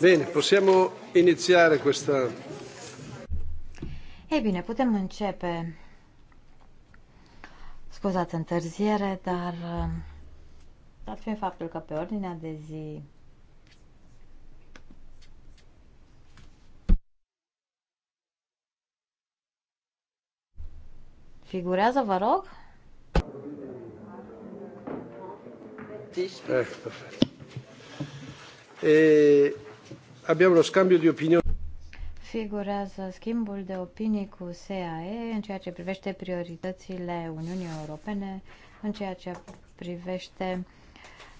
Bine, possiamo iniziare questa... Ei bine, putem începe. Scuzați întârziere, dar uh, dat fiind faptul că pe ordinea de zi Figurează, vă rog? Ecco, eh, perfect. E abbiamo lo scambio di opinioni. Figurează schimbul de opinii cu SAE în ceea ce privește prioritățile Uniunii Europene, în ceea ce privește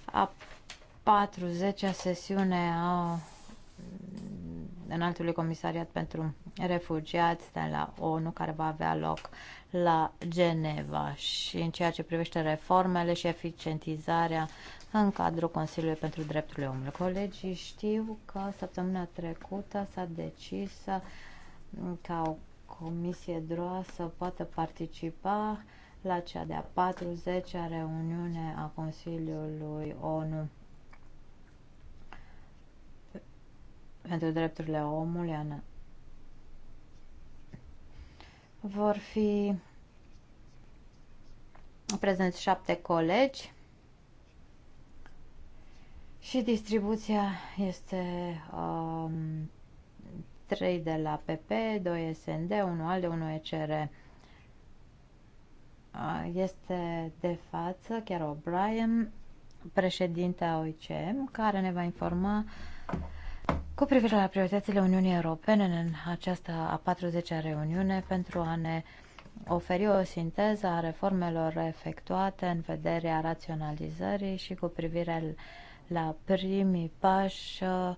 a 40-a sesiune a Înaltului Comisariat pentru Refugiați de la ONU, care va avea loc la Geneva și în ceea ce privește reformele și eficientizarea în cadrul Consiliului pentru Drepturile Omului. Colegii știu că săptămâna trecută s-a decis ca o comisie DROA să poată participa la cea de-a 40-a reuniune a Consiliului ONU pentru drepturile omului vor fi prezenți șapte colegi și distribuția este um, 3 de la PP, 2 SND, 1 ALDE, 1 ECR. Este de față chiar O'Brien, a OICM, care ne va informa cu privire la prioritățile Uniunii Europene în această a 40-a reuniune pentru a ne oferi o sinteză a reformelor efectuate în vederea raționalizării și cu privire la la primii pași uh,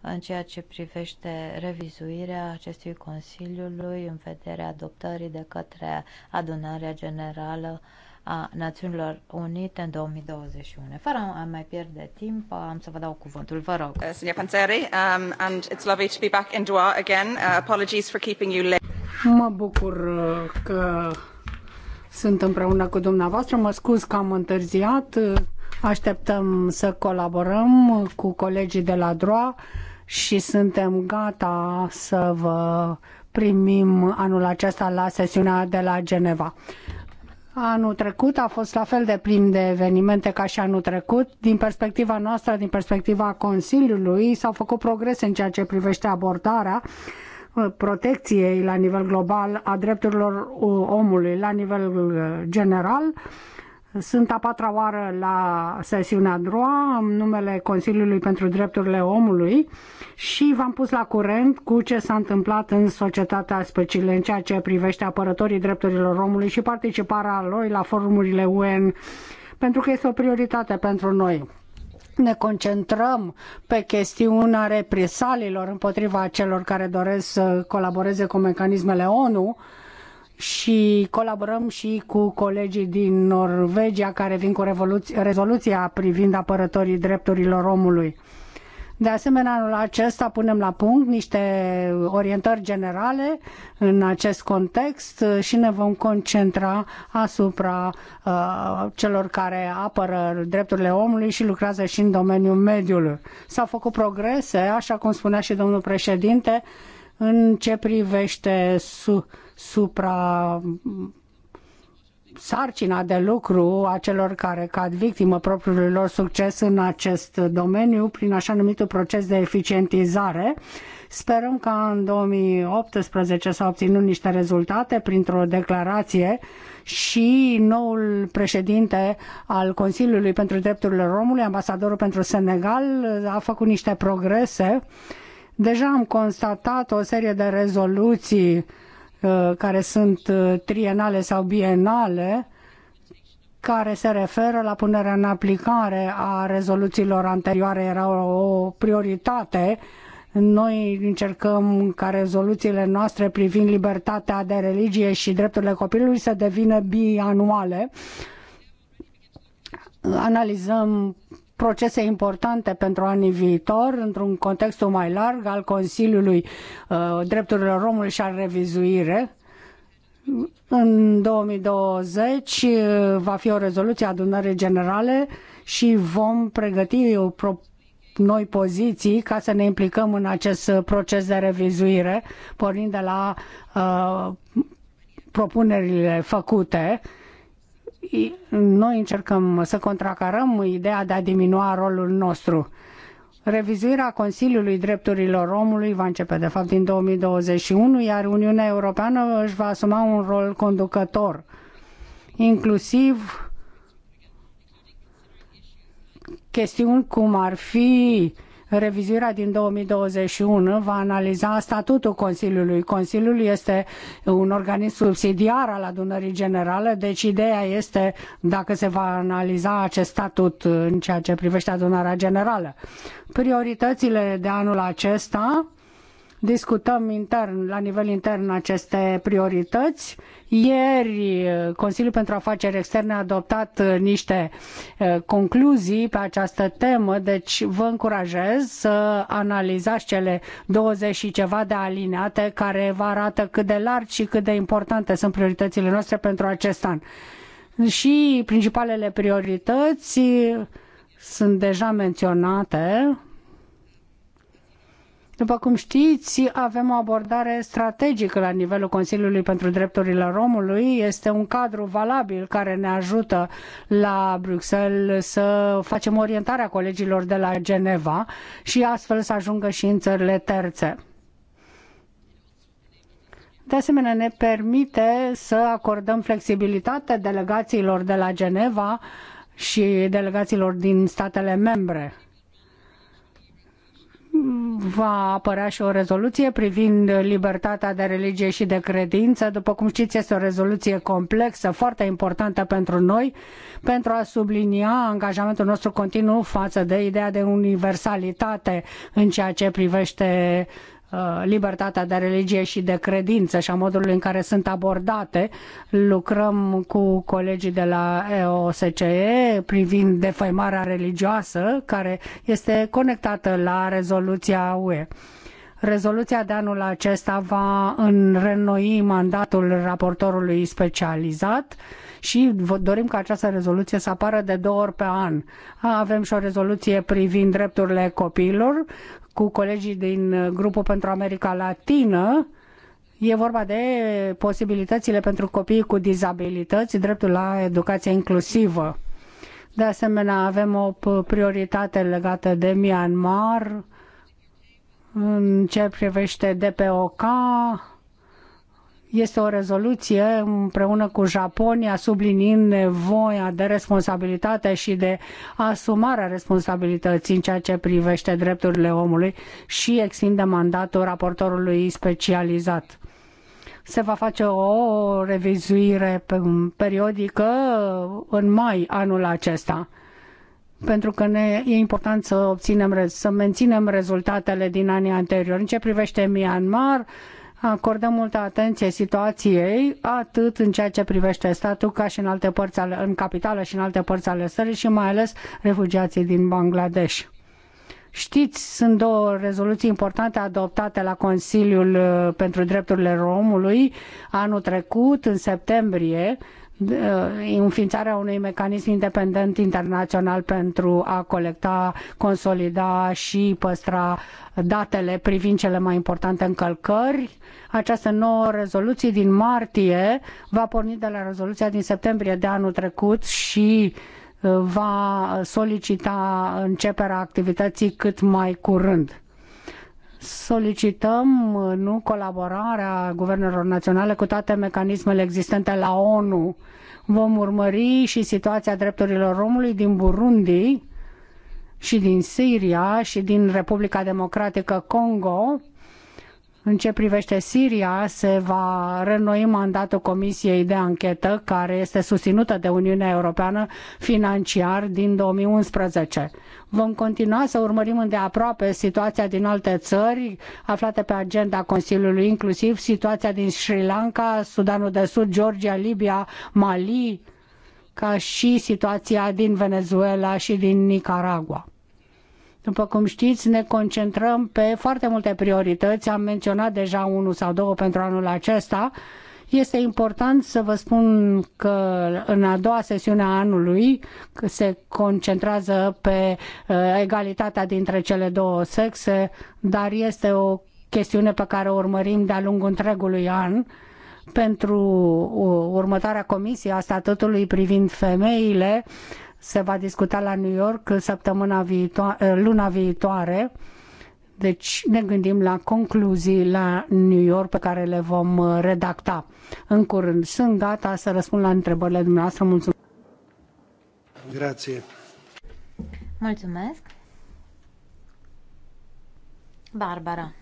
în ceea ce privește revizuirea acestui Consiliului în vederea adoptării de către adunarea generală a Națiunilor Unite în 2021. Fără a mai pierde timp, uh, am să vă dau cuvântul, vă rog. Uh, um, and it's lovely to be back in Doha again. apologies for keeping you late. Mă bucur că sunt împreună cu dumneavoastră. Mă scuz că am întârziat. Așteptăm să colaborăm cu colegii de la DROA și suntem gata să vă primim anul acesta la sesiunea de la Geneva. Anul trecut a fost la fel de plin de evenimente ca și anul trecut. Din perspectiva noastră, din perspectiva Consiliului, s-au făcut progrese în ceea ce privește abordarea uh, protecției la nivel global a drepturilor uh, omului la nivel uh, general sunt a patra oară la sesiunea DROA în numele Consiliului pentru Drepturile Omului și v-am pus la curent cu ce s-a întâmplat în societatea specială în ceea ce privește apărătorii drepturilor omului și participarea lor la forumurile UN pentru că este o prioritate pentru noi ne concentrăm pe chestiunea represalilor împotriva celor care doresc să colaboreze cu mecanismele ONU, și colaborăm și cu colegii din Norvegia care vin cu rezoluția privind apărătorii drepturilor omului. De asemenea, anul acesta punem la punct niște orientări generale în acest context și ne vom concentra asupra uh, celor care apără drepturile omului și lucrează și în domeniul mediului. S-au făcut progrese, așa cum spunea și domnul președinte, în ce privește su- supra sarcina de lucru a celor care cad victimă propriului lor succes în acest domeniu prin așa numitul proces de eficientizare. Sperăm că în 2018 s-au obținut niște rezultate printr-o declarație și noul președinte al Consiliului pentru Drepturile Romului, ambasadorul pentru Senegal, a făcut niște progrese. Deja am constatat o serie de rezoluții Uh, care sunt uh, trienale sau bienale, care se referă la punerea în aplicare a rezoluțiilor anterioare era o prioritate. Noi încercăm ca rezoluțiile noastre privind libertatea de religie și drepturile copilului să devină bianuale. Analizăm procese importante pentru anii viitor, într-un context mai larg al Consiliului uh, Drepturilor Omului și al revizuire. În 2020 uh, va fi o rezoluție a adunării generale și vom pregăti o noi poziții ca să ne implicăm în acest proces de revizuire, pornind de la uh, propunerile făcute noi încercăm să contracarăm ideea de a diminua rolul nostru. Revizuirea Consiliului Drepturilor Omului va începe de fapt din 2021, iar Uniunea Europeană își va asuma un rol conducător, inclusiv chestiuni cum ar fi uh, Revizuirea din 2021 va analiza statutul Consiliului. Consiliul este un organism subsidiar al adunării generale, deci ideea este dacă se va analiza acest statut în ceea ce privește adunarea generală. Prioritățile de anul acesta discutăm intern, la nivel intern aceste priorități. Ieri Consiliul pentru Afaceri Externe a adoptat uh, niște uh, concluzii pe această temă, deci vă încurajez să analizați cele 20 și ceva de alineate care vă arată cât de larg și cât de importante sunt prioritățile noastre pentru acest an. Și principalele priorități uh, sunt deja menționate după cum știți, avem o abordare strategică la nivelul Consiliului pentru Drepturile Romului. Este un cadru valabil care ne ajută la Bruxelles să facem orientarea colegilor de la Geneva și astfel să ajungă și în țările terțe. De asemenea, ne permite să acordăm flexibilitate delegațiilor de la Geneva și delegațiilor din statele membre va apărea și o rezoluție privind libertatea de religie și de credință. După cum știți, este o rezoluție complexă, foarte importantă pentru noi, pentru a sublinia angajamentul nostru continuu față de ideea de universalitate în ceea ce privește Uh, libertatea de religie și de credință și a modului în care sunt abordate. Lucrăm cu colegii de la EOSCE privind defăimarea religioasă, care este conectată la rezoluția UE. Rezoluția de anul acesta va înrenoi mandatul raportorului specializat și dorim ca această rezoluție să apară de două ori pe an. Avem și o rezoluție privind drepturile copiilor, cu colegii din uh, grupul pentru America Latină. E vorba de posibilitățile pentru copiii cu dizabilități, dreptul la educație inclusivă. De asemenea, avem o prioritate legată de Myanmar în ce privește DPOK, este o rezoluție împreună cu Japonia subliniind nevoia de responsabilitate și de asumarea responsabilității în ceea ce privește drepturile omului și extinde mandatul raportorului specializat se va face o revizuire periodică în mai anul acesta. Pentru că ne, e important să obținem, să menținem rezultatele din anii anteriori. În ce privește Myanmar, acordăm multă atenție situației, atât în ceea ce privește statul, ca și în alte părți, ale, în capitală și în alte părți ale țării și mai ales refugiații din Bangladesh. Știți, sunt două rezoluții importante adoptate la Consiliul uh, pentru Drepturile Omului anul trecut, în septembrie, Uh, înființarea unui mecanism independent internațional pentru a colecta, consolida și păstra datele privind cele mai importante încălcări. Această nouă rezoluție din martie va porni de la rezoluția din septembrie de anul trecut și uh, va solicita începerea activității cât mai curând solicităm nu colaborarea guvernelor naționale cu toate mecanismele existente la ONU. Vom urmări și situația drepturilor omului din Burundi și din Siria și din Republica Democratică Congo în ce privește Siria, se va reînnoi mandatul Comisiei de Anchetă, care este susținută de Uniunea Europeană financiar din 2011. Vom continua să urmărim îndeaproape situația din alte țări aflate pe agenda Consiliului, inclusiv situația din Sri Lanka, Sudanul de Sud, Georgia, Libia, Mali, ca și situația din Venezuela și din Nicaragua. După cum știți, ne concentrăm pe foarte multe priorități. Am menționat deja unul sau două pentru anul acesta. Este important să vă spun că în a doua sesiune a anului se concentrează pe uh, egalitatea dintre cele două sexe, dar este o chestiune pe care o urmărim de-a lungul întregului an pentru uh, următoarea comisie a statutului privind femeile se va discuta la New York săptămâna viitoare, luna viitoare. Deci ne gândim la concluzii la New York pe care le vom uh, redacta în curând. Sunt gata să răspund la întrebările dumneavoastră. Mulțumesc! Grație! Mulțumesc! Barbara!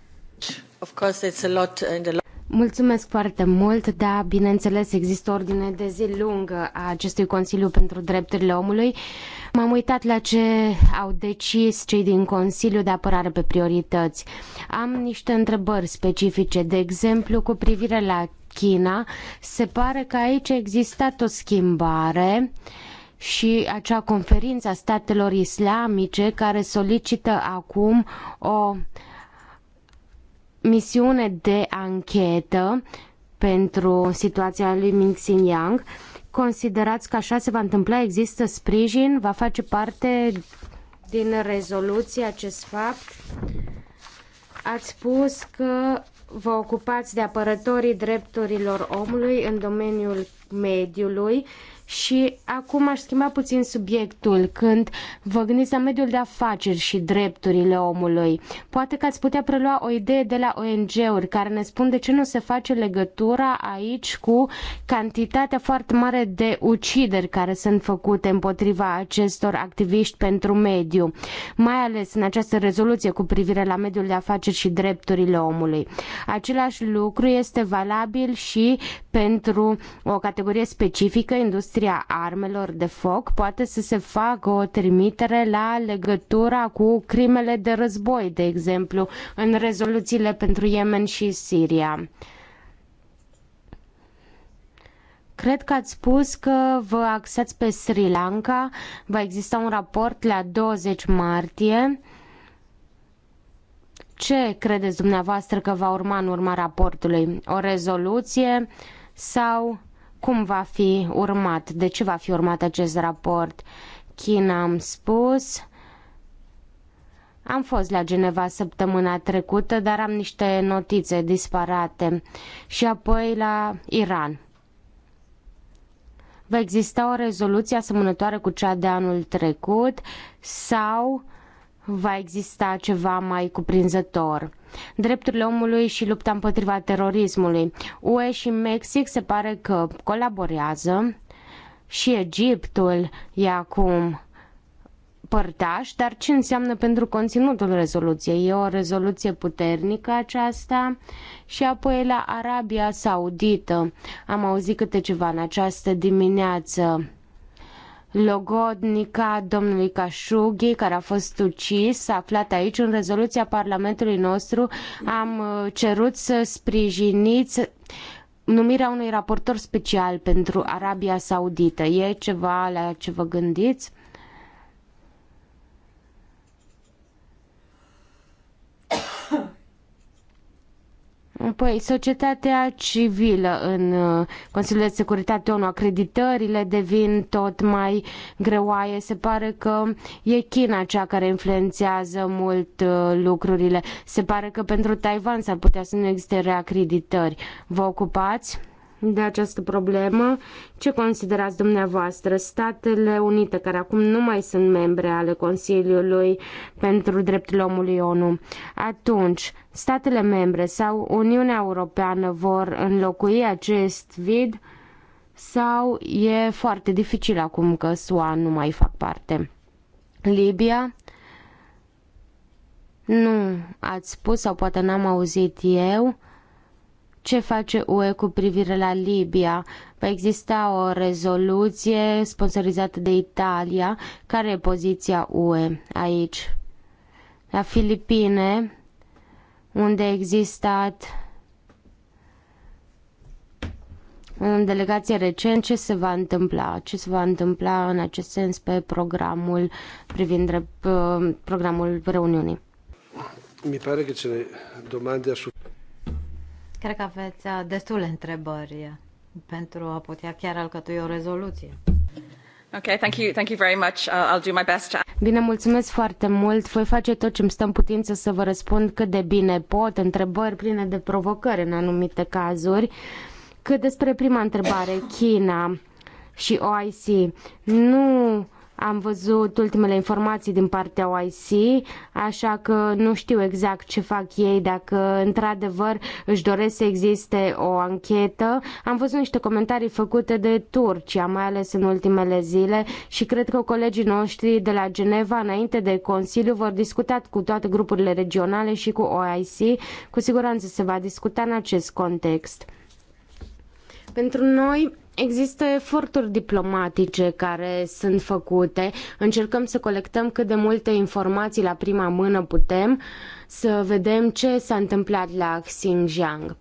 Of course, it's a lot in the... Mulțumesc foarte mult, da, bineînțeles există ordine de zi lungă a acestui Consiliu pentru Drepturile Omului. M-am uitat la ce au decis cei din Consiliu de Apărare pe Priorități. Am niște întrebări specifice, de exemplu, cu privire la China. Se pare că aici a existat o schimbare și acea conferință a statelor islamice care solicită acum o misiune de anchetă pentru situația lui Ming Xinjiang. Considerați că așa se va întâmpla? Există sprijin? Va face parte din rezoluție acest fapt? Ați spus că vă ocupați de apărătorii drepturilor omului în domeniul mediului. Uh, și acum aș schimba puțin subiectul când vă gândiți la mediul de afaceri și drepturile omului. Poate că ați putea prelua o idee de la ONG-uri care ne spun de ce nu se face legătura aici cu cantitatea foarte mare de ucideri care sunt făcute împotriva acestor activiști pentru mediu, mai ales în această rezoluție cu privire la mediul de afaceri și drepturile omului. Același lucru este valabil și pentru o categorie specifică, industrie industria armelor de foc poate să se facă o trimitere la legătura cu crimele de război, de exemplu, în rezoluțiile pentru Yemen și Siria. Cred că ați spus că vă axați pe Sri Lanka. Va exista un raport la 20 martie. Ce credeți dumneavoastră că va urma în urma raportului? O rezoluție sau cum va fi urmat, de ce va fi urmat acest raport. China am spus, am fost la Geneva săptămâna trecută, dar am niște notițe disparate. Și apoi la Iran. Va exista o rezoluție asemănătoare cu cea de anul trecut sau va exista ceva mai cuprinzător. Drepturile omului și lupta împotriva terorismului. UE și Mexic se pare că colaborează și Egiptul e acum părtaș, dar ce înseamnă pentru conținutul rezoluției? E o rezoluție puternică aceasta? Și apoi la Arabia Saudită. Am auzit câte ceva în această dimineață logodnica domnului Cașughi, care a fost ucis, aflat aici în rezoluția Parlamentului nostru. Am uh, cerut să sprijiniți numirea unui raportor special pentru Arabia Saudită. E ceva la ce vă gândiți? Păi, societatea civilă în uh, Consiliul de Securitate ONU, acreditările devin tot mai greoaie. Se pare că e China cea care influențează mult uh, lucrurile. Se pare că pentru Taiwan s-ar putea să nu existe reacreditări. Vă ocupați? de această problemă? Ce considerați dumneavoastră? Statele Unite, care acum nu mai sunt membre ale Consiliului pentru Drepturile Omului ONU, atunci statele membre sau Uniunea Europeană vor înlocui acest vid sau e foarte dificil acum că SUA nu mai fac parte? Libia, nu ați spus sau poate n-am auzit eu, ce face UE cu privire la Libia. Va exista o rezoluție sponsorizată de Italia. Care e poziția UE aici? La Filipine, unde a existat în delegație recent, ce se va întâmpla? Ce se va întâmpla în acest sens pe programul privind programul reuniunii? Mi pare că cele domande asupra Cred că aveți uh, destule întrebări pentru a putea chiar alcătui o rezoluție. Okay, thank you, thank you very much. Uh, I'll do my best. Bine, mulțumesc foarte mult. Voi face tot ce îmi stă în putință să vă răspund cât de bine pot, întrebări pline de provocări în anumite cazuri. Cât despre prima întrebare, China și OIC, nu am văzut ultimele informații din partea OIC, așa că nu știu exact ce fac ei, dacă într-adevăr își doresc să existe o anchetă. Am văzut niște comentarii făcute de Turcia, mai ales în ultimele zile și cred că colegii noștri de la Geneva, înainte de Consiliu, vor discuta cu toate grupurile regionale și cu OIC. Cu siguranță se va discuta în acest context. Pentru noi, Există eforturi diplomatice care sunt făcute. Încercăm să colectăm cât de multe informații la prima mână putem, să vedem ce s-a întâmplat la Xinjiang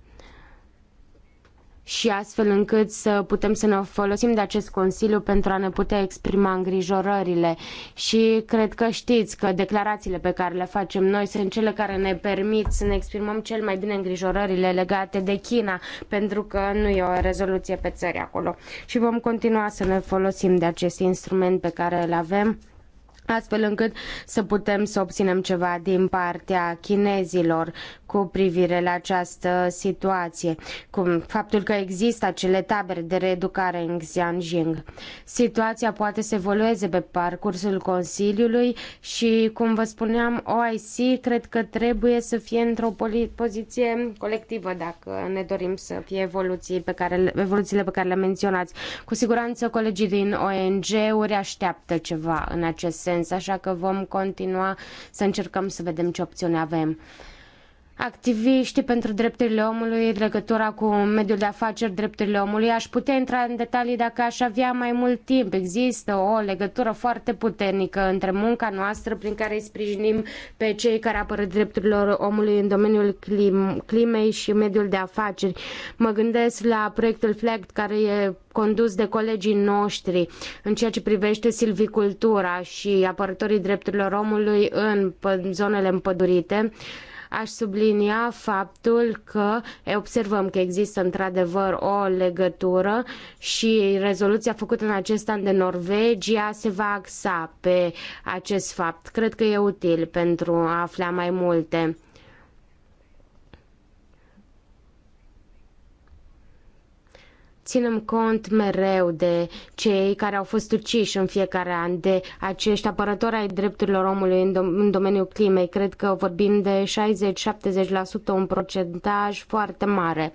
și astfel încât să putem să ne folosim de acest Consiliu pentru a ne putea exprima îngrijorările. Și cred că știți că declarațiile pe care le facem noi sunt cele care ne permit să ne exprimăm cel mai bine îngrijorările legate de China, pentru că nu e o rezoluție pe țări acolo. Și vom continua să ne folosim de acest instrument pe care îl avem astfel încât să putem să obținem ceva din partea chinezilor cu privire la această situație, cu faptul că există acele tabere de reeducare în Xianjing. Situația poate să evolueze pe parcursul Consiliului și, cum vă spuneam, OIC cred că trebuie să fie într-o poziție colectivă dacă ne dorim să fie evoluții pe care, evoluțiile pe care le menționați. Cu siguranță colegii din ONG-uri așteaptă ceva în acest sens sens, așa că vom continua să încercăm să vedem ce opțiune avem activiștii pentru drepturile omului, legătura cu mediul de afaceri, drepturile omului. Aș putea intra în detalii dacă aș avea mai mult timp. Există o legătură foarte puternică între munca noastră prin care îi sprijinim pe cei care apără drepturile omului în domeniul clim, climei și mediul de afaceri. Mă gândesc la proiectul FLECT care e condus de colegii noștri în ceea ce privește silvicultura și apărătorii drepturilor omului în zonele împădurite. Aș sublinia faptul că observăm că există într-adevăr o legătură și rezoluția făcută în acest an de Norvegia se va axa pe acest fapt. Cred că e util pentru a afla mai multe. ținem cont mereu de cei care au fost uciși în fiecare an, de acești apărători ai drepturilor omului în, dom- în domeniul climei. Cred că vorbim de 60-70%, un procentaj foarte mare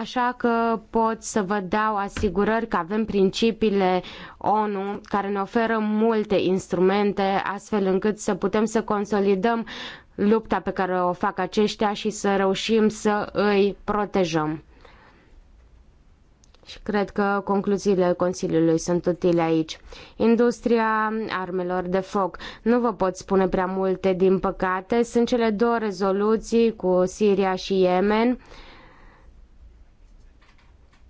așa că pot să vă dau asigurări că avem principiile ONU care ne oferă multe instrumente astfel încât să putem să consolidăm lupta pe care o fac aceștia și să reușim să îi protejăm și deci, cred că concluziile Consiliului sunt utile aici. Industria armelor de foc. Nu vă pot spune prea multe, din păcate. Sunt cele două rezoluții cu Siria și Yemen.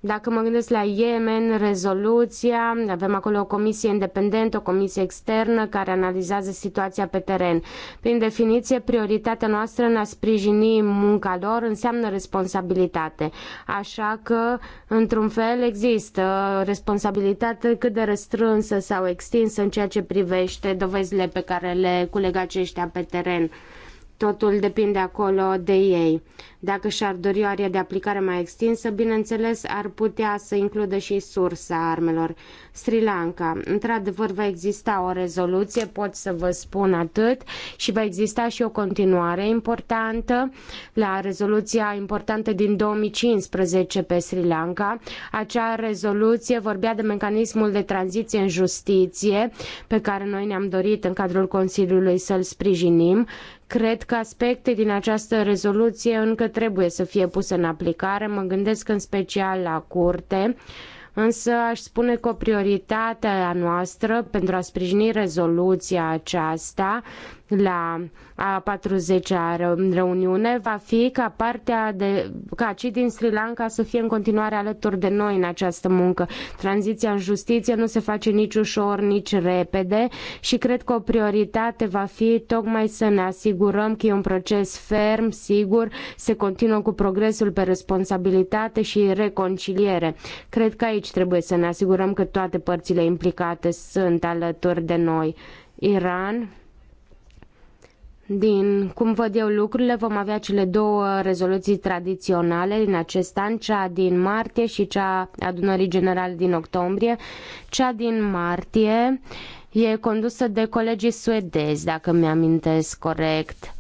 Dacă mă gândesc la Yemen, rezoluția, avem acolo o comisie independentă, o comisie externă care analizează situația pe teren. Prin definiție, prioritatea noastră în a sprijini munca lor înseamnă responsabilitate. Așa că, într-un fel, există responsabilitate cât de răstrânsă sau extinsă în ceea ce privește dovezile pe care le culeg aceștia pe teren. Totul depinde acolo de ei. Dacă și-ar dori o arie de aplicare mai extinsă, bineînțeles, ar putea să includă și sursa armelor. Sri Lanka. Într-adevăr, va exista o rezoluție, pot să vă spun atât, și va exista și o continuare importantă la rezoluția importantă din 2015 pe Sri Lanka. Acea rezoluție vorbea de mecanismul de tranziție în justiție pe care noi ne-am dorit în cadrul Consiliului să-l sprijinim Cred că aspecte din această rezoluție încă trebuie să fie puse în aplicare. Mă gândesc în special la curte. Însă aș spune că o prioritate a noastră pentru a sprijini rezoluția aceasta la a 40-a reuniune va fi ca partea de, ca cei din Sri Lanka să fie în continuare alături de noi în această muncă. Tranziția în justiție nu se face nici ușor, nici repede și cred că o prioritate va fi tocmai să ne asigurăm că e un proces ferm, sigur, se continuă cu progresul pe responsabilitate și reconciliere. Cred că aici trebuie să ne asigurăm că toate părțile implicate sunt alături de noi. Iran, din cum văd eu lucrurile, vom avea cele două rezoluții tradiționale din acest an, cea din martie și cea adunării generale din octombrie. Cea din martie e condusă de colegii suedezi, dacă mi-amintesc corect.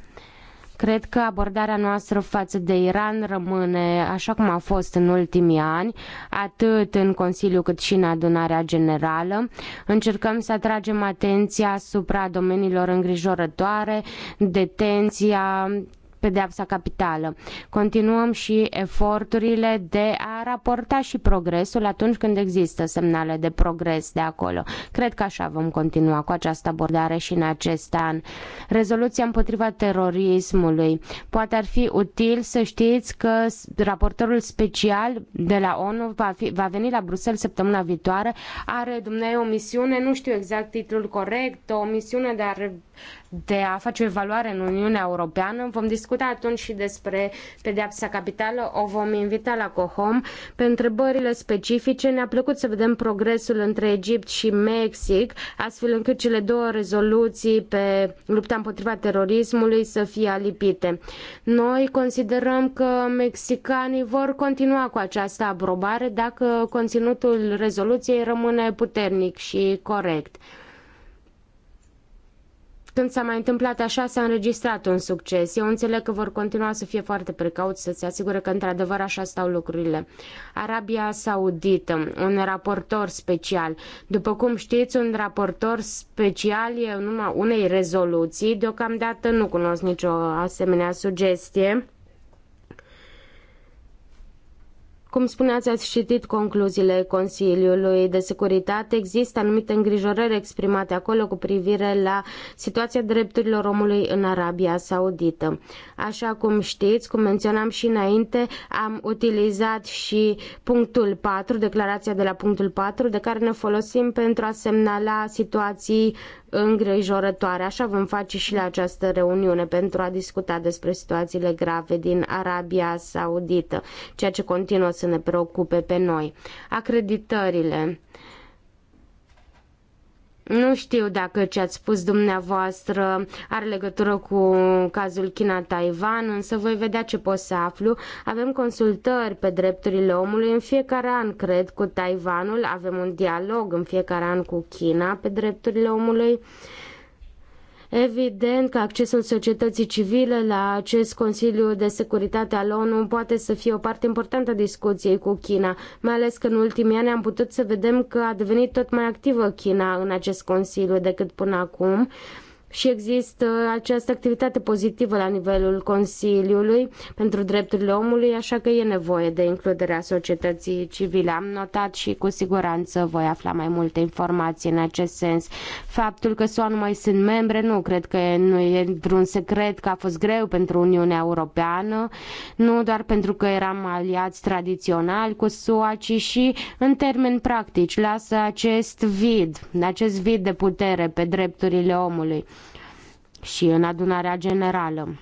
Cred că abordarea noastră față de Iran rămâne așa cum a fost în ultimii ani, atât în Consiliu cât și în adunarea generală. Încercăm să atragem atenția asupra domeniilor îngrijorătoare, detenția, pedeapsa capitală. Continuăm și eforturile de a raporta și progresul atunci când există semnale de progres de acolo. Cred că așa vom continua cu această abordare și în acest an. Rezoluția împotriva terorismului. Poate ar fi util să știți că raportorul special de la ONU va, fi, va veni la Bruxelles săptămâna viitoare. Are dumneavoastră o misiune, nu știu exact titlul corect, o misiune de a de a face o evaluare în Uniunea Europeană. Vom discuta atunci și despre pedeapsa capitală. O vom invita la COHOM. Pe întrebările specifice ne-a plăcut să vedem progresul între Egipt și Mexic, astfel încât cele două rezoluții pe lupta împotriva terorismului să fie alipite. Noi considerăm că mexicanii vor continua cu această aprobare dacă conținutul rezoluției rămâne puternic și corect. Când s-a mai întâmplat așa, s-a înregistrat un succes. Eu înțeleg că vor continua să fie foarte precauți să se asigure că într-adevăr așa stau lucrurile. Arabia Saudită, un raportor special. După cum știți, un raportor special e numai unei rezoluții. Deocamdată nu cunosc nicio asemenea sugestie. Cum spuneați, ați citit concluziile Consiliului de Securitate. Există anumite îngrijorări exprimate acolo cu privire la situația drepturilor omului în Arabia Saudită. Așa cum știți, cum menționam și înainte, am utilizat și punctul 4, declarația de la punctul 4, de care ne folosim pentru a semnala situații îngrijorătoare. Așa vom face și la această reuniune pentru a discuta despre situațiile grave din Arabia Saudită, ceea ce continuă să ne preocupe pe noi. Acreditările. Nu știu dacă ce ați spus dumneavoastră are legătură cu cazul China-Taiwan, însă voi vedea ce pot să aflu. Avem consultări pe drepturile omului în fiecare an, cred, cu Taiwanul. Avem un dialog în fiecare an cu China pe drepturile omului. Uh, Evident că accesul societății civile la acest Consiliu de Securitate al ONU poate să fie o parte importantă a discuției cu China, mai ales că în ultimii ani am putut să vedem că a devenit tot mai activă China în acest Consiliu decât până acum și există această activitate pozitivă la nivelul Consiliului pentru drepturile omului, așa că e nevoie de includerea societății civile. Am notat și cu siguranță voi afla mai multe informații în acest sens. Faptul că SUA nu mai sunt membre, nu cred că nu e vreun secret că a fost greu pentru Uniunea Europeană, nu doar pentru că eram aliați tradiționali cu SUA, ci și în termeni practici lasă acest vid, acest vid de putere pe drepturile omului și în adunarea generală.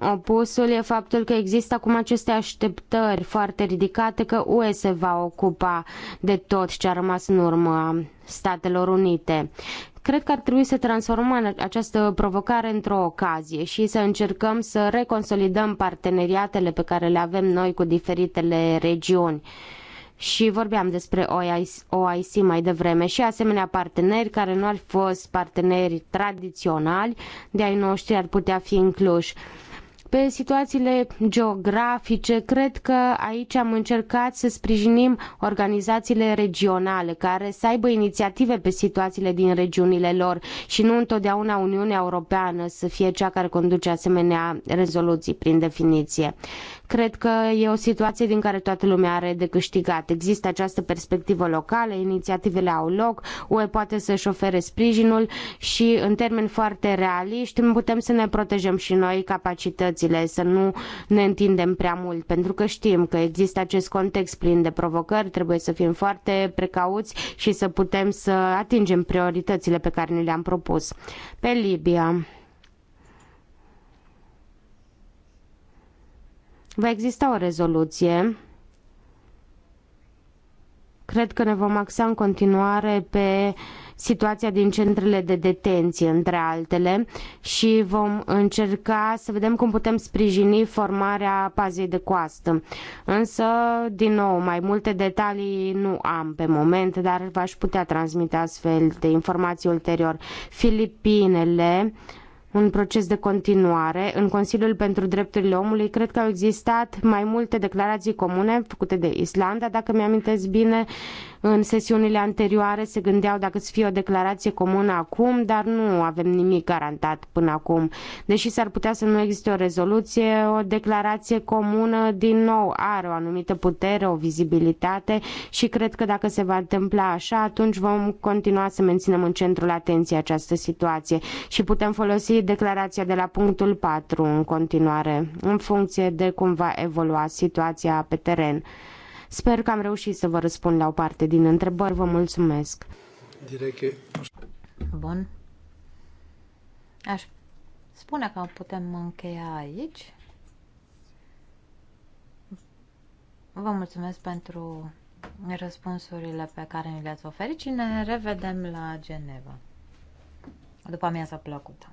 Opusul e faptul că există acum aceste așteptări foarte ridicate că UE se va ocupa de tot ce a rămas în urmă a Statelor Unite. Cred că ar trebui să transformăm această provocare într-o ocazie și să încercăm să reconsolidăm parteneriatele pe care le avem noi cu diferitele regiuni. Uh, și vorbeam despre OIC mai devreme și asemenea parteneri care nu ar fi fost parteneri tradiționali de ai noștri ar putea fi incluși. Pe situațiile geografice, cred că aici am încercat să sprijinim organizațiile regionale care să aibă inițiative pe situațiile din regiunile lor și nu întotdeauna Uniunea Europeană să fie cea care conduce asemenea rezoluții prin definiție. Cred că e o situație din care toată lumea are de câștigat. Există această perspectivă locală, inițiativele au loc, UE poate să-și ofere sprijinul și în termeni foarte realiști putem să ne protejăm și noi capacitățile, să nu ne întindem prea mult, pentru că știm că există acest context plin de provocări, trebuie să fim foarte precauți și să putem să atingem prioritățile pe care ni le-am propus. Pe Libia. Va exista o rezoluție. Cred că ne vom axa în continuare pe situația din centrele de detenție, între altele, și vom încerca să vedem cum putem sprijini formarea pazei de coastă. Însă, din nou, mai multe detalii nu am pe moment, dar v-aș putea transmite astfel de informații ulterior. Filipinele, uh, un proces de continuare. În Consiliul pentru Drepturile Omului cred că au existat mai multe declarații comune făcute de Islanda, dacă mi-amintesc bine, în sesiunile anterioare se gândeau dacă să fie o declarație comună acum, dar nu avem nimic garantat până acum. Deși s-ar putea să nu existe o rezoluție, o declarație comună din nou are o anumită putere, o vizibilitate și cred că dacă se va întâmpla așa, atunci vom continua să menținem în centrul atenției această situație și putem folosi declarația de la punctul 4 în continuare, în funcție de cum va evolua situația pe teren. Sper că am reușit să vă răspund la o parte din întrebări. Vă mulțumesc. Direct. Bun. Aș spune că putem încheia aici. Vă mulțumesc pentru răspunsurile pe care mi le-ați oferit și ne revedem la Geneva. După amiaza plăcută.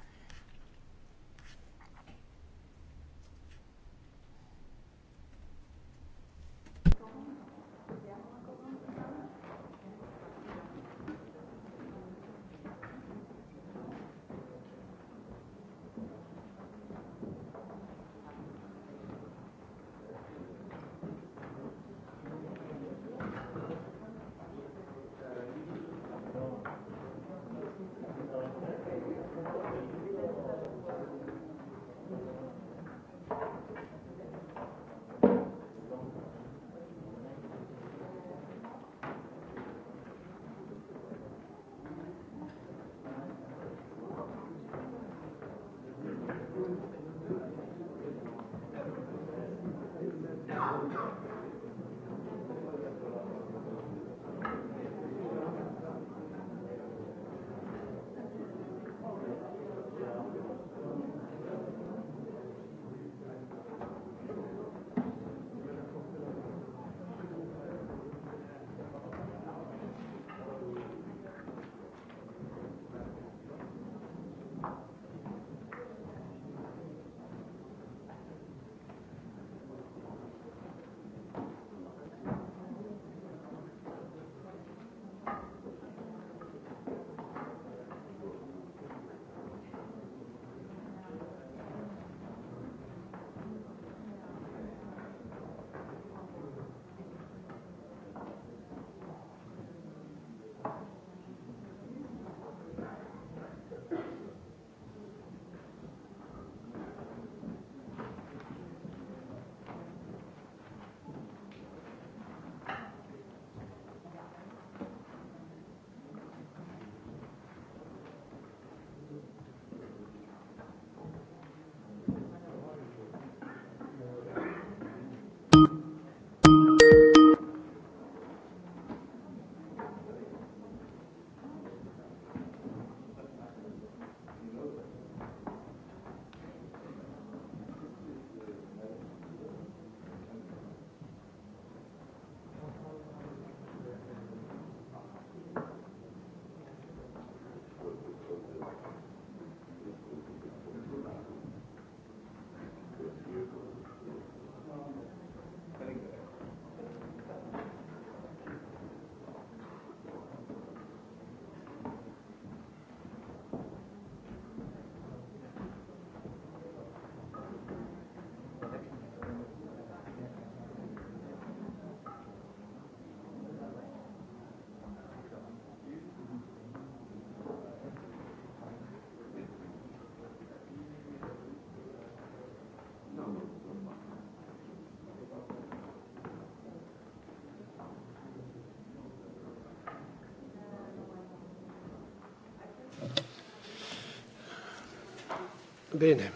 Bine.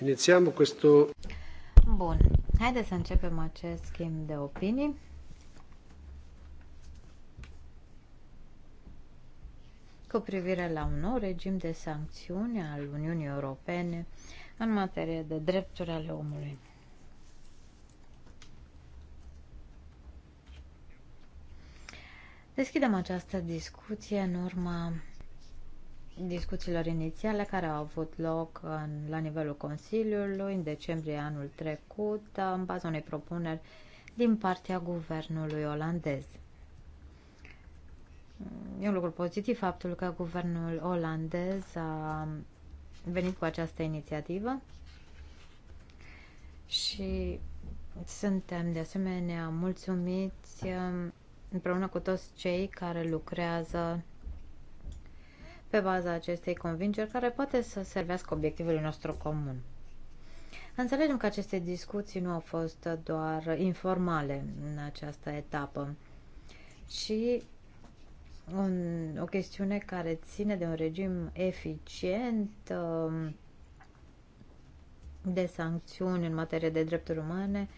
Inițiamo questo... Bun. Haideți să începem acest schimb de opinii. cu privire la un nou regim de sancțiuni al Uniunii Europene în materie de drepturi ale omului. Deschidem această discuție în urma discuțiilor inițiale care au avut loc în, la nivelul Consiliului în decembrie anul trecut, în baza unei propuneri din partea guvernului olandez. E un lucru pozitiv faptul că guvernul olandez a venit cu această inițiativă și suntem de asemenea mulțumiți împreună cu toți cei care lucrează pe baza acestei convingeri care poate să servească obiectivului nostru comun. Înțelegem că aceste discuții nu au fost doar informale în această etapă și un, o chestiune care ține de un regim eficient um, de sancțiuni în materie de drepturi umane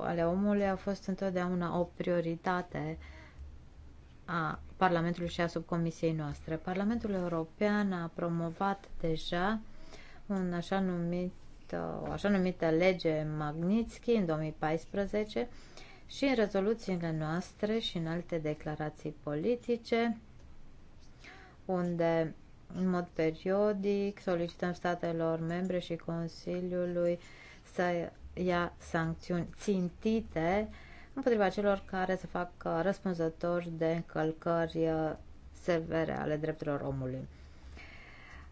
ale omului a fost întotdeauna o prioritate uh, a Parlamentului și a subcomisiei noastre. Parlamentul European a promovat deja un așa numit, o așa numită lege Magnitsky în 2014 și în rezoluțiile noastre și în alte declarații politice unde în mod periodic solicităm statelor membre și Consiliului să ia sancțiuni țintite uh, împotriva celor care se fac uh, răspunzători de încălcări uh, severe ale drepturilor omului.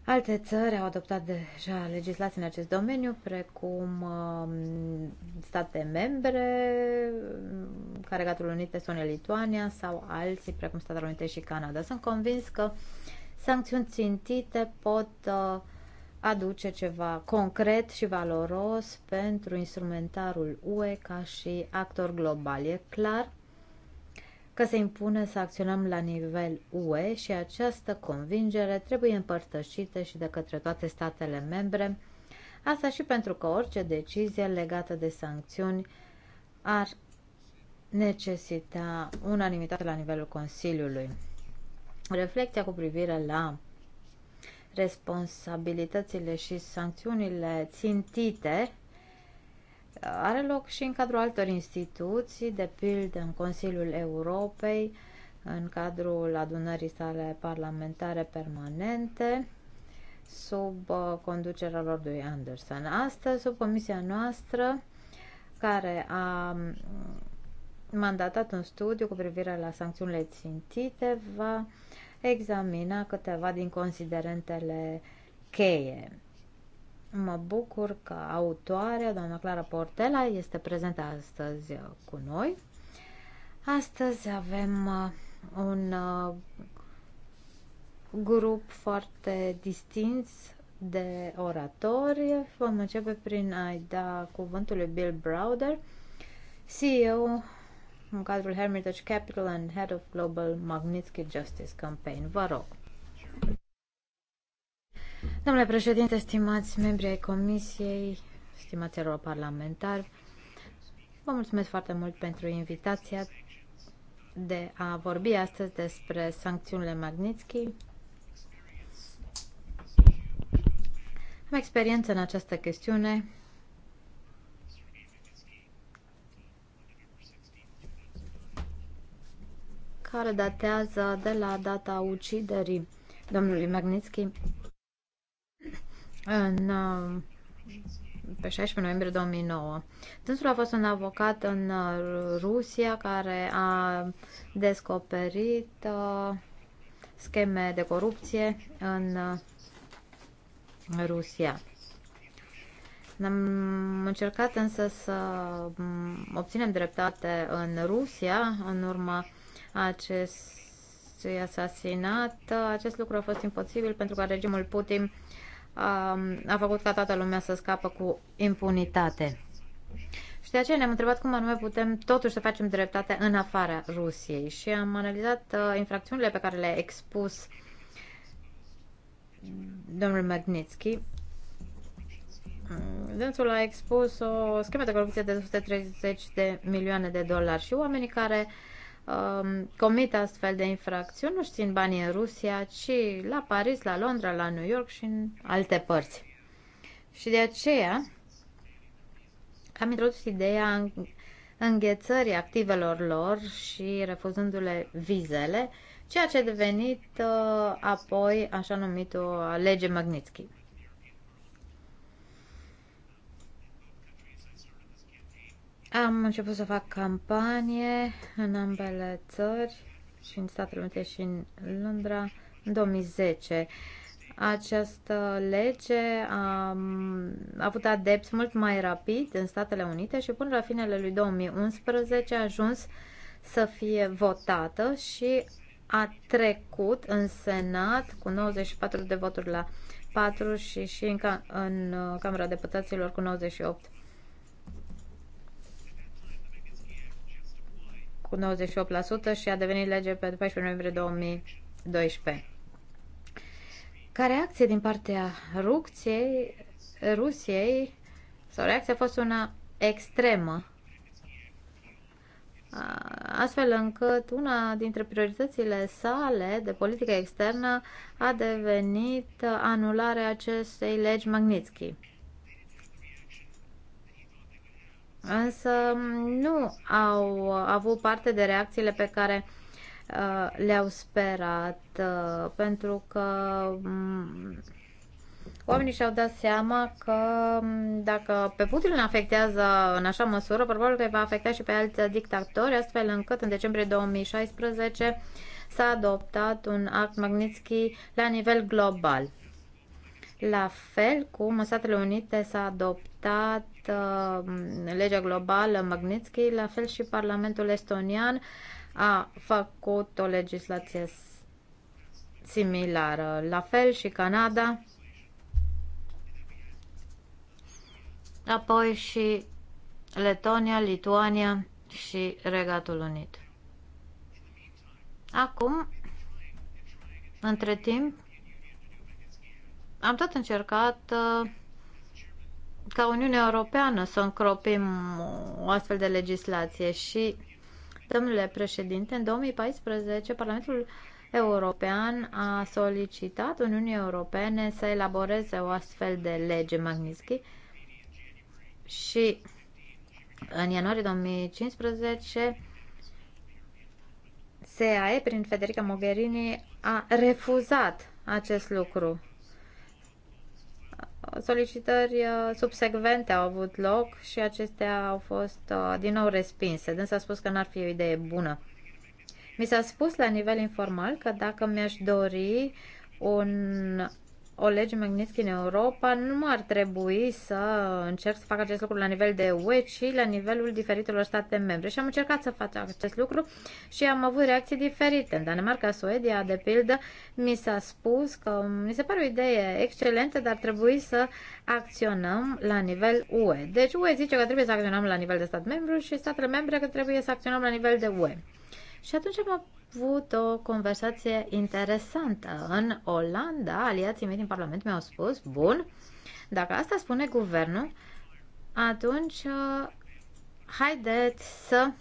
Alte țări au adoptat deja legislații în acest domeniu, precum um, state membre, ca Regatul Unit, Estonia, Lituania sau alții, precum Statele Unite și Canada. Sunt convins că sancțiuni țintite pot uh, aduce ceva concret și valoros pentru instrumentarul UE ca și actor global. E clar că se impune să acționăm la nivel UE și această convingere trebuie împărtășită și de către toate statele membre, asta și pentru că orice decizie legată de sancțiuni ar necesita unanimitate la nivelul Consiliului. Reflecția cu privire la responsabilitățile și sancțiunile țintite are loc și în cadrul altor instituții, de pildă în Consiliul Europei, în cadrul adunării sale parlamentare permanente, sub uh, conducerea lordului Anderson. Astăzi, sub comisia noastră, care a mm, mandatat un studiu cu privire la sancțiunile țintite, va examina câteva din considerentele cheie. Mă bucur că autoarea, doamna Clara Portela, este prezentă astăzi cu noi. Astăzi avem uh, un uh, grup foarte distins de oratori. Vom începe prin a-i da cuvântul lui Bill Browder, CEO în cadrul Hermitage Capital and Head of Global Magnitsky Justice Campaign. Vă rog. Domnule președinte, stimați membri ai Comisiei, stimați europarlamentari, vă mulțumesc foarte mult pentru invitația de a vorbi astăzi despre sancțiunile Magnitsky. Am experiență în această chestiune care datează de la data uciderii domnului Magnitsky în, uh, pe 16 noiembrie 2009. Dânsul a fost un avocat în Rusia care a descoperit uh, scheme de corupție în uh, Rusia. Am încercat însă să mm, obținem dreptate în Rusia în urma acestui asasinat. Acest lucru a fost imposibil pentru că regimul Putin a, um, a făcut ca toată lumea să scapă cu impunitate. Și de aceea ne-am întrebat cum anume putem totuși să facem dreptate în afara Rusiei și am analizat uh, infracțiunile pe care le-a expus domnul Magnitsky. Dânsul a expus o schemă de corupție de 230 de milioane de dolari și oamenii care uh, um, comit astfel de infracțiuni, nu-și țin banii în Rusia, ci la Paris, la Londra, la New York și în alte părți. Și de aceea am introdus ideea înghețării activelor lor și refuzându-le vizele, ceea ce a devenit uh, apoi așa numitul uh, lege Magnitsky. Am început să fac campanie în ambele țări, și în Statele Unite și în Londra, în 2010. Această lege a, a avut adepți mult mai rapid în Statele Unite și până la finele lui 2011 a ajuns să fie votată și a trecut în Senat cu 94 de voturi la 4 și, și în, în uh, Camera Deputaților cu 98 cu 98% și a devenit lege pe 14 noiembrie 2012. Ca reacție din partea rupției, Rusiei, sau reacția a fost una extremă, astfel încât una dintre prioritățile sale de politică externă a devenit anularea acestei legi Magnitsky. însă nu au avut parte de reacțiile pe care uh, le-au sperat, uh, pentru că mm, oamenii și-au dat seama că mm, dacă pe Putin îl afectează în așa măsură, probabil că îi va afecta și pe alți dictatori, astfel încât în decembrie 2016 s-a adoptat un act Magnitsky la nivel global. La fel cum în Statele Unite s-a adoptat Uh, legea globală Magnitsky, la fel și Parlamentul estonian a făcut o legislație similară. La fel și Canada. Apoi și Letonia, Lituania și Regatul Unit. Acum, între timp, am tot încercat uh, ca Uniunea Europeană să încropim o astfel de legislație și, domnule președinte, în 2014 Parlamentul European a solicitat Uniunii Europene să elaboreze o astfel de lege Magnitsky și în ianuarie 2015 CAE prin Federica Mogherini a refuzat acest lucru solicitări uh, subsecvente au avut loc și acestea au fost uh, din nou respinse. s a spus că n-ar fi o idee bună. Mi s-a spus la nivel informal că dacă mi-aș dori un o lege Magnitsky în Europa, nu ar trebui să încerc să fac acest lucru la nivel de UE, ci la nivelul diferitelor state membre. Și am încercat să fac acest lucru și am avut reacții diferite. În Danemarca, Suedia, de pildă, mi s-a spus că mi se pare o idee excelentă, dar trebuie să acționăm la nivel UE. Deci UE zice că trebuie să acționăm la nivel de stat membru și statele membre că trebuie să acționăm la nivel de UE. Și atunci am avut o conversație interesantă. În Olanda, aliații mei din Parlament mi-au spus, bun, dacă asta spune guvernul, atunci uh, haideți să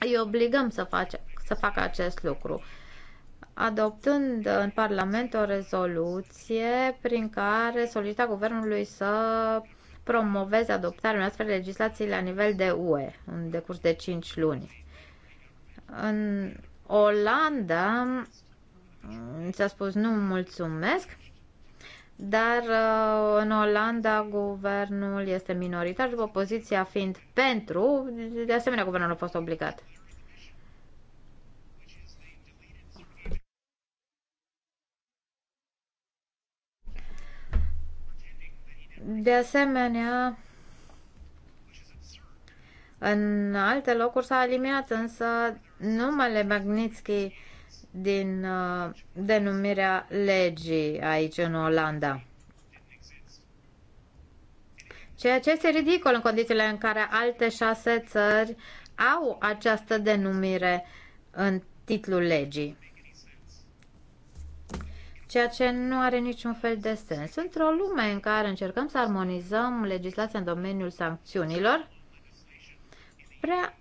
îi obligăm să, face, să facă acest lucru adoptând în Parlament o rezoluție prin care solicita guvernului să promoveze adoptarea unei astfel de legislații la nivel de UE în decurs de 5 luni. În Olanda ți-a spus nu mulțumesc, dar uh, în Olanda guvernul este minoritar, după poziția fiind pentru, de asemenea guvernul a fost obligat. De asemenea, în alte locuri s-a eliminat însă numele Magnitsky din uh, denumirea legii aici în Olanda. Ceea ce este ridicol în condițiile în care alte șase țări au această denumire în titlul legii. Ceea ce nu are niciun fel de sens. Într-o lume în care încercăm să armonizăm legislația în domeniul sancțiunilor, prea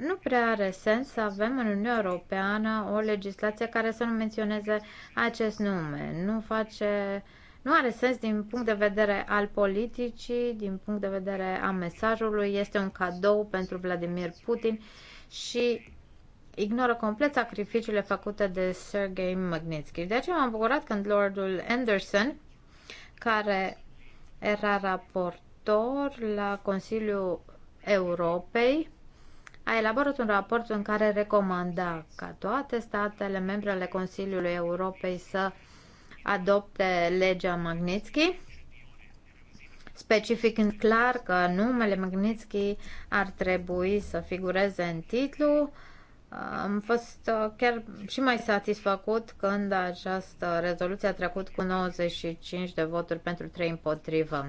nu prea are sens să avem în Uniunea Europeană o legislație care să nu menționeze acest nume. Nu face nu are sens din punct de vedere al politicii, din punct de vedere a mesajului, este un cadou pentru Vladimir Putin și ignoră complet sacrificiile făcute de Sergei Magnitsky. De aceea m-am bucurat când Lordul Anderson, care era raportor la Consiliul Europei, a elaborat un raport în care recomanda ca toate statele membre ale Consiliului Europei să adopte legea Magnitsky, specificând clar că numele Magnitsky ar trebui să figureze în titlu. Am fost uh, chiar și mai satisfăcut când această rezoluție a trecut cu 95 de voturi pentru 3 împotrivă.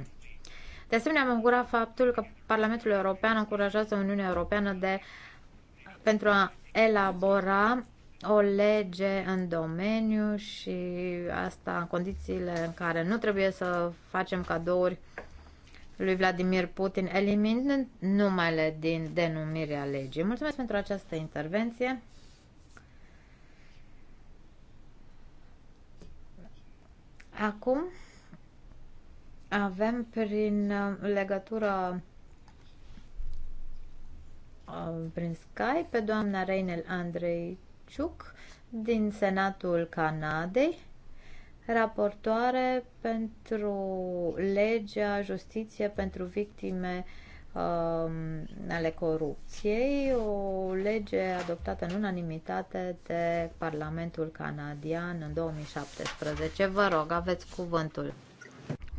De asemenea, am bucurat faptul că Parlamentul European încurajează Uniunea Europeană de, pentru a elabora o lege în domeniu și asta în condițiile în care nu trebuie să facem cadouri lui Vladimir Putin, eliminând numele din denumirea legii. Mulțumesc pentru această intervenție. Acum avem prin uh, legătură uh, prin Skype pe doamna Reinel Ciuc din Senatul Canadei, raportoare pentru legea justiție pentru victime um, ale corupției, o lege adoptată în unanimitate de Parlamentul Canadian în 2017. Vă rog, aveți cuvântul.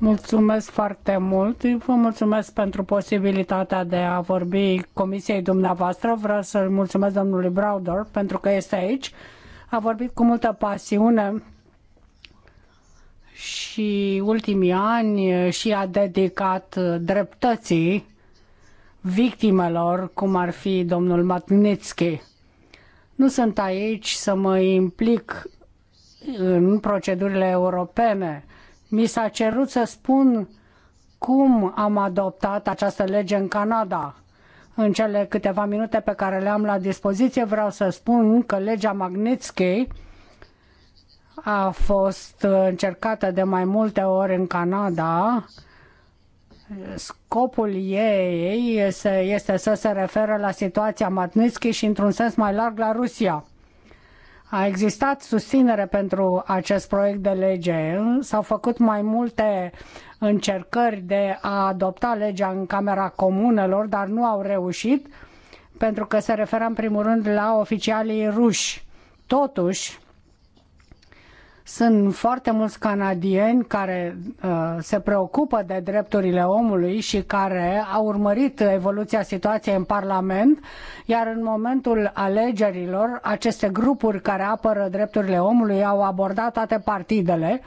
Mulțumesc foarte mult. Vă mulțumesc pentru posibilitatea de a vorbi comisiei dumneavoastră. Vreau să-l mulțumesc domnului Browder pentru că este aici. A vorbit cu multă pasiune și ultimii ani și a dedicat dreptății victimelor, cum ar fi domnul Matnitsky. Nu sunt aici să mă implic în procedurile europene mi s-a cerut să spun cum am adoptat această lege în Canada. În cele câteva minute pe care le am la dispoziție vreau să spun că legea Magnitsky a fost încercată de mai multe ori în Canada. Scopul ei este, să se referă la situația Magnitsky și într-un sens mai larg la Rusia a existat susținere pentru acest proiect de lege. S-au făcut mai multe încercări de a adopta legea în Camera Comunelor, dar nu au reușit pentru că se referă în primul rând la oficialii ruși. Totuși, sunt foarte mulți canadieni care uh, se preocupă de drepturile omului și care au urmărit evoluția situației în Parlament, iar în momentul alegerilor, aceste grupuri care apără drepturile omului au abordat toate partidele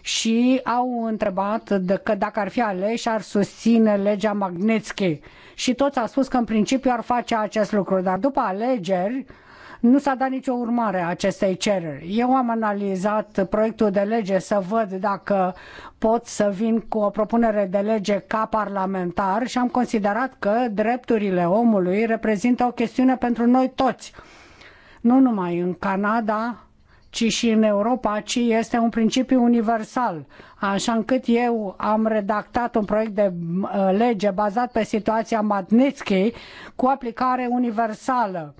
și au întrebat că dacă ar fi aleși ar susține legea Magnitsky. Și toți au spus că în principiu ar face acest lucru, dar după alegeri nu s-a dat nicio urmare a acestei cereri. Eu am analizat proiectul de lege să văd dacă pot să vin cu o propunere de lege ca parlamentar și am considerat că drepturile omului reprezintă o chestiune pentru noi toți. Nu numai în Canada, ci și în Europa, ci este un principiu universal. Așa încât eu am redactat un proiect de uh, lege bazat pe situația Madnitsky cu aplicare universală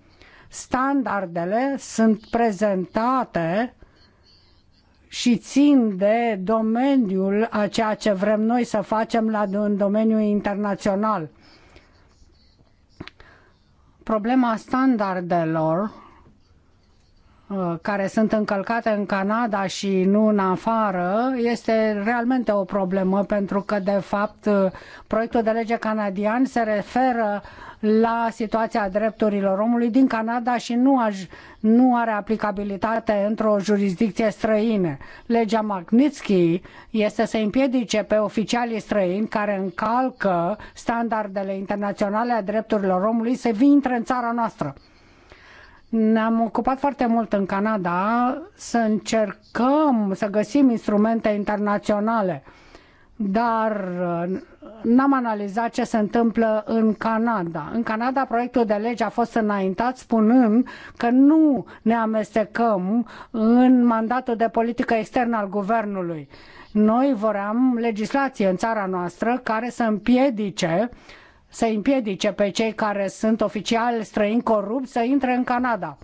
Standardele sunt prezentate și țin de domeniul a ceea ce vrem noi să facem la, în domeniul internațional. Problema standardelor Uh, care sunt încălcate în Canada și nu în afară este realmente o problemă pentru că, de fapt, uh, proiectul de lege canadian se referă la situația drepturilor omului din Canada și nu, aș, nu are aplicabilitate într-o jurisdicție străină. Legea Magnitsky este să împiedice pe oficialii străini care încalcă standardele internaționale a drepturilor omului să vină în țara noastră ne-am ocupat foarte mult în Canada să încercăm să găsim instrumente internaționale, dar uh, n-am analizat ce se întâmplă în Canada. În Canada proiectul de lege a fost înaintat spunând că nu ne amestecăm în mandatul de politică externă al guvernului. Noi voream legislație în țara noastră care să împiedice uh, să împiedice pe cei care sunt oficiali străini corupți să intre în Canada,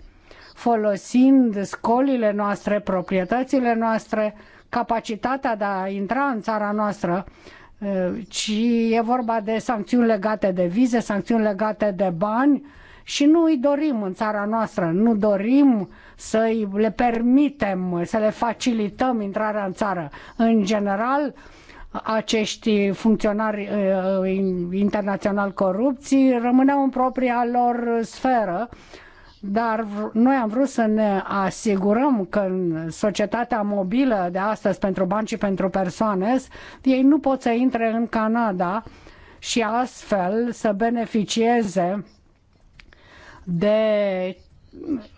folosind scolile noastre, proprietățile noastre, capacitatea de a intra în țara noastră, eh, ci e vorba de sancțiuni legate de vize, sancțiuni legate de bani și nu îi dorim în țara noastră, nu dorim să le permitem, să le facilităm intrarea în țară. În general, acești funcționari uh, uh, internațional corupții rămâneau în propria lor sferă, dar noi am vrut să ne asigurăm că în societatea mobilă de astăzi pentru bani și pentru persoane, ei nu pot să intre în Canada și astfel să beneficieze de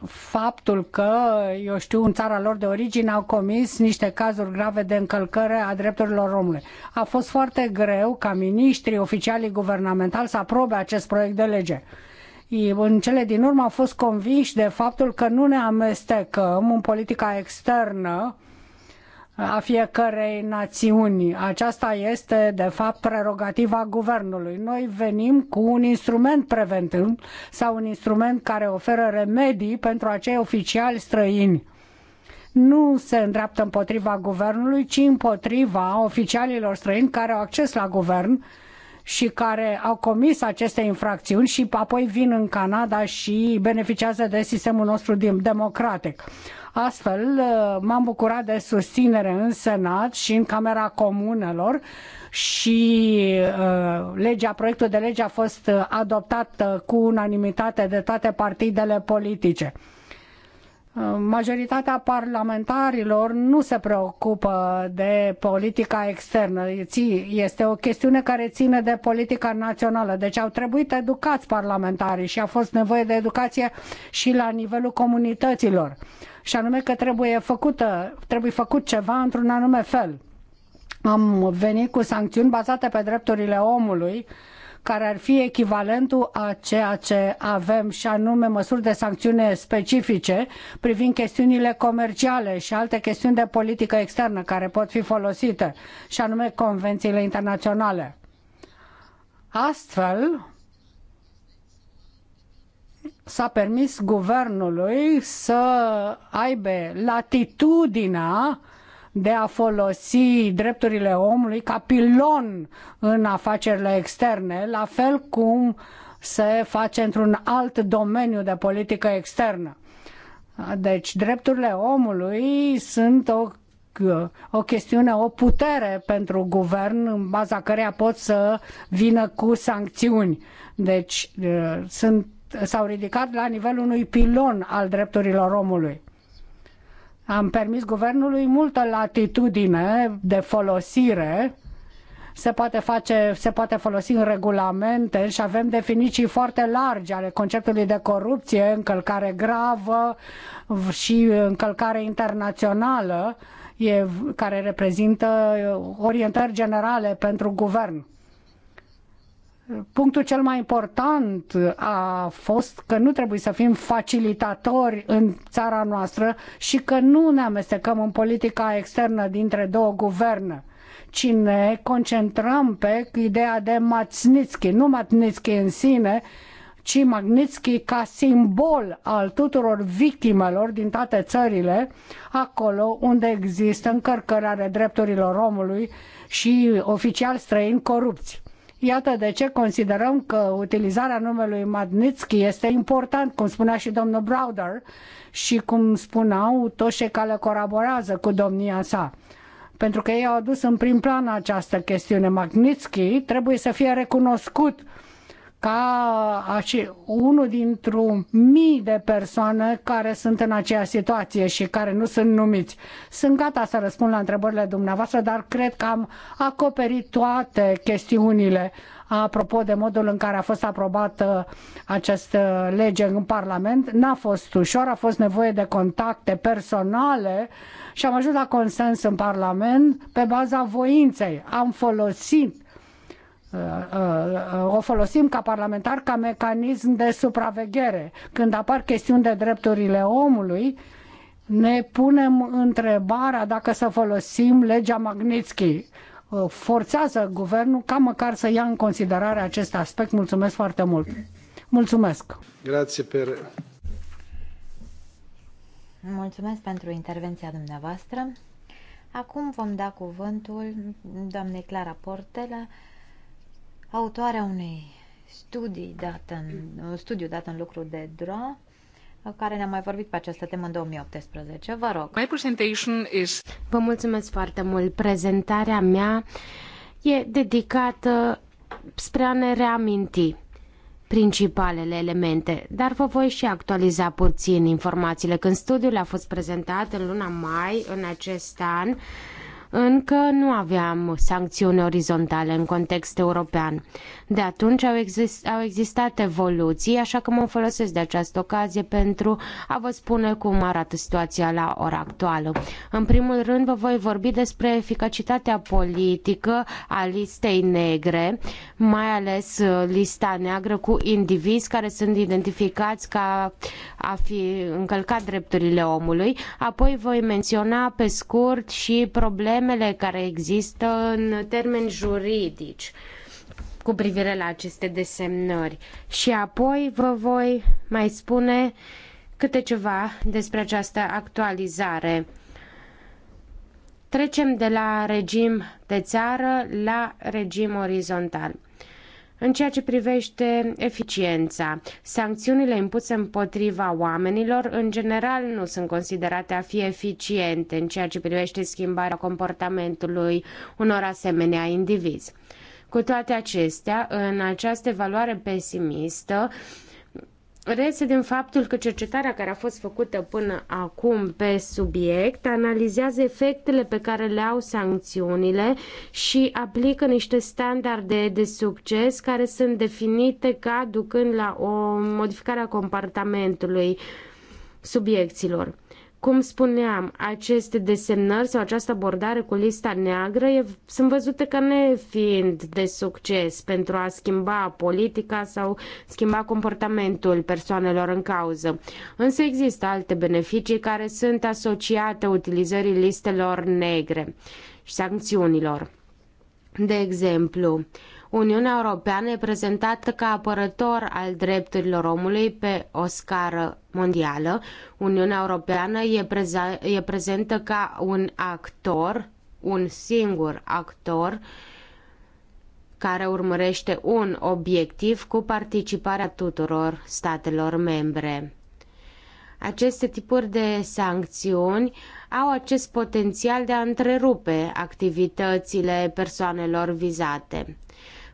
faptul că, eu știu, în țara lor de origine au comis niște cazuri grave de încălcări a drepturilor omului. A fost foarte greu ca miniștrii, oficialii guvernamentali să aprobe acest proiect de lege în cele din urmă au fost convinși de faptul că nu ne amestecăm în politica externă a fiecărei națiuni. Aceasta este, de fapt, prerogativa guvernului. Noi venim cu un instrument preventiv sau un instrument care oferă remedii pentru acei oficiali străini nu se îndreaptă împotriva guvernului, ci împotriva oficialilor străini care au acces la guvern și care au comis aceste infracțiuni și apoi vin în Canada și beneficiază de sistemul nostru democratic. Astfel, uh, m-am bucurat de susținere în Senat și în Camera Comunelor și uh, legea, proiectul de lege a fost adoptat uh, cu unanimitate de toate partidele politice majoritatea parlamentarilor nu se preocupă de politica externă. Este o chestiune care ține de politica națională. Deci au trebuit educați parlamentarii și a fost nevoie de educație și la nivelul comunităților. Și anume că trebuie, făcută, trebuie făcut ceva într-un anume fel. Am venit cu sancțiuni bazate pe drepturile omului uh, care ar fi echivalentul a ceea ce avem și anume măsuri de sancțiune specifice privind chestiunile comerciale și alte chestiuni de politică externă care pot fi folosite și anume convențiile internaționale. Astfel, s-a permis guvernului să aibă latitudinea de a folosi drepturile omului ca pilon în afacerile externe, la fel cum se face într-un alt domeniu de politică externă. Deci drepturile omului sunt o o chestiune, o putere pentru guvern în baza căreia pot să vină cu sancțiuni. Deci uh, sunt, s-au ridicat la nivelul unui pilon al drepturilor omului. Am permis guvernului multă latitudine de folosire se poate, face, se poate folosi în regulamente și avem definiții foarte largi ale conceptului de corupție, încălcare gravă și încălcare internațională, e, care reprezintă orientări generale pentru guvern. Punctul cel mai important a fost că nu trebuie să fim facilitatori în țara noastră și că nu ne amestecăm în politica externă dintre două guverne, ci ne concentrăm pe ideea de Matnitsky, nu Matnitsky în sine, ci Magnitsky ca simbol al tuturor victimelor din toate țările, acolo unde există încărcări ale drepturilor omului și oficiali străini corupți. Iată de ce considerăm că utilizarea numelui Magnitsky este important, cum spunea și domnul Browder și cum spuneau toți cei care colaborează cu domnia sa. Pentru că ei au adus în prim plan această chestiune. Magnitsky trebuie să fie recunoscut uh, ca unul dintr-un mii de persoane care sunt în aceeași situație și care nu sunt numiți. Sunt gata să răspund la întrebările dumneavoastră, dar cred că am acoperit toate chestiunile apropo de modul în care a fost aprobată această lege în Parlament. N-a fost ușor, a fost nevoie de contacte personale și am ajuns la consens în Parlament pe baza voinței. Am folosit Uh, uh, o folosim ca parlamentar ca mecanism de supraveghere. Când apar chestiuni de drepturile omului, ne punem întrebarea dacă să folosim legea Magnitsky. Uh, forțează guvernul ca măcar să ia în considerare acest aspect. Mulțumesc foarte mult. Mulțumesc. per... Mulțumesc pentru intervenția dumneavoastră. Acum vom da cuvântul doamnei Clara Portela, autoarea unei studii dată în, un studiu dat în lucru de dro, care ne-a mai vorbit pe această temă în 2018. Vă rog. My presentation is... Vă mulțumesc foarte mult. Prezentarea mea e dedicată spre a ne reaminti principalele elemente, dar vă voi și actualiza puțin informațiile. Când studiul a fost prezentat în luna mai în acest an, încă nu aveam sancțiuni orizontale în context european. De atunci au, exist, au existat evoluții, așa că mă folosesc de această ocazie pentru a vă spune cum arată situația la ora actuală. În primul rând vă voi vorbi despre eficacitatea politică a listei negre, mai ales uh, lista neagră cu indivizi care sunt identificați ca a fi încălcat drepturile omului. Apoi voi menționa pe scurt și probleme problemele care există în termeni juridici cu privire la aceste desemnări. Și apoi vă voi mai spune câte ceva despre această actualizare. Trecem de la regim de țară la regim orizontal. În ceea ce privește eficiența, sancțiunile impuse împotriva oamenilor în general nu sunt considerate a fi eficiente în ceea ce privește schimbarea comportamentului unor asemenea indivizi. Cu toate acestea, în această evaluare pesimistă, reiese din faptul că cercetarea care a fost făcută până acum pe subiect analizează efectele pe care le au sancțiunile și aplică niște standarde de succes care sunt definite ca ducând la o modificare a comportamentului subiecților. Cum spuneam, aceste desemnări sau această abordare cu lista neagră e, sunt văzute ca nefiind de succes pentru a schimba politica sau schimba comportamentul persoanelor în cauză. Însă există alte beneficii care sunt asociate utilizării listelor negre și sancțiunilor. De exemplu, uh, Uniunea Europeană e prezentată ca apărător al drepturilor omului pe o scară mondială. Uniunea Europeană e, preza- e prezentă ca un actor, un singur actor, care urmărește un obiectiv cu participarea tuturor statelor membre. Aceste tipuri de sancțiuni au acest potențial de a întrerupe activitățile persoanelor vizate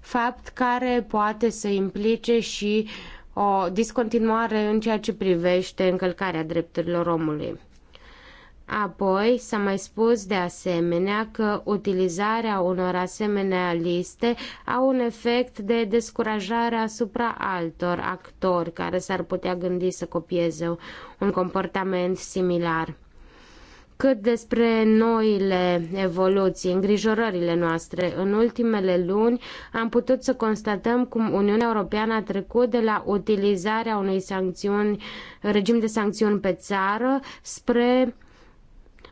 fapt care poate să implice și o discontinuare în ceea ce privește încălcarea drepturilor omului. Apoi s-a mai spus de asemenea că utilizarea unor asemenea liste au un efect de descurajare asupra altor actori care s-ar putea gândi să copieze un comportament similar. Cât despre noile evoluții, îngrijorările noastre, în ultimele luni am putut să constatăm cum Uniunea Europeană a trecut de la utilizarea unui sancțiuni, regim de sancțiuni pe țară spre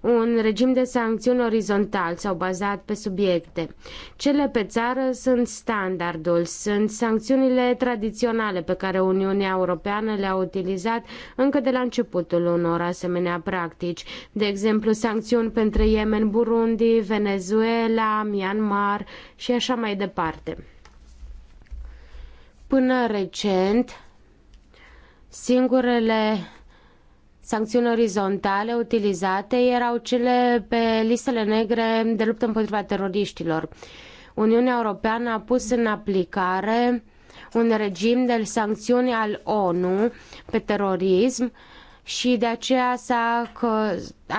un regim de sancțiuni orizontal sau bazat pe subiecte. Cele pe țară sunt standardul, sunt sancțiunile tradiționale pe care Uniunea Europeană le-a utilizat încă de la începutul unor asemenea practici, de exemplu sancțiuni pentru Yemen, Burundi, Venezuela, Myanmar și așa mai departe. Până recent, singurele sancțiuni orizontale utilizate erau cele pe listele negre de luptă împotriva teroriștilor. Uniunea Europeană a pus în aplicare un regim de sancțiuni al ONU pe terorism și de aceea s-a,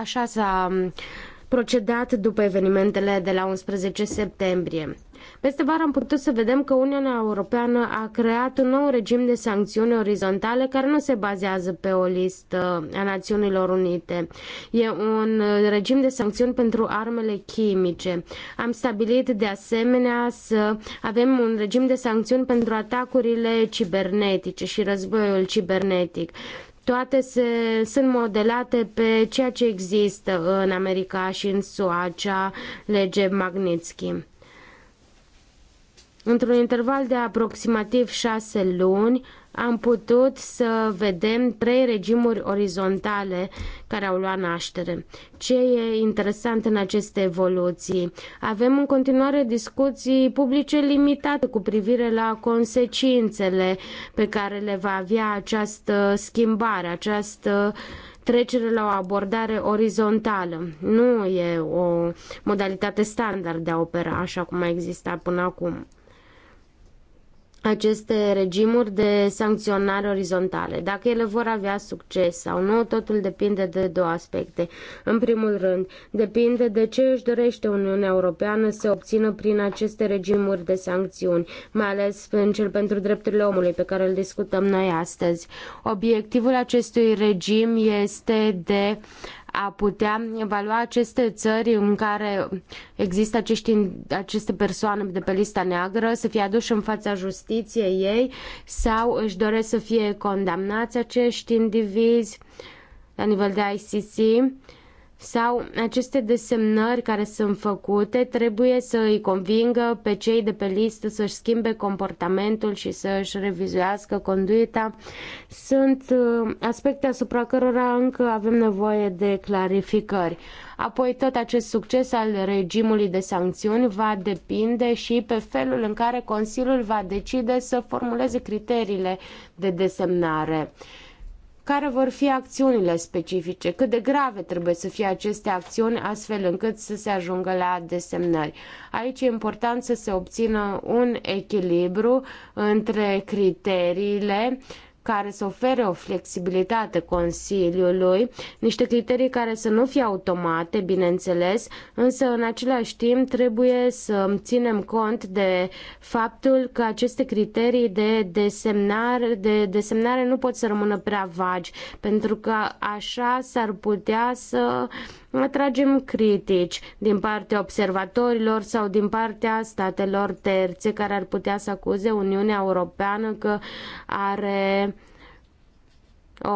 așa s-a procedat după evenimentele de la 11 septembrie. Peste vară am putut să vedem că Uniunea Europeană a creat un nou regim de sancțiuni orizontale care nu se bazează pe o listă a Națiunilor Unite. E un regim de sancțiuni pentru armele chimice. Am stabilit de asemenea să avem un regim de sancțiuni pentru atacurile cibernetice și războiul cibernetic toate se, sunt modelate pe ceea ce există în America și în SUA, acea lege Magnitsky. Într-un interval de aproximativ șase luni am putut să vedem trei regimuri orizontale care au luat naștere. Ce e interesant în aceste evoluții? Avem în continuare discuții publice limitate cu privire la consecințele pe care le va avea această schimbare, această trecere la o abordare orizontală. Nu e o modalitate standard de a opera așa cum a existat până acum aceste regimuri de sancționare orizontale. Dacă ele vor avea succes sau nu, totul depinde de două aspecte. În primul rând, depinde de ce își dorește Uniunea Europeană să obțină prin aceste regimuri de sancțiuni, mai ales în cel pentru drepturile omului pe care îl discutăm noi astăzi. Obiectivul acestui regim este de a putea evalua aceste țări în care există acești, aceste persoane de pe lista neagră, să fie aduși în fața justiției ei sau își doresc să fie condamnați acești indivizi la nivel de ICC sau aceste desemnări care sunt făcute trebuie să îi convingă pe cei de pe listă să-și schimbe comportamentul și să-și revizuiască conduita. Sunt uh, aspecte asupra cărora încă avem nevoie de clarificări. Apoi tot acest succes al regimului de sancțiuni va depinde și pe felul în care Consiliul va decide să formuleze criteriile de desemnare care vor fi acțiunile specifice, cât de grave trebuie să fie aceste acțiuni astfel încât să se ajungă la desemnări. Aici e important să se obțină un echilibru între criteriile care să ofere o flexibilitate Consiliului, niște criterii care să nu fie automate, bineînțeles, însă în același timp trebuie să ținem cont de faptul că aceste criterii de desemnare, de desemnare nu pot să rămână prea vagi, pentru că așa s-ar putea să atragem critici din partea observatorilor sau din partea statelor terțe care ar putea să acuze Uniunea Europeană că are o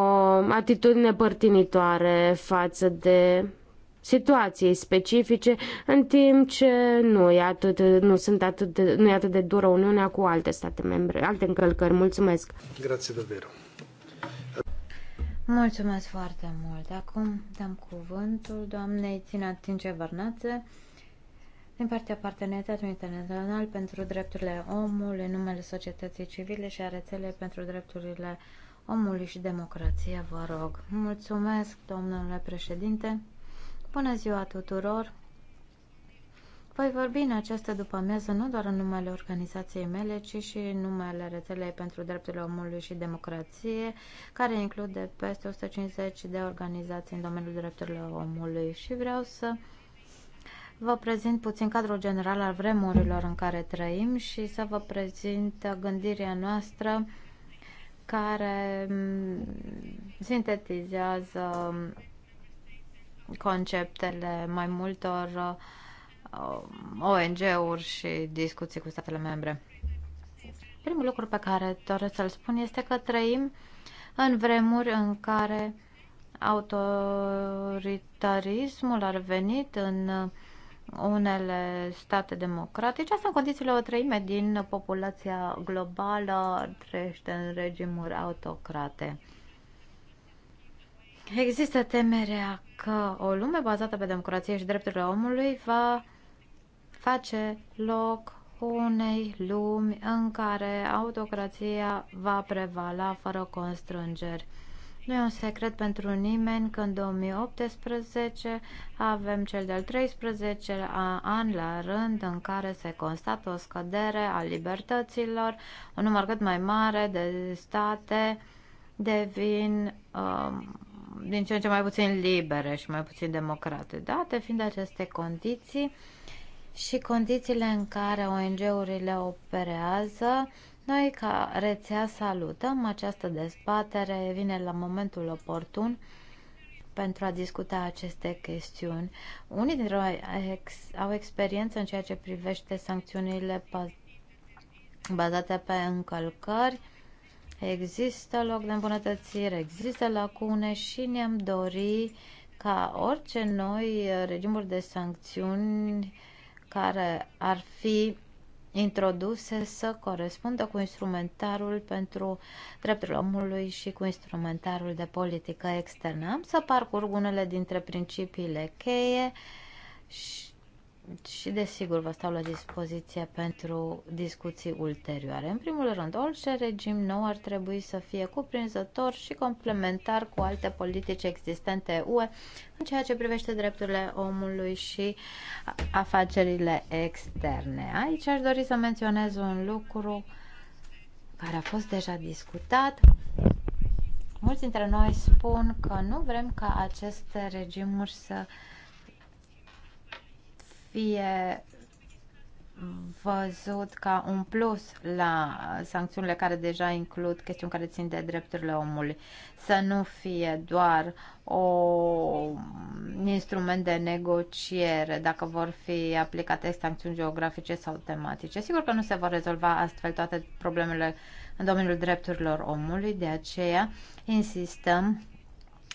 atitudine părtinitoare față de situații specifice, în timp ce nu, e atât, nu, sunt atât de, nu e atât de dură Uniunea cu alte state membre, alte încălcări. Mulțumesc! Grazie davvero! Mulțumesc foarte mult. Acum dăm cuvântul doamnei Tina Tince Bărnațe din partea Parteneriatului Internațional pentru Drepturile Omului, numele societății civile și a rețelei pentru drepturile omului și democrație, vă rog. Mulțumesc, domnule președinte. Bună ziua tuturor! Voi vorbi în această după-amiază nu doar în numele organizației mele, ci și în numele rețelei pentru drepturile omului și democrație, care include peste 150 de organizații în domeniul drepturilor omului și vreau să vă prezint puțin cadrul general al vremurilor în care trăim și să vă prezint gândirea noastră care mm, sintetizează conceptele mai multor uh, Um, ONG-uri și discuții cu statele membre. Primul lucru pe care doresc să-l spun este că trăim în vremuri în care autoritarismul a revenit în unele state democratice. Asta în condițiile o treime din populația globală trăiește în regimuri autocrate. Există temerea că o lume bazată pe democrație și drepturile omului va face loc unei lumi în care autocrația va prevala fără constrângeri. Nu e un secret pentru nimeni că în 2018 avem cel de-al 13 an la rând în care se constată o scădere a libertăților, un număr cât mai mare de state devin um, din ce în ce mai puțin libere și mai puțin democrate. Date fiind aceste condiții, și condițiile în care ONG-urile operează, noi ca rețea salutăm această dezbatere, vine la momentul oportun pentru a discuta aceste chestiuni. Unii dintre noi au experiență în ceea ce privește sancțiunile bazate pe încălcări. Există loc de îmbunătățire, există lacune și ne-am dori ca orice noi regimuri de sancțiuni care ar fi introduse să corespundă cu instrumentarul pentru drepturile omului și cu instrumentarul de politică externă. Am să parcurg unele dintre principiile cheie și și desigur vă stau la dispoziție pentru discuții ulterioare. În primul rând, orice regim nou ar trebui să fie cuprinzător și complementar cu alte politici existente UE în ceea ce privește drepturile omului și afacerile externe. Aici aș dori să menționez un lucru care a fost deja discutat. Mulți dintre noi spun că nu vrem ca aceste regimuri să uh, fie văzut ca un plus la sancțiunile care deja includ chestiuni care țin de drepturile omului, să nu fie doar o, un instrument de negociere dacă vor fi aplicate sancțiuni geografice sau tematice. Sigur că nu se vor rezolva astfel toate problemele în domeniul drepturilor omului, de aceea insistăm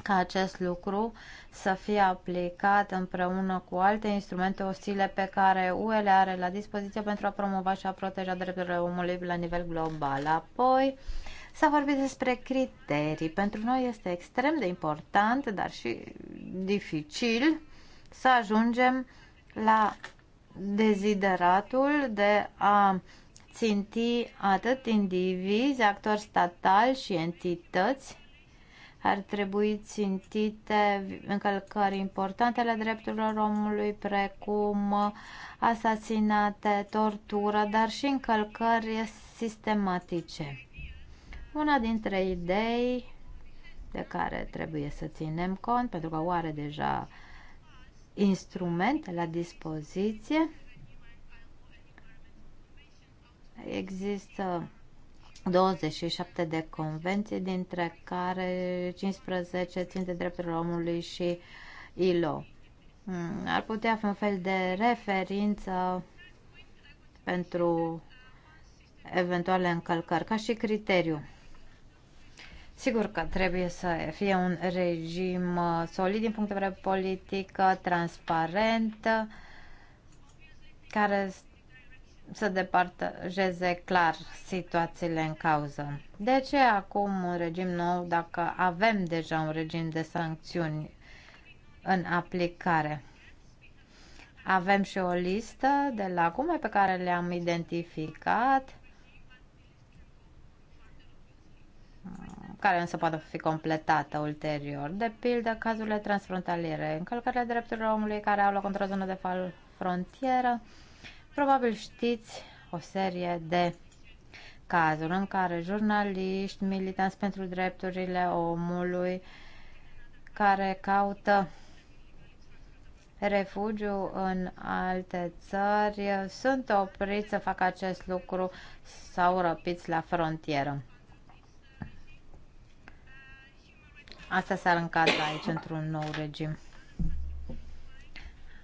ca acest lucru să fie aplicat împreună cu alte instrumente ostile pe care UE le are la dispoziție pentru a promova și a proteja drepturile omului la nivel global. Apoi, S-a vorbit despre criterii. Pentru noi este extrem de important, dar și dificil, să ajungem la dezideratul de a ținti atât indivizi, actori statali și entități ar trebui țintite încălcări importante ale drepturilor omului, precum asasinate, tortură, dar și încălcări sistematice. Una dintre idei de care trebuie să ținem cont, pentru că o are deja instrumente la dispoziție, există 27 de convenții, dintre care 15 țin de drepturile omului și ILO. Hmm, ar putea fi un fel de referință pentru eventuale încălcări, ca și criteriu. Sigur că trebuie să fie un regim uh, solid din punct de vedere politic, transparent, uh, care să departajeze clar situațiile în cauză. De ce acum un regim nou dacă avem deja un regim de sancțiuni în aplicare? Avem și o listă de lacume pe care le-am identificat, care însă poate fi completată ulterior, de pildă cazurile transfrontaliere, încălcările drepturilor omului care au loc într-o zonă de frontieră, Probabil știți o serie de cazuri în care jurnaliști, militanți pentru drepturile omului, care caută refugiu în alte țări, sunt opriți să facă acest lucru sau răpiți la frontieră. Asta s-ar încadra aici într-un nou regim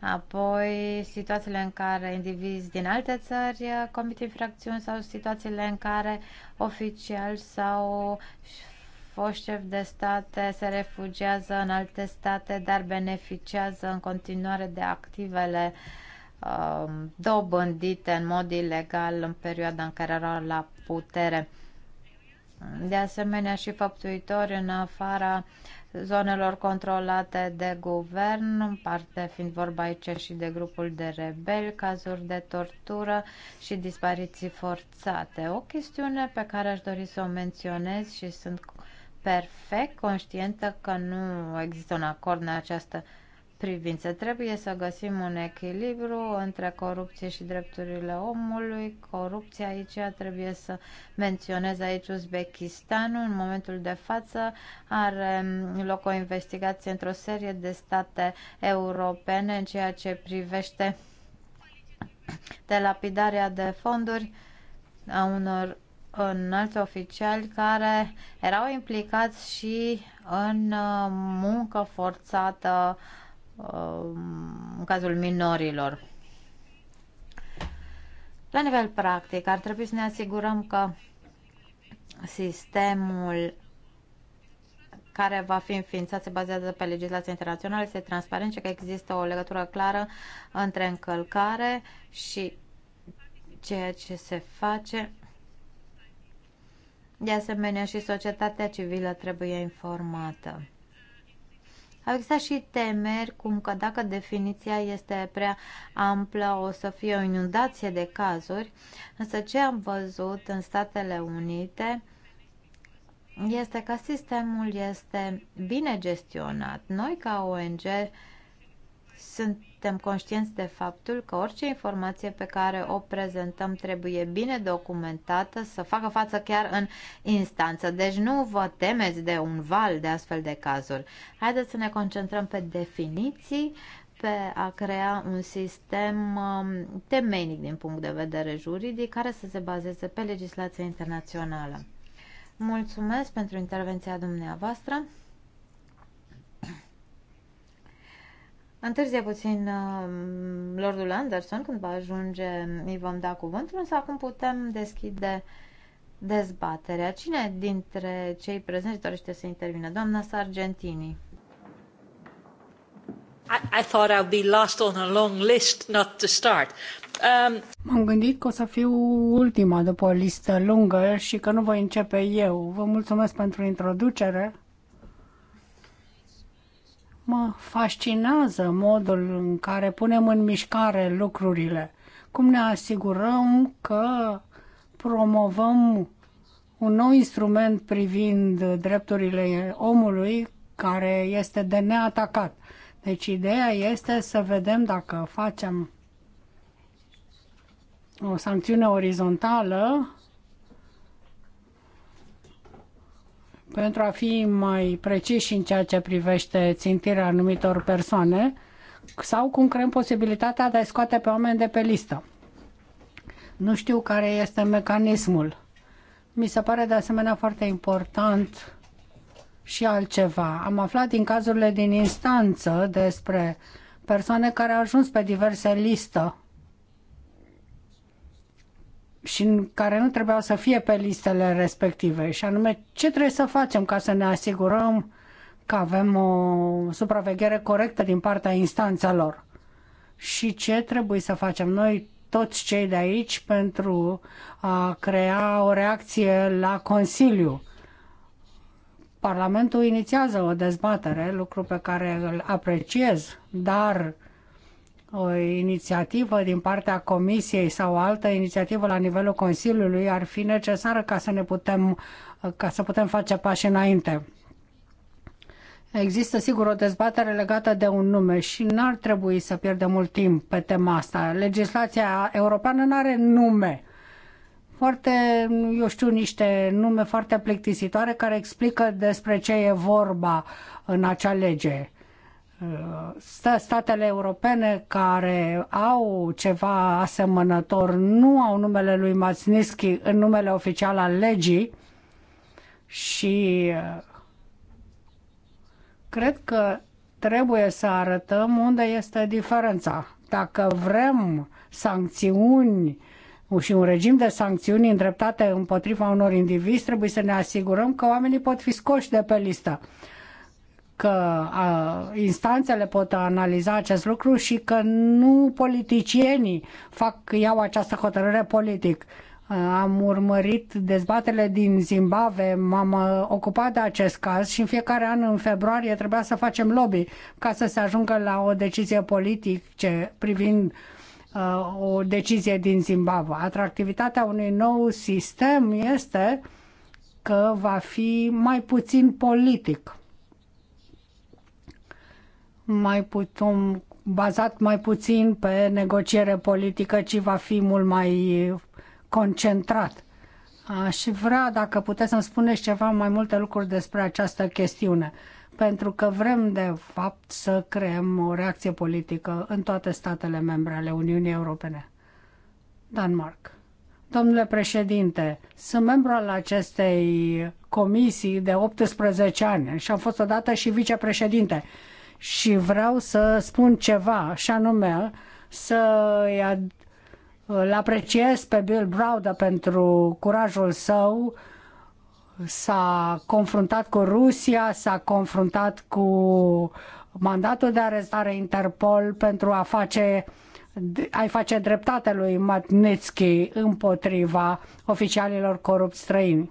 apoi situațiile în care indivizi din alte țări eh, comit infracțiuni sau situațiile în care oficiali sau foști de state se refugiază în alte state, dar beneficiază în continuare de activele um, dobândite în mod ilegal în perioada în care erau la putere. De asemenea, și făptuitori în afara zonelor controlate de guvern, în parte fiind vorba aici și de grupul de rebeli, cazuri de tortură și dispariții forțate. O chestiune pe care aș dori să o menționez și sunt perfect conștientă că nu există un acord în această privință. Trebuie să găsim un echilibru între corupție și drepturile omului. Corupția aici trebuie să menționez aici Uzbekistanul. În momentul de față are loc o investigație într-o serie de state europene în ceea ce privește delapidarea de fonduri a unor înalți oficiali care erau implicați și în uh, muncă forțată uh, Um, în cazul minorilor. La nivel practic, ar trebui să ne asigurăm că sistemul care va fi înființat se bazează pe legislația internațională, este transparent și că există o legătură clară între încălcare și ceea ce se face. De asemenea, și societatea civilă trebuie informată. Au existat și temeri cum că dacă definiția este prea amplă o să fie o inundație de cazuri, însă ce am văzut în Statele Unite este că sistemul este bine gestionat. Noi ca ONG suntem conștienți de faptul că orice informație pe care o prezentăm trebuie bine documentată, să facă față chiar în instanță. Deci nu vă temeți de un val de astfel de cazuri. Haideți să ne concentrăm pe definiții, pe a crea un sistem um, temeinic din punct de vedere juridic care să se bazeze pe legislația internațională. Mulțumesc pentru intervenția dumneavoastră. Întârzie puțin uh, Lordul Anderson când va ajunge, îi vom da cuvântul, însă acum putem deschide dezbaterea. Cine dintre cei prezenți dorește să intervină? Doamna Sargentini. I, I thought I'd be last on a long list, not to start. Um... M-am gândit că o să fiu ultima după o listă lungă și că nu voi începe eu. Vă mulțumesc pentru introducere. Mă fascinează modul în care punem în mișcare lucrurile, cum ne asigurăm că promovăm un nou instrument privind drepturile omului care este de neatacat. Deci ideea este să vedem dacă facem o sancțiune orizontală pentru a fi mai preciși în ceea ce privește țintirea anumitor persoane sau cum creăm posibilitatea de a scoate pe oameni de pe listă. Nu știu care este mecanismul. Mi se pare de asemenea foarte important și altceva. Am aflat din cazurile din instanță despre persoane care au ajuns pe diverse listă și care nu trebuiau să fie pe listele respective, și anume ce trebuie să facem ca să ne asigurăm că avem o supraveghere corectă din partea instanțelor și ce trebuie să facem noi toți cei de aici pentru a crea o reacție la Consiliu. Parlamentul inițiază o dezbatere, lucru pe care îl apreciez, dar o inițiativă din partea Comisiei sau o altă inițiativă la nivelul Consiliului ar fi necesară ca să ne putem, ca să putem face pași înainte. Există sigur o dezbatere legată de un nume și nu ar trebui să pierdem mult timp pe tema asta. Legislația europeană nu are nume. Foarte, eu știu, niște nume foarte plictisitoare care explică despre ce e vorba în acea lege statele europene care au ceva asemănător nu au numele lui Mațnischi în numele oficial al legii și uh, cred că trebuie să arătăm unde este diferența. Dacă vrem sancțiuni și un regim de sancțiuni îndreptate împotriva unor indivizi, trebuie să ne asigurăm că oamenii pot fi scoși de pe listă că a, instanțele pot analiza acest lucru și că nu politicienii fac, iau această hotărâre politic. Am urmărit dezbatele din Zimbabwe, m-am ocupat de acest caz și în fiecare an, în februarie, trebuia să facem lobby ca să se ajungă la o decizie politică privind uh, o decizie din Zimbabwe. Atractivitatea unui nou sistem este că va fi mai puțin politic mai putem, bazat mai puțin pe negociere politică, ci va fi mult mai concentrat. Aș vrea, dacă puteți să-mi spuneți ceva mai multe lucruri despre această chestiune, pentru că vrem, de fapt, să creăm o reacție politică în toate statele membre ale Uniunii Europene. Danmark. Domnule președinte, sunt membru al acestei comisii de 18 ani și am fost odată și vicepreședinte și vreau să spun ceva, și anume să îl apreciez pe Bill Browder pentru curajul său. S-a confruntat cu Rusia, s-a confruntat cu mandatul de arestare Interpol pentru a face ai face dreptate lui Matnitsky împotriva oficialilor corupți străini.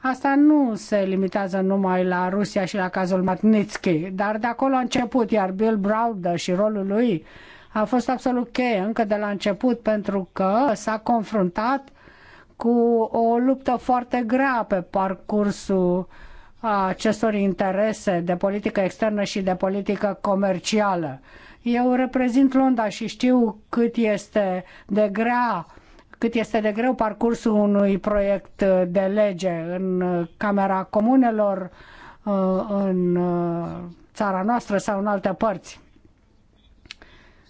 Asta nu se limitează numai la Rusia și la cazul Magnitsky, dar de acolo a început, iar Bill Browder și rolul lui a fost absolut cheie încă de la început pentru că s-a confruntat cu o luptă foarte grea pe parcursul acestor interese de politică externă și de politică comercială. Eu reprezint Londra și știu cât este de grea cât este de greu parcursul unui proiect de lege în Camera Comunelor, uh, în uh, țara noastră sau în alte părți.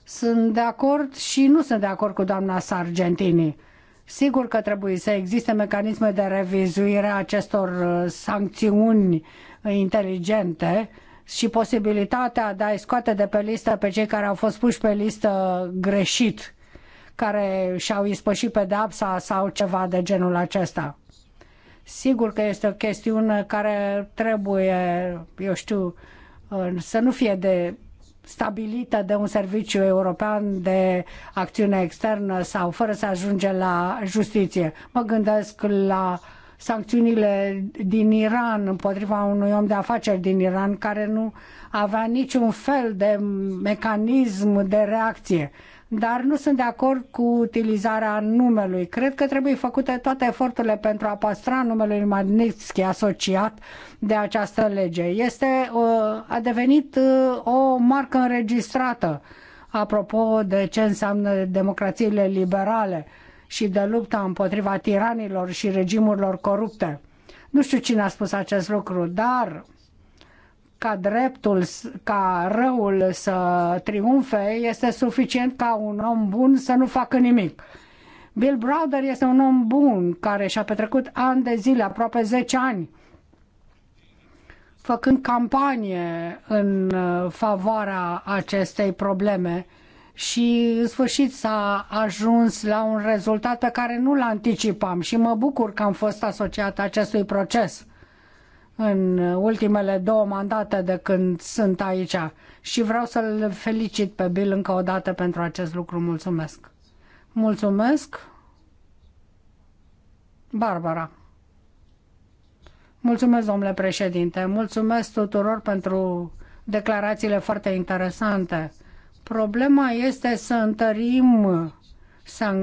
Sunt de acord și nu sunt de acord cu doamna Sargentini. Sigur că trebuie să existe mecanisme de revizuire a acestor uh, sancțiuni inteligente și posibilitatea de a-i scoate de pe listă pe cei care au fost puși pe listă greșit care și-au ispășit pedapsa sau ceva de genul acesta. Sigur că este o chestiune care trebuie, eu știu, să nu fie de stabilită de un serviciu european de acțiune externă sau fără să ajunge la justiție. Mă gândesc la sancțiunile din Iran împotriva unui om de afaceri din Iran care nu avea niciun fel de mecanism de reacție dar nu sunt de acord cu utilizarea numelui. Cred că trebuie făcute toate eforturile pentru a păstra numele Magnitsky asociat de această lege. Este, uh, a devenit uh, o marcă înregistrată apropo de ce înseamnă democrațiile liberale și de lupta împotriva tiranilor și regimurilor corupte. Nu știu cine a spus acest lucru, dar ca dreptul, ca răul să triumfe, este suficient ca un om bun să nu facă nimic. Bill Browder este un om bun care și-a petrecut ani de zile, aproape 10 ani, făcând campanie în uh, favoarea acestei probleme și în sfârșit s-a ajuns la un rezultat pe care nu l anticipam și mă bucur că am fost asociat acestui proces în ultimele două mandate de când sunt aici și vreau să-l felicit pe Bill încă o dată pentru acest lucru. Mulțumesc! Mulțumesc! Barbara. Mulțumesc, domnule președinte. Mulțumesc tuturor pentru declarațiile foarte interesante. Problema este să întărim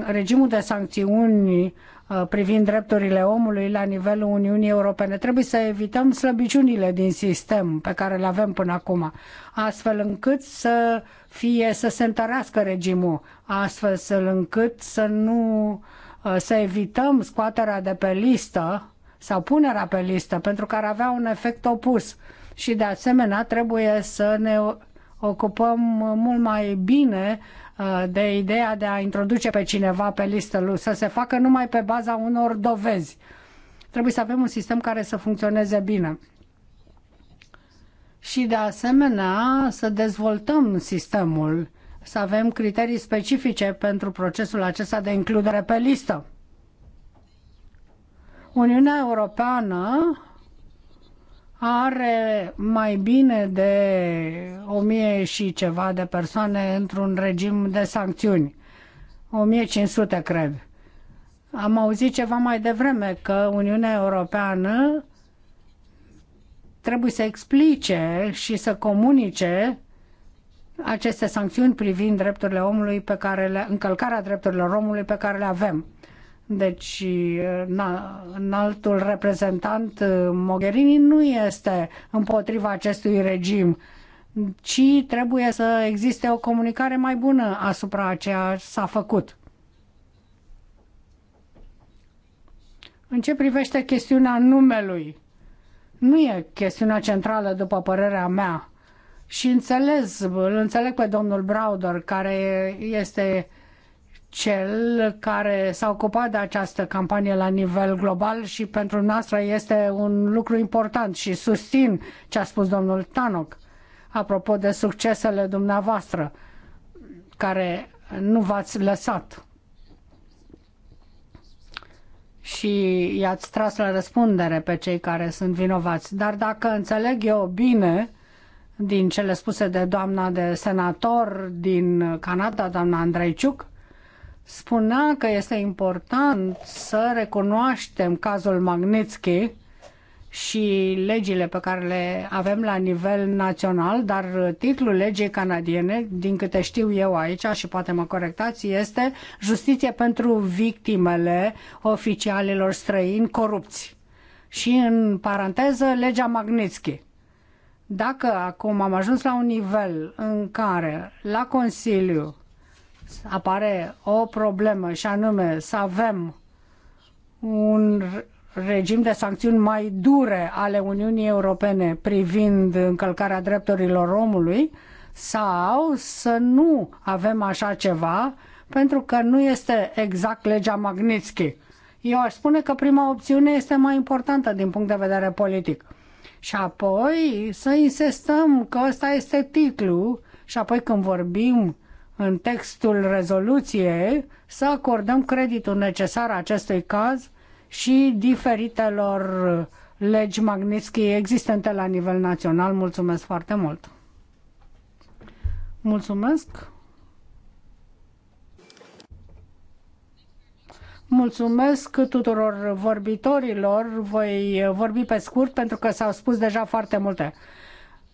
regimul de sancțiuni Uh, privind drepturile omului la nivelul Uniunii Europene. Trebuie să evităm slăbiciunile din sistem pe care le avem până acum, astfel încât să fie să se întărească regimul, astfel încât să nu uh, să evităm scoaterea de pe listă sau punerea pe listă, pentru că ar avea un efect opus. Și de asemenea trebuie să ne ocupăm mult mai bine Uh, de ideea de a introduce pe cineva pe listă lui, să se facă numai pe baza unor dovezi. Trebuie să avem un sistem care să funcționeze bine. Și de asemenea să dezvoltăm sistemul, să avem criterii specifice pentru procesul acesta de includere pe listă. Uniunea Europeană are mai bine de o mie și ceva de persoane într-un regim de sancțiuni. 1500, cred. Am auzit ceva mai devreme că Uniunea Europeană trebuie să explice și să comunice aceste sancțiuni privind drepturile omului pe care le, încălcarea drepturilor omului pe care le avem. Deci, na, înaltul reprezentant uh, Mogherini nu este împotriva acestui regim, ci trebuie să existe o comunicare mai bună asupra a ceea s-a făcut. În ce privește chestiunea numelui, nu e chestiunea centrală, după părerea mea. Și înțeles, îl înțeleg pe domnul Browder, care este cel care s-a ocupat de această campanie la nivel global și pentru noastră este un lucru important și susțin ce a spus domnul Tanok apropo de succesele dumneavoastră care nu v-ați lăsat și i-ați tras la răspundere pe cei care sunt vinovați. Dar dacă înțeleg eu bine din cele spuse de doamna de senator din Canada, doamna Andreiciuc, spunea că este important să recunoaștem cazul Magnitsky și legile pe care le avem la nivel național, dar titlul legii canadiene, din câte știu eu aici și poate mă corectați, este Justiție pentru victimele oficialilor străini corupți. Și în paranteză, legea Magnitsky. Dacă acum am ajuns la un nivel în care la Consiliu apare o problemă și anume să avem un regim de sancțiuni mai dure ale Uniunii Europene privind încălcarea drepturilor omului sau să nu avem așa ceva pentru că nu este exact legea Magnitsky. Eu aș spune că prima opțiune este mai importantă din punct de vedere politic. Și apoi să insistăm că ăsta este titlu și apoi când vorbim în textul rezoluției să acordăm creditul necesar acestui caz și diferitelor legi Magnitsky existente la nivel național. Mulțumesc foarte mult! Mulțumesc! Mulțumesc tuturor vorbitorilor. Voi vorbi pe scurt pentru că s-au spus deja foarte multe.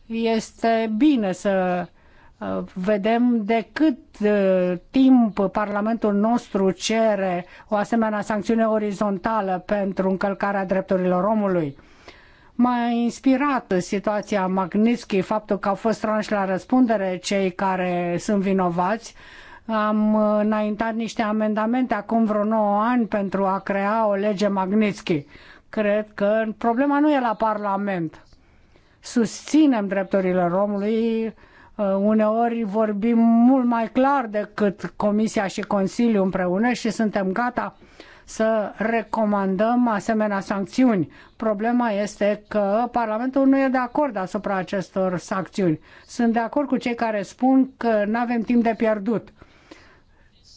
Este bine să vedem de cât uh, timp Parlamentul nostru cere o asemenea sancțiune orizontală pentru încălcarea drepturilor omului. M-a inspirat situația Magnitsky, faptul că au fost tranși la răspundere cei care sunt vinovați. Am înaintat niște amendamente acum vreo 9 ani pentru a crea o lege Magnitsky. Cred că problema nu e la Parlament. Susținem drepturile omului, Uh, uneori vorbim mult mai clar decât Comisia și Consiliul împreună și suntem gata să recomandăm asemenea sancțiuni. Problema este că Parlamentul nu e de acord asupra acestor sancțiuni. Sunt de acord cu cei care spun că nu avem timp de pierdut.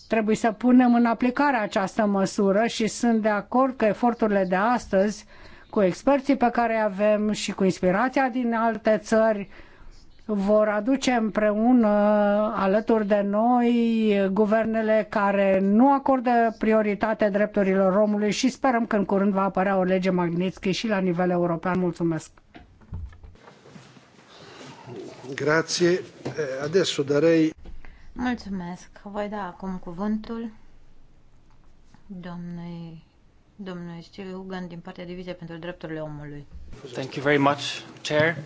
Trebuie să punem în aplicare această măsură și sunt de acord că eforturile de astăzi cu experții pe care avem și cu inspirația din alte țări vor aduce împreună alături de noi guvernele care nu acordă prioritate drepturilor romului și sperăm că în curând va apărea o lege Magnitsky și la nivel european. Mulțumesc! Grazie. Adesso darei... Mulțumesc. Voi da acum cuvântul domnului domnului Stiliu Hugan din partea Diviziei pentru Drepturile Omului. Thank you very much, Chair.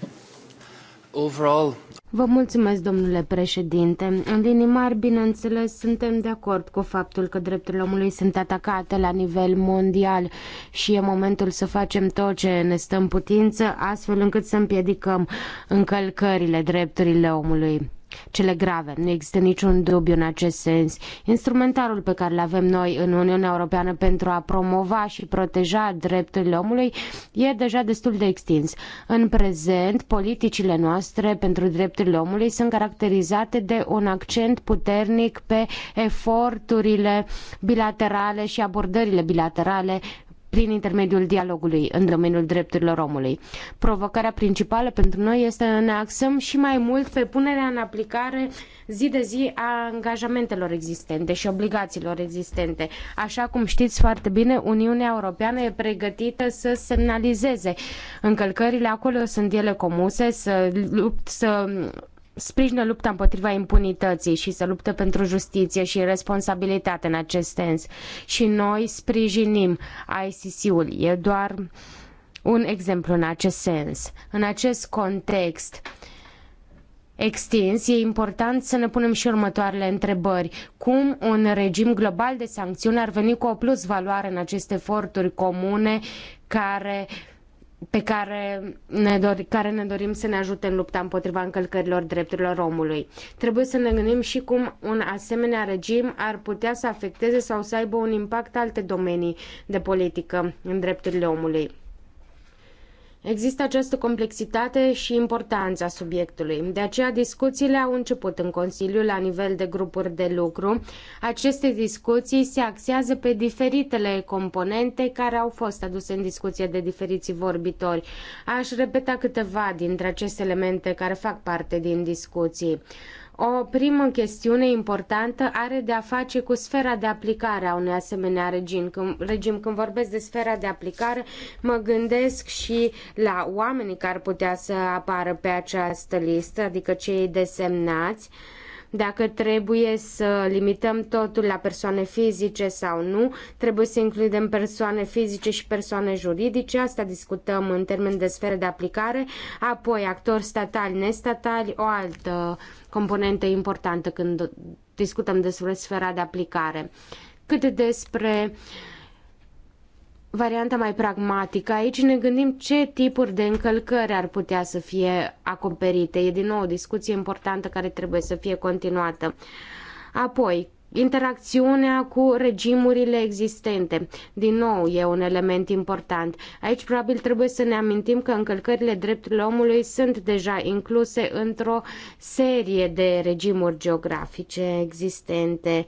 Overall... Vă mulțumesc, domnule președinte. În linii mari, bineînțeles, suntem de acord cu faptul că drepturile omului sunt atacate la nivel mondial și e momentul să facem tot ce ne stă în putință, astfel încât să împiedicăm încălcările drepturile omului cele grave. Nu există niciun dubiu în acest sens. Instrumentarul pe care îl avem noi în Uniunea Europeană pentru a promova și proteja drepturile omului e deja destul de extins. În prezent, politicile noastre pentru drepturile omului sunt caracterizate de un accent puternic pe eforturile bilaterale și abordările bilaterale prin intermediul dialogului în domeniul drepturilor omului. Provocarea principală pentru noi este să ne axăm și mai mult pe punerea în aplicare zi de zi a angajamentelor existente și obligațiilor existente. Așa cum știți foarte bine, Uniunea Europeană e pregătită să semnalizeze încălcările acolo, sunt ele comuse, să, lupt, să sprijină lupta împotriva impunității și să lupte pentru justiție și responsabilitate în acest sens. Și noi sprijinim ICC-ul. E doar un exemplu în acest sens. În acest context, extins, e important să ne punem și următoarele întrebări. Cum un regim global de sancțiuni ar veni cu o plus valoare în aceste eforturi comune care pe care ne, dor, care ne dorim să ne ajute în lupta împotriva încălcărilor drepturilor omului. Trebuie să ne gândim și cum un asemenea regim ar putea să afecteze sau să aibă un impact alte domenii de politică în drepturile omului. Există această complexitate și importanța subiectului. De aceea discuțiile au început în Consiliu la nivel de grupuri de lucru. Aceste discuții se axează pe diferitele componente care au fost aduse în discuție de diferiții vorbitori. Aș repeta câteva dintre aceste elemente care fac parte din discuții. O primă chestiune importantă are de a face cu sfera de aplicare a unui asemenea regim. Când, regim. Când vorbesc de sfera de aplicare, mă gândesc și la oamenii care putea să apară pe această listă, adică cei desemnați dacă trebuie să limităm totul la persoane fizice sau nu, trebuie să includem persoane fizice și persoane juridice, asta discutăm în termen de sferă de aplicare, apoi actori statali, nestatali, o altă componentă importantă când discutăm despre sfera de aplicare. Cât despre varianta mai pragmatică, aici ne gândim ce tipuri de încălcări ar putea să fie acoperite. E din nou o discuție importantă care trebuie să fie continuată. Apoi, interacțiunea cu regimurile existente. Din nou, e un element important. Aici probabil trebuie să ne amintim că încălcările drepturilor omului sunt deja incluse într-o serie de regimuri geografice existente.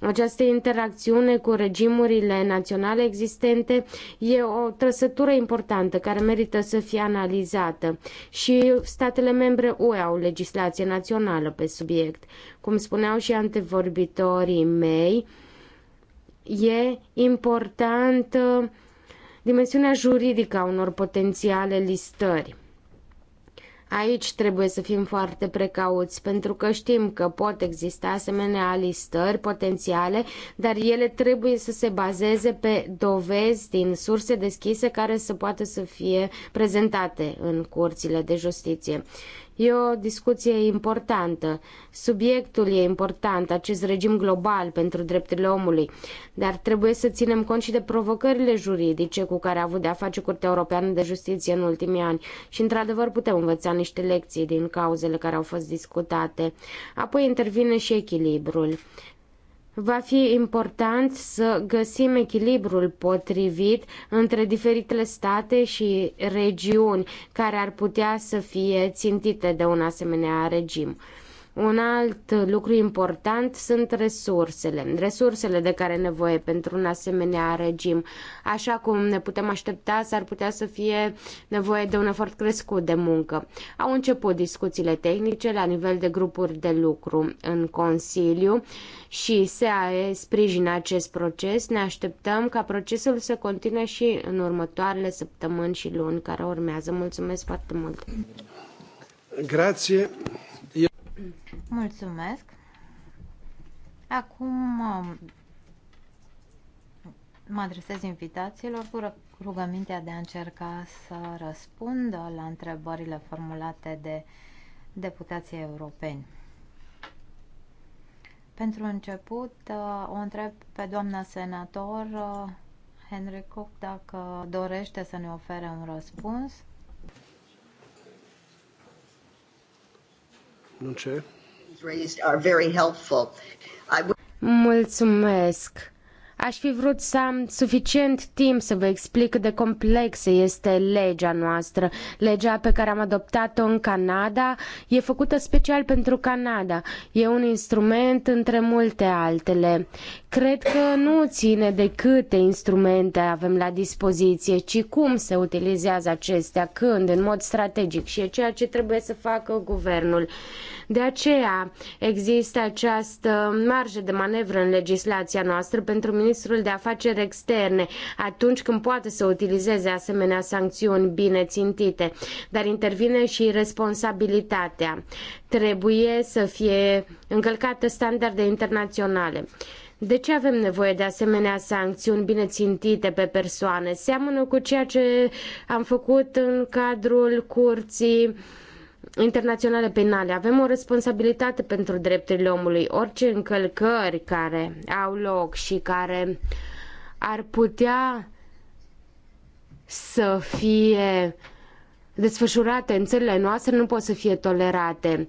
Această interacțiune cu regimurile naționale existente e o trăsătură importantă care merită să fie analizată și statele membre UE au legislație națională pe subiect. Cum spuneau și antevorbitorii mei, e importantă dimensiunea juridică a unor potențiale listări. Aici trebuie să fim foarte precauți, pentru că știm că pot exista asemenea alistări potențiale, dar ele trebuie să se bazeze pe dovezi din surse deschise care să poată să fie prezentate în curțile de justiție. E o discuție importantă. Subiectul e important, acest regim global pentru drepturile omului, dar trebuie să ținem cont și de provocările juridice cu care a avut de-a face Curtea Europeană de Justiție în ultimii ani și, într-adevăr, putem învăța niște lecții din cauzele care au fost discutate. Apoi intervine și echilibrul. Va fi important să găsim echilibrul potrivit între diferitele state și regiuni care ar putea să fie țintite de un asemenea regim. Un alt lucru important sunt resursele, resursele de care nevoie pentru un asemenea regim. Așa cum ne putem aștepta, s-ar putea să fie nevoie de un efort crescut de muncă. Au început discuțiile tehnice la nivel de grupuri de lucru în Consiliu și SAE sprijină acest proces. Ne așteptăm ca procesul să continue și în următoarele săptămâni și luni care urmează. Mulțumesc foarte mult! Grazie. Mulțumesc. Acum um, mă adresez invitațiilor cu rugămintea de a încerca să răspundă la întrebările formulate de deputații europeni. Pentru început, uh, o întreb pe doamna senator uh, Henry Cook dacă dorește să ne ofere un răspuns Mulțumesc. Aș fi vrut să am suficient timp să vă explic cât de complexă este legea noastră. Legea pe care am adoptat-o în Canada e făcută special pentru Canada. E un instrument între multe altele. Cred că nu ține de câte instrumente avem la dispoziție, ci cum se utilizează acestea, când, în mod strategic și e ceea ce trebuie să facă guvernul. De aceea există această marjă de manevră în legislația noastră pentru ministrul de afaceri externe atunci când poate să utilizeze asemenea sancțiuni bine țintite, dar intervine și responsabilitatea. Trebuie să fie încălcate standarde internaționale. De ce avem nevoie de asemenea sancțiuni bine țintite pe persoane? Seamănă cu ceea ce am făcut în cadrul curții uh, internaționale penale. Avem o responsabilitate pentru drepturile omului. Orice încălcări care au loc și care ar putea să fie desfășurate în țările noastre nu pot să fie tolerate.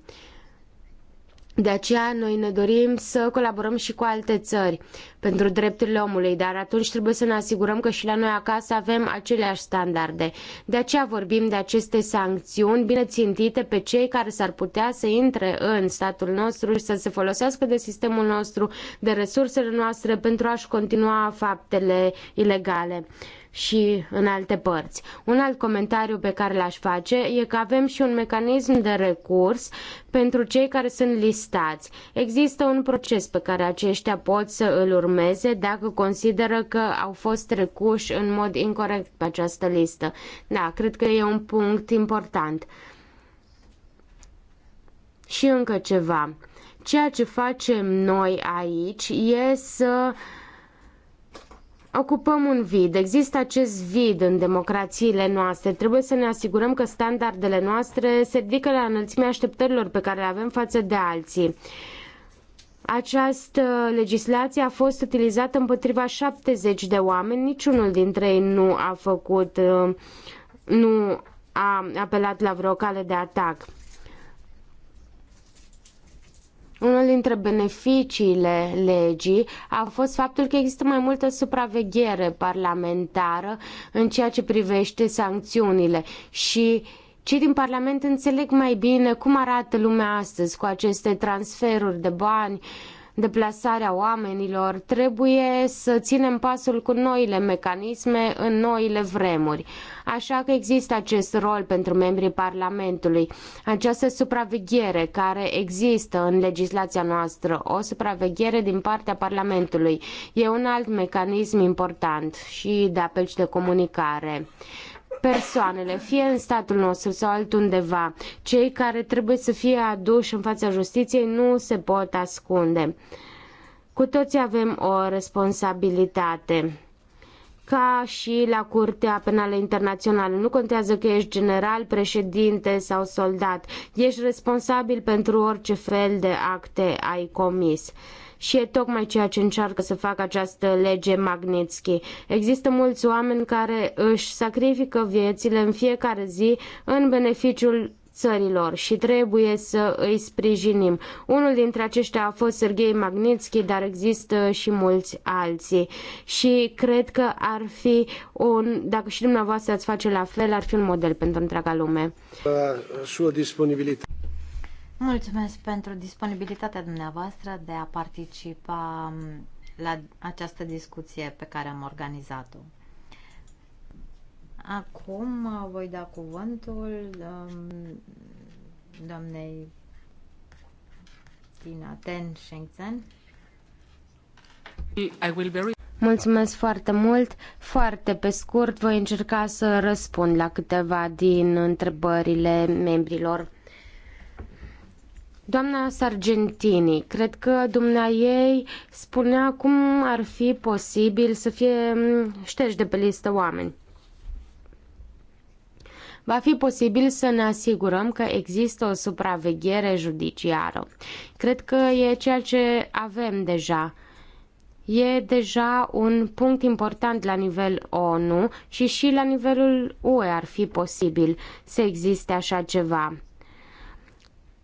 De aceea noi ne dorim să colaborăm și cu alte țări pentru drepturile omului, dar atunci trebuie să ne asigurăm că și la noi acasă avem aceleași standarde. De aceea vorbim de aceste sancțiuni bine țintite pe cei care s-ar putea să intre în statul nostru și să se folosească de sistemul nostru, de resursele noastre pentru a-și continua faptele ilegale și în alte părți. Un alt comentariu pe care l-aș face e că avem și un mecanism de recurs pentru cei care sunt listați. Există un proces pe care aceștia pot să îl urmeze dacă consideră că au fost trecuși în mod incorrect pe această listă. Da, cred că e un punct important. Și încă ceva. Ceea ce facem noi aici e să uh, ocupăm un vid. Există acest vid în democrațiile noastre. Trebuie să ne asigurăm că standardele noastre se ridică la înălțimea așteptărilor pe care le avem față de alții. Această legislație a fost utilizată împotriva 70 de oameni, niciunul dintre ei nu a făcut, uh, nu a apelat la vreo cale de atac. Unul dintre beneficiile legii a fost faptul că există mai multă supraveghere parlamentară în ceea ce privește sancțiunile și cei din Parlament înțeleg mai bine cum arată lumea astăzi cu aceste transferuri de bani, uh, deplasarea oamenilor, trebuie să ținem pasul cu noile mecanisme în noile vremuri. Așa că există acest rol pentru membrii Parlamentului, această supraveghere care există în legislația noastră, o supraveghere din partea Parlamentului. E un alt mecanism important și de apel și de comunicare persoanele, fie în statul nostru sau altundeva. Cei care trebuie să fie aduși în fața justiției nu se pot ascunde. Cu toții avem o responsabilitate ca și la Curtea Penală Internațională. Nu contează că ești general, președinte sau soldat. Ești responsabil pentru orice fel de acte ai comis și e tocmai ceea ce încearcă să facă această lege Magnitsky. Există mulți oameni care își sacrifică viețile în fiecare zi în beneficiul țărilor și trebuie să îi sprijinim. Unul dintre aceștia a fost Sergei Magnitsky, dar există și mulți alții. Și cred că ar fi un, dacă și dumneavoastră ați face la fel, ar fi un model pentru întreaga lume. Uh, sua disponibilitate. Mulțumesc pentru disponibilitatea dumneavoastră de a participa um, la această discuție pe care am organizat-o. Acum uh, voi da cuvântul um, doamnei Tina Ten Shengzhen. I will be... Mulțumesc foarte mult. Foarte pe scurt voi încerca să răspund la câteva din întrebările membrilor Doamna Sargentini, cred că dumnea ei spunea cum ar fi posibil să fie mm, șterși de pe listă oameni. Va fi posibil să ne asigurăm că există o supraveghere judiciară. Cred că e ceea ce avem deja. E deja un punct important la nivel ONU și și la nivelul UE ar fi posibil să existe așa ceva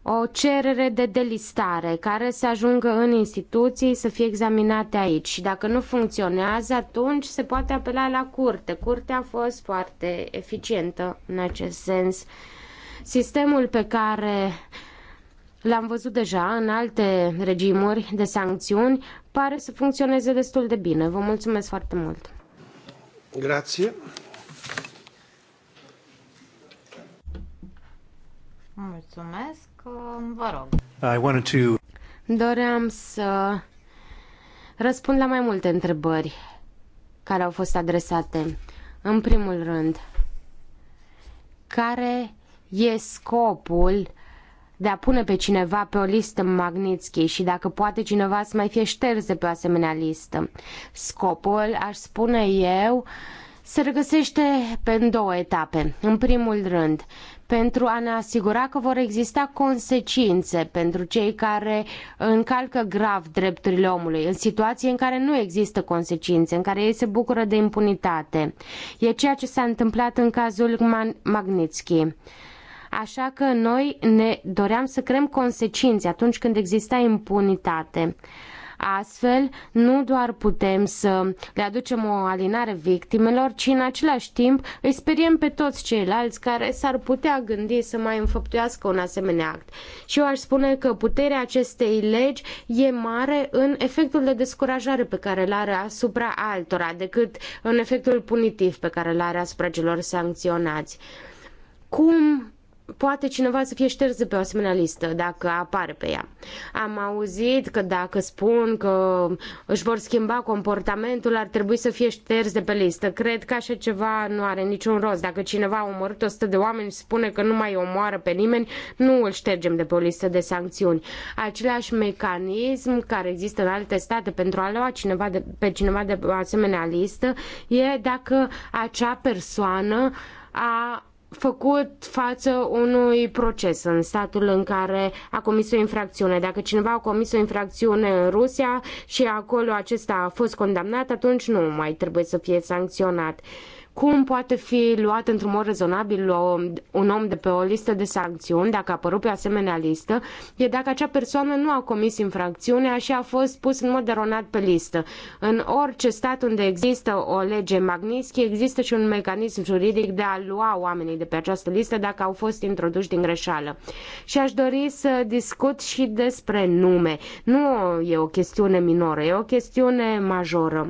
o cerere de delistare care să ajungă în instituții să fie examinate aici și dacă nu funcționează, atunci se poate apela la curte. Curtea a fost foarte eficientă în acest sens. Sistemul pe care l-am văzut deja în alte regimuri de sancțiuni pare să funcționeze destul de bine. Vă mulțumesc foarte mult! Grazie! Mulțumesc! Um, vă rog. I wanted to... Doream să răspund la mai multe întrebări care au fost adresate. În primul rând, care e scopul de a pune pe cineva pe o listă Magnitsky și dacă poate cineva să mai fie șters de pe o asemenea listă. Scopul, aș spune eu, se regăsește pe două etape. În primul rând, pentru a ne asigura că vor exista consecințe pentru cei care încalcă grav drepturile omului, în situații în care nu există consecințe, în care ei se bucură de impunitate. E ceea ce s-a întâmplat în cazul Magnitsky. Așa că noi ne doream să creăm consecințe atunci când exista impunitate. Astfel, nu doar putem să le aducem o alinare victimelor, ci în același timp îi speriem pe toți ceilalți care s-ar putea gândi să mai înfăptuiască un asemenea act. Și eu aș spune că puterea acestei legi e mare în efectul de descurajare pe care îl are asupra altora, decât în efectul punitiv pe care îl are asupra celor sancționați. Cum poate cineva să fie șters de pe o asemenea listă dacă apare pe ea. Am auzit că dacă spun că își vor schimba comportamentul, ar trebui să fie șters de pe listă. Cred că așa ceva nu are niciun rost. Dacă cineva a omorât 100 de oameni și spune că nu mai omoară pe nimeni, nu îl ștergem de pe o listă de sancțiuni. Același mecanism care există în alte state pentru a lua cineva de, pe cineva de pe o asemenea listă e dacă acea persoană a făcut față unui proces în statul în care a comis o infracțiune. Dacă cineva a comis o infracțiune în Rusia și acolo acesta a fost condamnat, atunci nu mai trebuie să fie sancționat. Uh, cum poate fi luat într-un mod rezonabil un om de pe o listă de sancțiuni, dacă a apărut pe asemenea listă, e dacă acea persoană nu a comis infracțiunea și a fost pus în mod eronat pe listă. În orice stat unde există o lege Magnitsky, există și un mecanism juridic de a lua oamenii de pe această listă dacă au fost introduși din greșeală. Și aș dori să discut și despre nume. Nu e o chestiune minoră, e o chestiune majoră.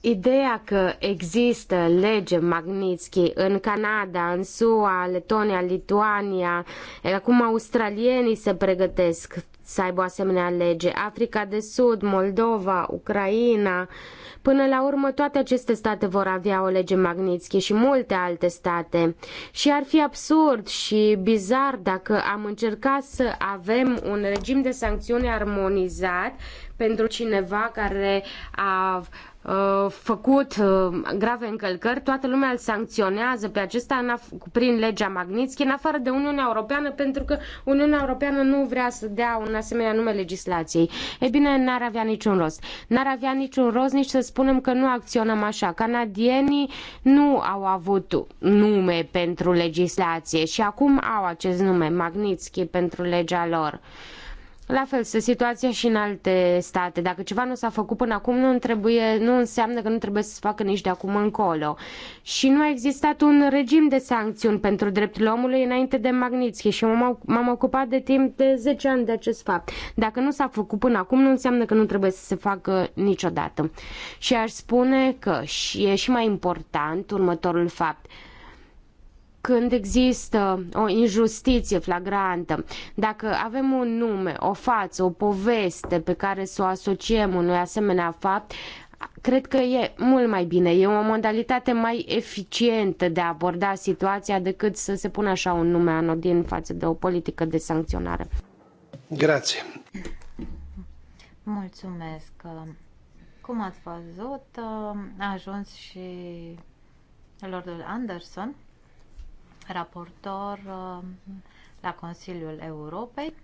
Ideea că există lege Magnitsky în Canada, în SUA, Letonia, Lituania, acum australienii se pregătesc să aibă o asemenea lege, Africa de Sud, Moldova, Ucraina, până la urmă toate aceste state vor avea o lege Magnitsky și multe alte state. Și ar fi absurd și bizar dacă am încercat să avem un regim de sancțiune armonizat pentru cineva care a Uh, făcut uh, grave încălcări, toată lumea îl sancționează pe acesta prin legea Magnitsky, în afară de Uniunea Europeană, pentru că Uniunea Europeană nu vrea să dea un asemenea nume legislației. E bine, n-ar avea niciun rost. N-ar avea niciun rost nici să spunem că nu acționăm așa. Canadienii nu au avut nume pentru legislație și acum au acest nume, Magnitsky, pentru legea lor. Uh, la fel, se situația și în alte state. Dacă ceva nu s-a făcut până acum, nu, trebuie, nu înseamnă că nu trebuie să se facă nici de acum încolo. Și nu a existat un regim de sancțiuni pentru drepturile omului înainte de Magnitsky și m-am ocupat de timp de 10 ani de acest fapt. Dacă nu s-a făcut până acum, nu înseamnă că nu trebuie să se facă niciodată. Și aș spune că e și mai important următorul fapt – când există o injustiție flagrantă, dacă avem un nume, o față, o poveste pe care să o asociem unui asemenea fapt, cred că e mult mai bine, e o modalitate mai eficientă de a aborda situația decât să se pună așa un nume anodin față de o politică de sancționare. Grație. Mulțumesc. Cum ați văzut, a ajuns și Lordul Anderson raportor uh, la Consiliul Europei.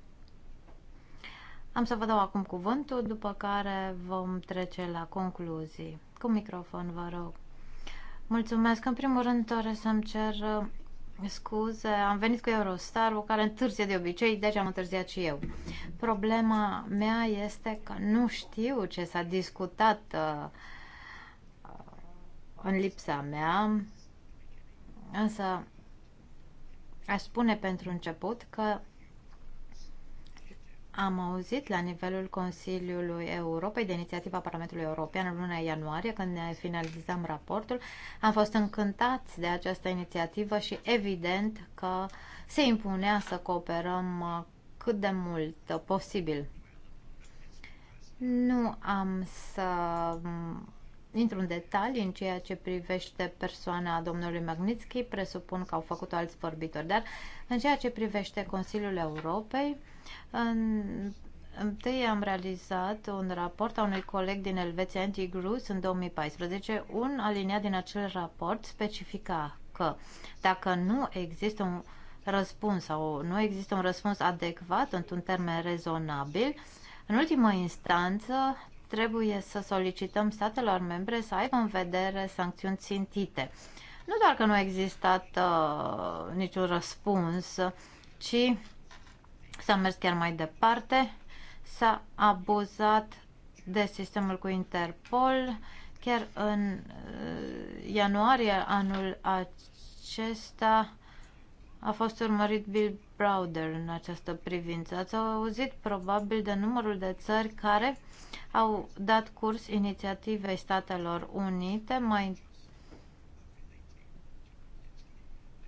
Am să vă dau acum cuvântul, după care vom trece la concluzii. Cu microfon, vă rog. Mulțumesc. În primul rând doresc să-mi cer uh, scuze. Am venit cu Eurostar, care întârzie de obicei, deci am întârziat și eu. Problema mea este că nu știu ce s-a discutat uh, în lipsa mea, însă Aș spune pentru început că am auzit la nivelul Consiliului Europei de inițiativa Parlamentului European în luna ianuarie, când ne finalizam raportul. Am fost încântați de această inițiativă și evident că se impunea să cooperăm uh, cât de mult posibil. Nu am să intru în detalii în ceea ce privește persoana domnului Magnitsky, presupun că au făcut alți vorbitori, dar în ceea ce privește Consiliul Europei, în, întâi am realizat un raport a unui coleg din Elveția, Andy Grus, în 2014. Un aliniat din acel raport specifica că dacă nu există un răspuns sau nu există un răspuns adecvat într-un termen rezonabil, în ultimă instanță, trebuie să solicităm statelor membre să aibă în vedere sancțiuni țintite. Nu doar că nu a existat uh, niciun răspuns, ci s-a mers chiar mai departe, s-a abuzat de sistemul cu Interpol. Chiar în uh, ianuarie anul acesta a fost urmărit Bill Browder în această privință. Ați auzit probabil de numărul de țări care au dat curs inițiativei Statelor Unite mai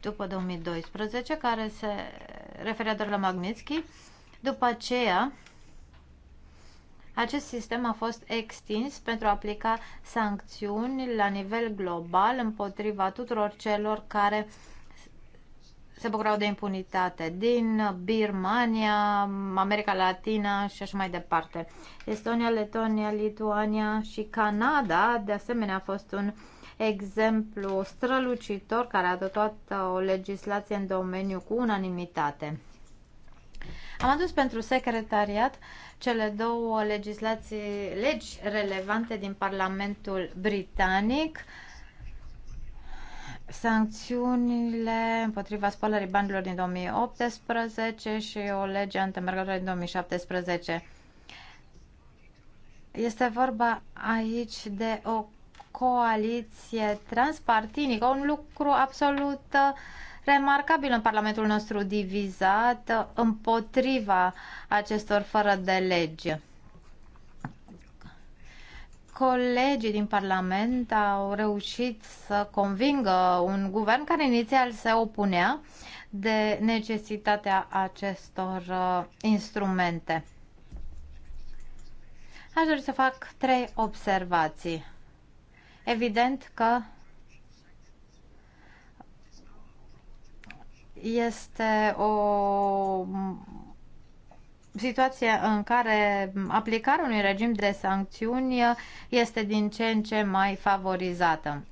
după 2012, care se referea doar la Magnitsky. După aceea, acest sistem a fost extins pentru a aplica sancțiuni la nivel global împotriva tuturor celor care uh, se bucurau de impunitate din Birmania, America Latina și așa mai departe. Estonia, Letonia, Lituania și Canada, de asemenea, a fost un exemplu strălucitor care a adoptat o legislație în domeniu cu unanimitate. Am adus pentru secretariat cele două legislații, legi relevante din Parlamentul Britanic, uh, sancțiunile împotriva spălării banilor din 2018 și o lege antemergătoare din 2017. Este vorba aici de o coaliție transpartinică, un lucru absolut uh, remarcabil în Parlamentul nostru divizat împotriva acestor fără de lege colegii din Parlament au reușit să convingă un guvern care inițial se opunea de necesitatea acestor uh, instrumente. Aș dori să fac trei observații. Evident că este o situația în care aplicarea unui regim de sancțiuni este din ce în ce mai favorizată.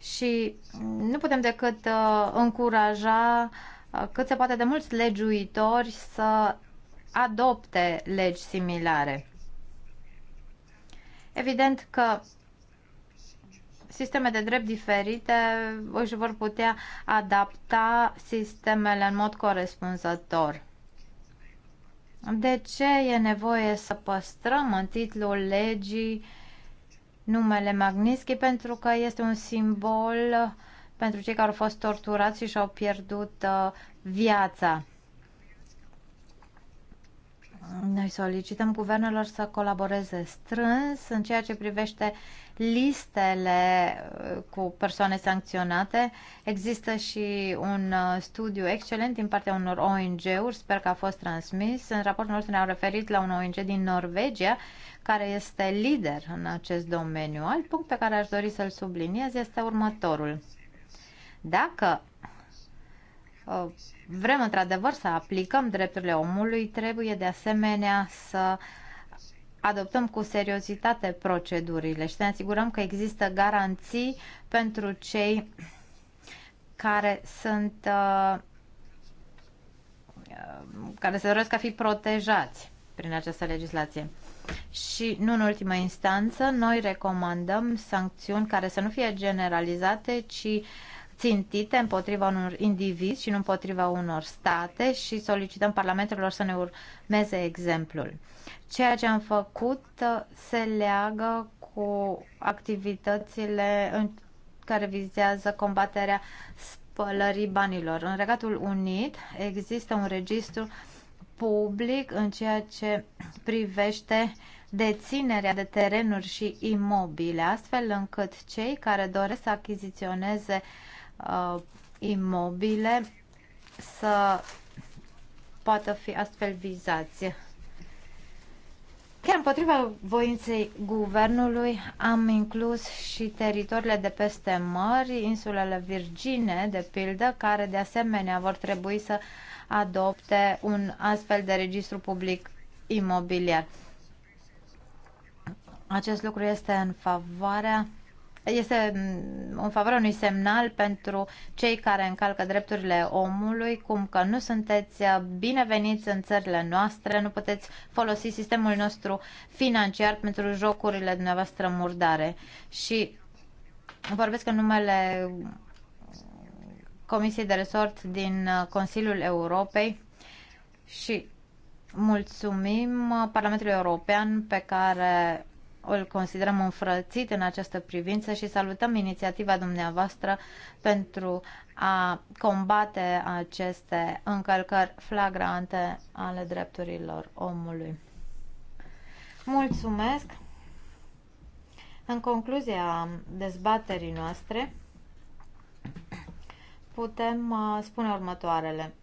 Și nu putem decât uh, încuraja uh, cât se poate de mulți legiuitori să adopte legi similare. Evident că sisteme de drept diferite își vor putea adapta sistemele în mod corespunzător. De ce e nevoie să păstrăm în titlul legii numele Magnitsky? Pentru că este un simbol pentru cei care au fost torturați și și-au pierdut uh, viața. Noi solicităm guvernelor să colaboreze strâns în ceea ce privește listele uh, cu persoane sancționate. Există și un uh, studiu excelent din partea unor ONG-uri, sper că a fost transmis. În raportul nostru ne-au referit la un ONG din Norvegia care este lider în acest domeniu. Alt punct pe care aș dori să-l subliniez este următorul. Dacă Uh, vrem într-adevăr să aplicăm drepturile omului, trebuie de asemenea să adoptăm cu seriozitate procedurile și să ne asigurăm că există garanții pentru cei care sunt uh, care se doresc a fi protejați prin această legislație. Și nu în ultimă instanță, noi recomandăm sancțiuni care să nu fie generalizate, ci uh, țintite împotriva unor indivizi și nu împotriva unor state și solicităm parlamentelor să ne urmeze exemplul. Ceea ce am făcut uh, se leagă cu activitățile în care vizează combaterea spălării banilor. În Regatul Unit există un registru public în ceea ce privește deținerea de terenuri și imobile, astfel încât cei care doresc să achiziționeze uh, uh, imobile să poată fi astfel vizați. Chiar împotriva voinței guvernului am inclus și teritoriile de peste mări, insulele Virgine, de pildă, care de asemenea vor trebui să adopte un astfel de registru public imobiliar. Acest lucru este în favoarea este un favoarea unui semnal pentru cei care încalcă drepturile omului, cum că nu sunteți bineveniți în țările noastre, nu puteți folosi sistemul nostru financiar pentru jocurile dumneavoastră murdare. Și vorbesc în numele Comisiei de Resort din Consiliul Europei și mulțumim Parlamentului European pe care îl considerăm înfrățit în această privință și salutăm inițiativa dumneavoastră pentru a combate aceste încălcări flagrante ale drepturilor omului. Mulțumesc! În concluzia dezbaterii noastre, putem uh, spune următoarele.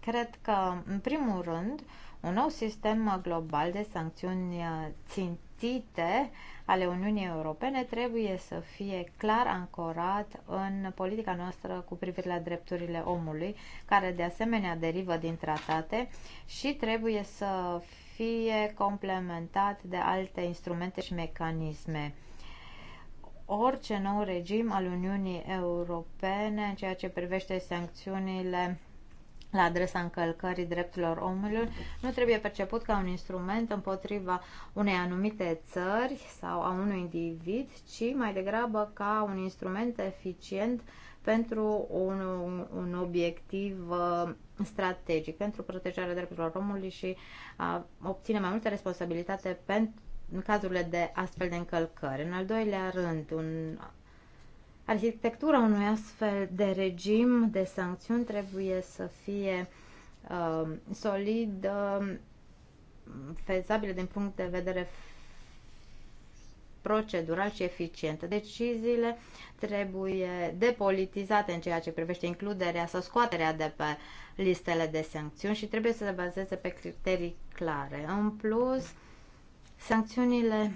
Cred că, în primul rând, un nou sistem global de sancțiuni uh, țintit investite ale Uniunii Europene trebuie să fie clar ancorat în politica noastră cu privire la drepturile omului, care de asemenea derivă din tratate și trebuie să fie complementat de alte instrumente și mecanisme orice nou regim al Uniunii Europene în ceea ce privește sancțiunile la adresa încălcării drepturilor omului nu trebuie perceput ca un instrument împotriva unei anumite țări sau a unui individ, ci mai degrabă ca un instrument eficient pentru un, un obiectiv uh, strategic, pentru protejarea drepturilor omului și a obține mai multă responsabilitate pentru în cazurile de astfel de încălcări. În al doilea rând, un Arhitectura unui astfel de regim de sancțiuni trebuie să fie uh, um, solid, uh, fezabilă din punct de vedere procedural și eficientă. Deciziile trebuie depolitizate în ceea ce privește includerea sau scoaterea de pe listele de sancțiuni și trebuie să se bazeze pe criterii clare. În plus, sancțiunile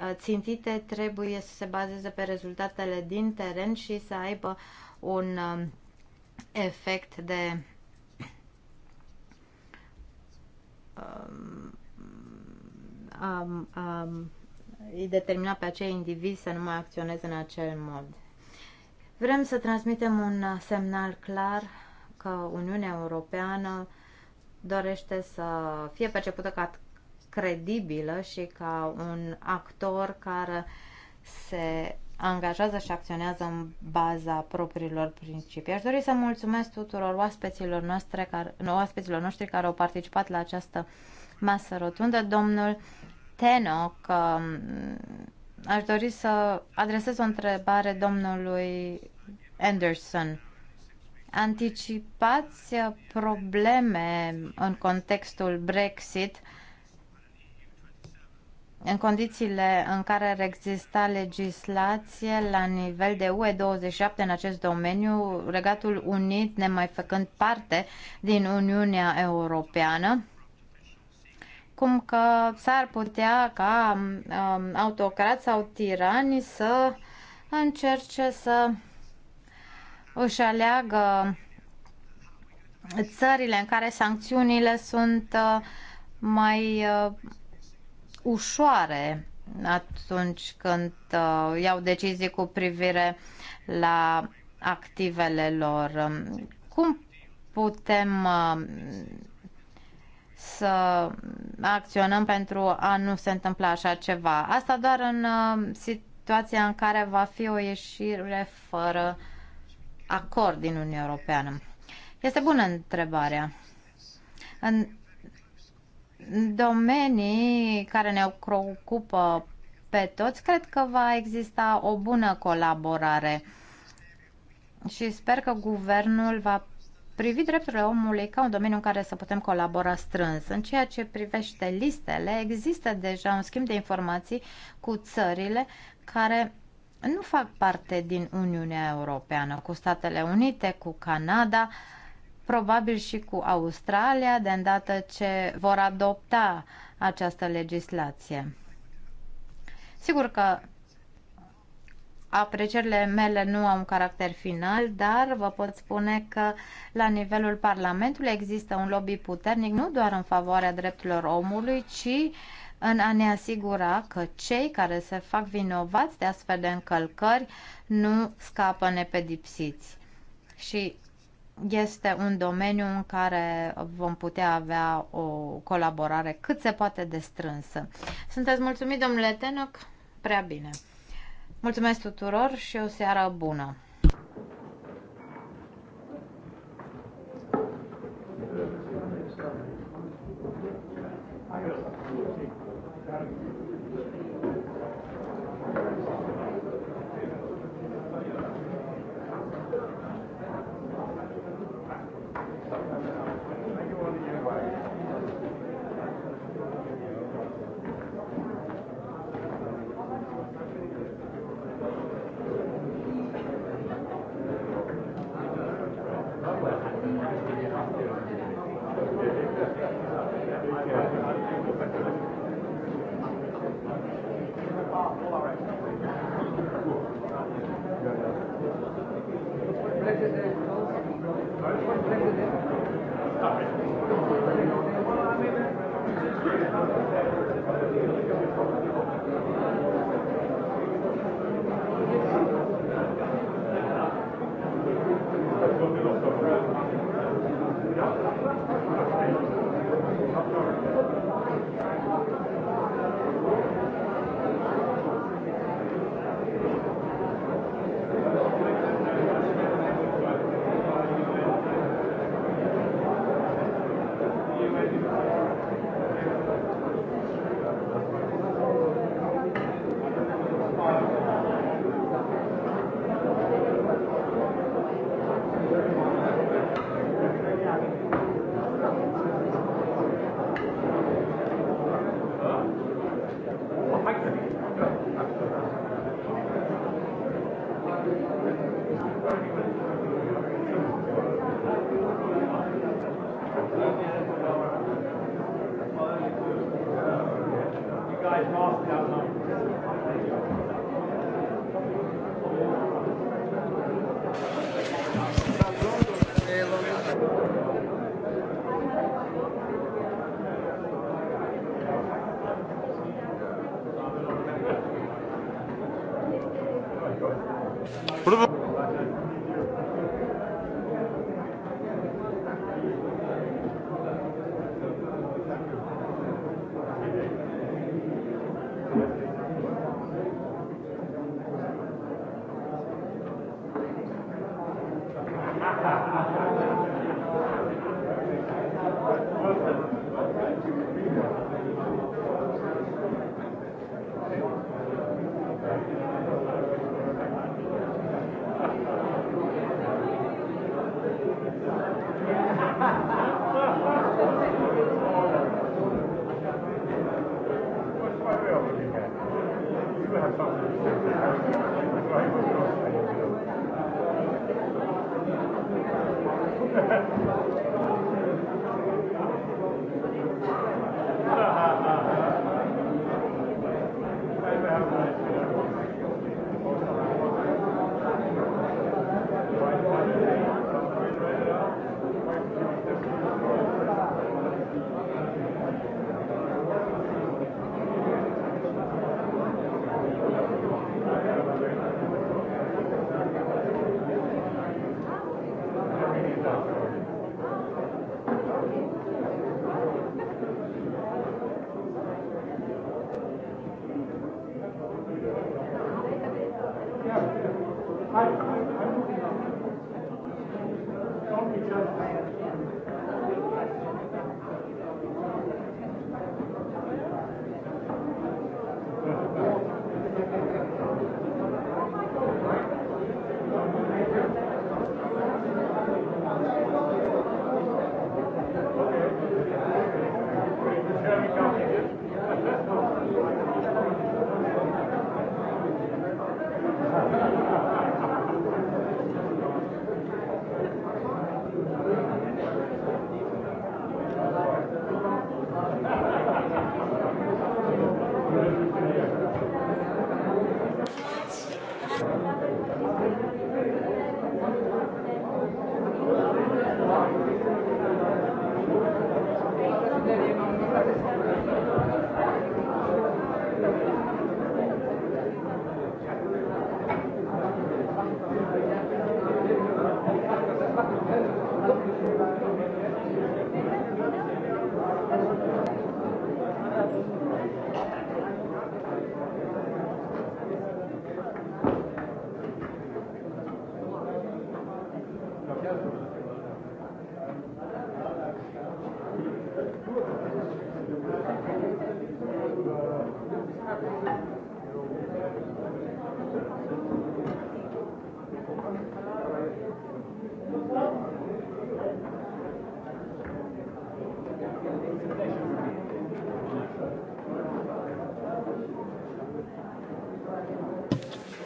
Uh, țintite trebuie să se bazeze pe rezultatele din teren și să aibă un um, efect de um, um, îi determina pe acei indivizi să nu mai acționeze în acel mod. Vrem să transmitem un semnal clar că Uniunea Europeană dorește să fie percepută ca credibilă și ca un actor care se angajează și acționează în baza propriilor principii. Aș dori să mulțumesc tuturor oaspeților, noastre care, oaspeților noștri care au participat la această masă rotundă. Domnul Tenoc, um, aș dori să adresez o întrebare domnului Anderson. Anticipați probleme în contextul Brexit în condițiile în care ar exista legislație la nivel de UE27 în acest domeniu, Regatul Unit ne mai făcând parte din Uniunea Europeană, cum că s-ar putea ca um, autocrați sau tirani să încerce să își aleagă țările în care sancțiunile sunt uh, mai uh, ușoare atunci când uh, iau decizii cu privire la activele lor. Cum putem uh, să acționăm pentru a nu se întâmpla așa ceva? Asta doar în uh, situația în care va fi o ieșire fără acord din Uniunea Europeană. Este bună întrebarea. În domenii care ne ocupă pe toți, cred că va exista o bună colaborare și sper că guvernul va privi drepturile omului ca un domeniu în care să putem colabora strâns. În ceea ce privește listele, există deja un schimb de informații cu țările care nu fac parte din Uniunea Europeană, cu Statele Unite, cu Canada, uh, probabil și cu Australia, de îndată ce vor adopta această legislație. Sigur că aprecierile mele nu au un caracter final, dar vă pot spune că la nivelul Parlamentului există un lobby puternic nu doar în favoarea drepturilor omului, ci în a ne asigura că cei care se fac vinovați de astfel de încălcări nu scapă nepedipsiți. Și este un domeniu în care vom putea avea o colaborare cât se poate de strânsă. Sunteți mulțumit, domnule Tenoc? Prea bine! Mulțumesc tuturor și o seară bună!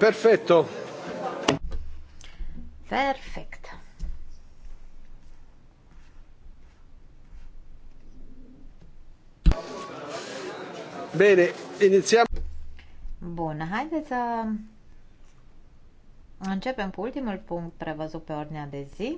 Perfetto. Perfect. Bine, inițiam. Bun, haideți să începem cu ultimul punct prevăzut pe ordinea de zi,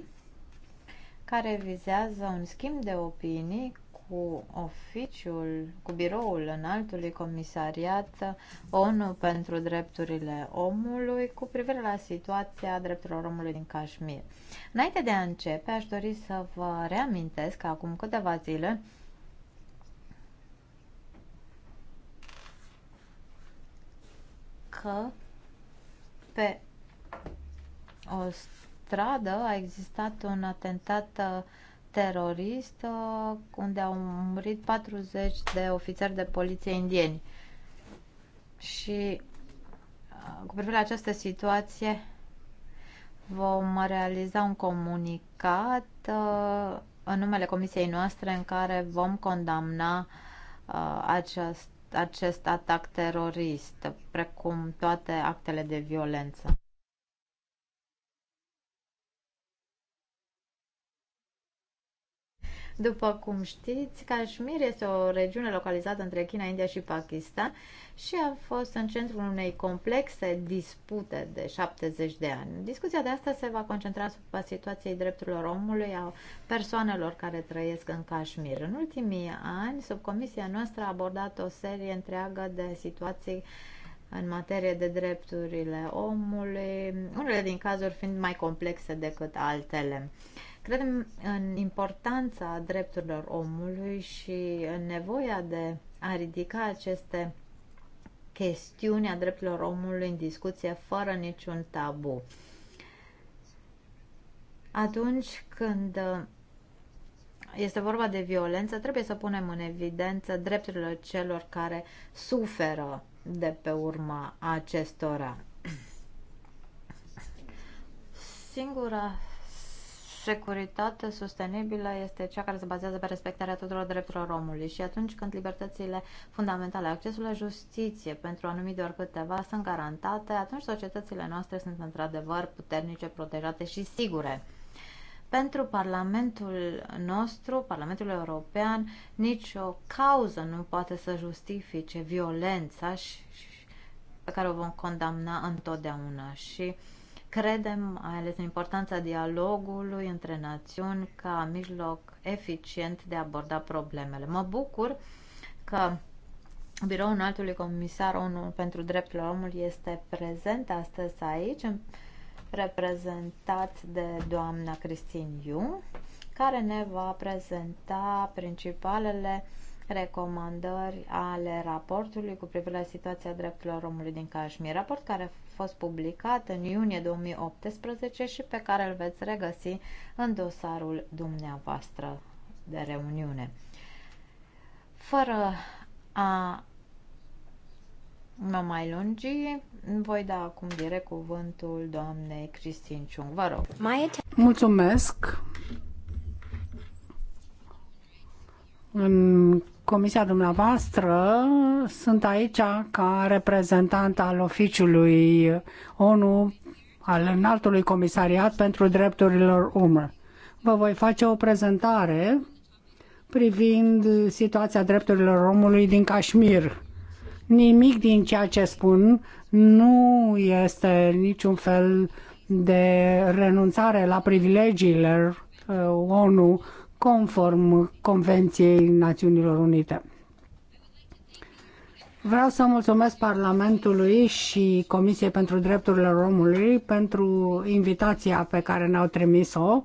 care vizează un schimb de opinii cu oficiul, cu biroul înaltului comisariat ONU pentru drepturile omului cu privire la situația drepturilor omului din Kashmir. Înainte de a începe, aș dori să vă reamintesc că acum câteva zile că pe o stradă a existat un atentat uh, terorist unde au murit 40 de ofițeri de poliție indieni. Și uh, cu privire la această situație vom realiza un comunicat uh, în numele comisiei noastre în care vom condamna uh, acest, acest atac terorist, precum toate actele de violență. După cum știți, Kashmir este o regiune localizată între China, India și Pakistan și a fost în centrul unei complexe dispute de 70 de ani. Discuția de astăzi se va concentra asupra situației drepturilor omului a persoanelor care trăiesc în Kashmir. În ultimii ani, subcomisia noastră a abordat o serie întreagă de situații în materie de drepturile omului, unele din cazuri fiind mai complexe decât altele. Credem în importanța drepturilor omului și în nevoia de a ridica aceste chestiuni a drepturilor omului în discuție fără niciun tabu. Atunci când uh, este vorba de violență, trebuie să punem în evidență drepturile celor care suferă de pe urma acestora. Singura securitate sustenibilă este cea care se bazează pe respectarea tuturor drepturilor omului și atunci când libertățile fundamentale, accesul la justiție pentru anumite doar câteva sunt garantate, atunci societățile noastre sunt într-adevăr puternice, protejate și sigure. Pentru Parlamentul nostru, Parlamentul European, nicio cauză nu poate să justifice violența și, și pe care o vom condamna întotdeauna și uh, Credem, mai ales în importanța dialogului între națiuni ca mijloc eficient de a aborda problemele. Mă bucur că biroul înaltului comisar ONU pentru drepturile omului este prezent astăzi aici, reprezentat de doamna Christine Yu, care ne va prezenta principalele recomandări ale raportului cu privire la situația drepturilor omului din Kashmir, raport care fost publicat în iunie 2018 și pe care îl veți regăsi în dosarul dumneavoastră de reuniune. Fără a mă mai lungi, voi da acum direct cuvântul doamnei Cristin Ciung. Vă rog. Mulțumesc! În comisia dumneavoastră, sunt aici ca reprezentant al oficiului ONU, al înaltului comisariat pentru drepturile umă. Vă voi face o prezentare privind situația drepturilor omului din Kashmir. Nimic din ceea ce spun nu este niciun fel de renunțare la privilegiile uh, ONU conform Convenției Națiunilor Unite. Vreau să mulțumesc Parlamentului și Comisiei pentru Drepturile Omului pentru invitația pe care ne-au trimis-o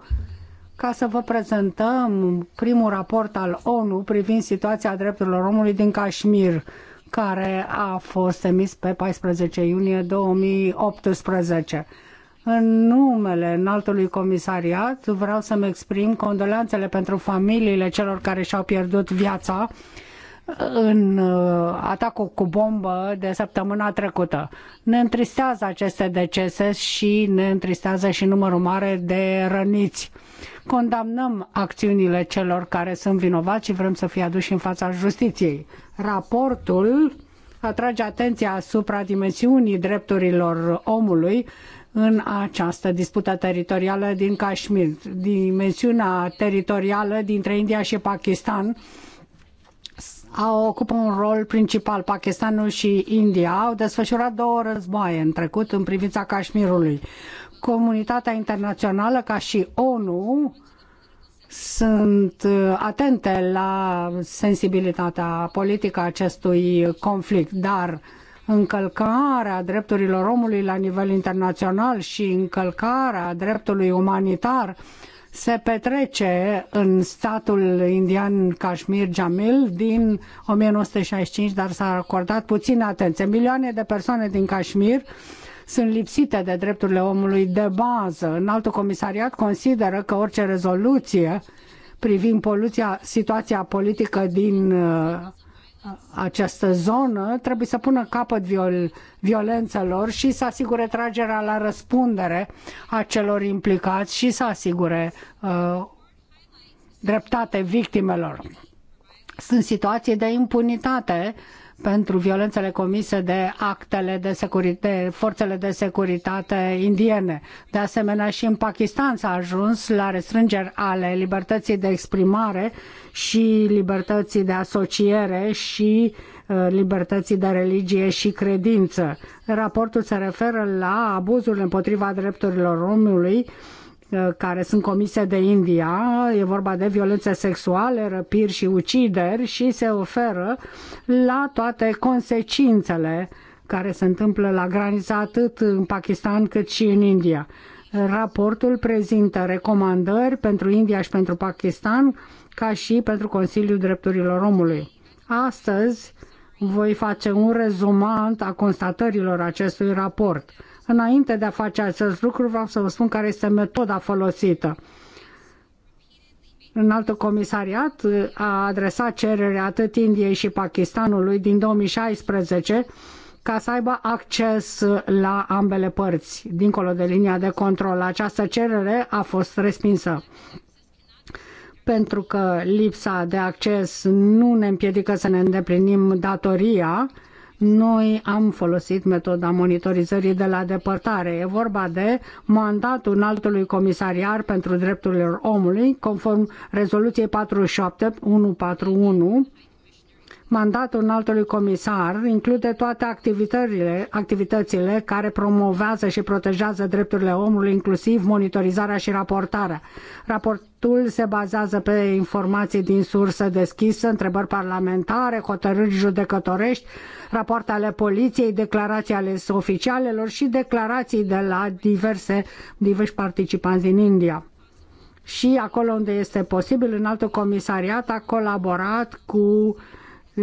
ca să vă prezentăm primul raport al ONU privind situația drepturilor omului din Kashmir, care a fost emis pe 14 iunie 2018. În numele înaltului comisariat vreau să-mi exprim condolențele pentru familiile celor care și-au pierdut viața în uh, atacul cu bombă de săptămâna trecută. Ne întristează aceste decese și ne întristează și numărul mare de răniți. Condamnăm acțiunile celor care sunt vinovați și vrem să fie aduși în fața justiției. Raportul atrage atenția asupra dimensiunii drepturilor omului în această dispută teritorială din Kashmir. Dimensiunea teritorială dintre India și Pakistan au, ocupă un rol principal. Pakistanul și India au desfășurat două războaie în trecut în privința Kashmirului. Comunitatea internațională, ca și ONU, sunt uh, atente la sensibilitatea politică a acestui conflict, dar uh, încălcarea drepturilor omului la nivel internațional și încălcarea dreptului umanitar se petrece în statul indian Kashmir Jamil din 1965, dar s-a acordat puțină atenție. Milioane de persoane din Kashmir sunt lipsite de drepturile omului de bază. Înaltul comisariat consideră că orice rezoluție privind poluția, situația politică din uh, această zonă trebuie să pună capăt viol, violențelor și să asigure tragerea la răspundere a celor implicați și să asigure uh, dreptate victimelor. Sunt situații de impunitate uh, pentru violențele comise de actele de securitate, forțele de securitate indiene. De asemenea, și în Pakistan s-a ajuns la restrângeri ale libertății de exprimare și libertății de asociere și uh, libertății de religie și credință. Raportul se referă la abuzurile împotriva drepturilor omului Uh, care sunt comise de India, e vorba de violențe sexuale, răpiri și ucideri și se oferă la toate consecințele care se întâmplă la graniță atât în Pakistan cât și în India. Raportul prezintă recomandări pentru India și pentru Pakistan, ca și pentru Consiliul Drepturilor Omului. Astăzi voi face un rezumat a constatărilor acestui raport. Înainte de a face acest lucru, vreau să vă spun care este metoda folosită. În altul comisariat a adresat cerere atât Indiei și Pakistanului din 2016 ca să aibă acces la ambele părți, dincolo de linia de control. Această cerere a fost respinsă pentru că lipsa de acces nu ne împiedică să ne îndeplinim datoria noi am folosit metoda monitorizării de la depărtare. E vorba de mandatul înaltului comisariar pentru drepturile omului, conform rezoluției 47141 Mandatul înaltului comisar include toate activitățile, activitățile care promovează și protejează drepturile omului, inclusiv monitorizarea și raportarea. Raportul se bazează pe informații din sursă deschisă, întrebări parlamentare, hotărâri judecătorești, rapoarte ale poliției, declarații ale oficialelor și declarații de la diverse, diversi participanți din India și acolo unde este posibil, în altul comisariat a colaborat cu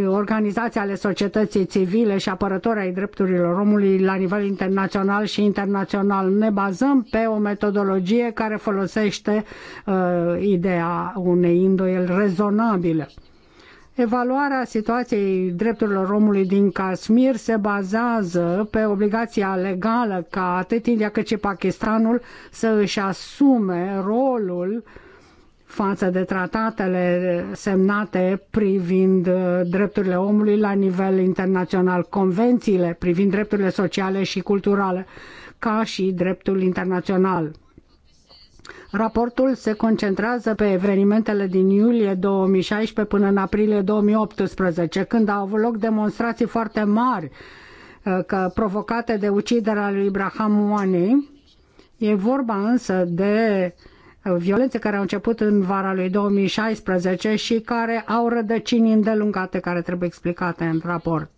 organizații ale societății civile și apărători ai drepturilor omului la nivel internațional și internațional. Ne bazăm pe o metodologie care folosește uh, ideea unei îndoieli rezonabile. Evaluarea situației drepturilor omului din Kashmir se bazează pe obligația legală ca atât India cât și Pakistanul să își asume rolul uh, față de tratatele semnate privind uh, drepturile omului la nivel internațional, convențiile privind drepturile sociale și culturale, ca și dreptul internațional. Raportul se concentrează pe evenimentele din iulie 2016 până în aprilie 2018, când au avut loc demonstrații foarte mari uh, că provocate de uciderea lui Ibrahim Moani. E vorba însă de uh, violențe care au început în vara lui 2016 și care au rădăcini îndelungate care trebuie explicate în raport.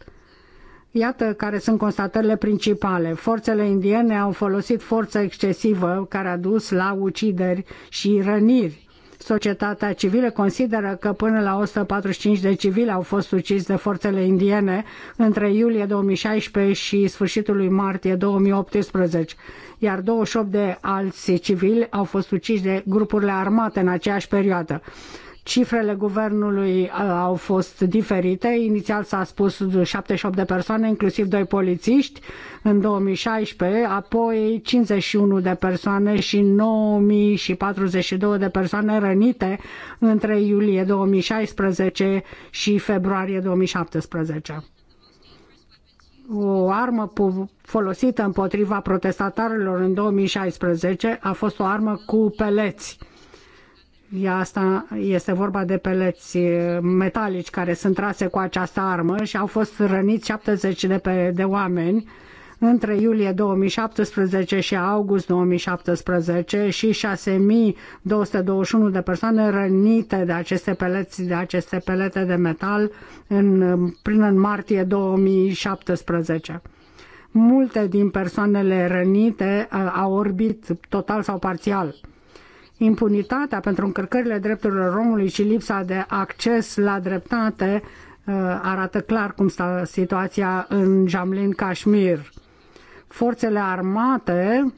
Iată care sunt constatările principale. Forțele indiene au folosit forță excesivă care a dus la ucideri și răniri Societatea civilă consideră că până la 145 de civili au fost uciși de forțele indiene între iulie 2016 și sfârșitul lui martie 2018, iar 28 de alți civili au fost uciși de grupurile armate în aceeași perioadă. Cifrele guvernului uh, au fost diferite. Inițial s-a spus 78 de persoane, inclusiv doi polițiști, în 2016, apoi 51 de persoane și 9042 de persoane rănite între iulie 2016 și februarie 2017 o armă folosită împotriva protestatarilor în 2016 a fost o armă cu peleți. Asta este vorba de peleți eh, metalici care sunt trase cu această armă și au fost răniți 70 de, pe, de oameni între iulie 2017 și august 2017 și 6221 de persoane rănite de aceste peleți, de aceste pelete de metal în, până în martie 2017. Multe din persoanele rănite eh, au orbit total sau parțial impunitatea pentru încărcările drepturilor omului și lipsa de acces la dreptate uh, arată clar cum stă situația în Jamlin Kashmir. Forțele armate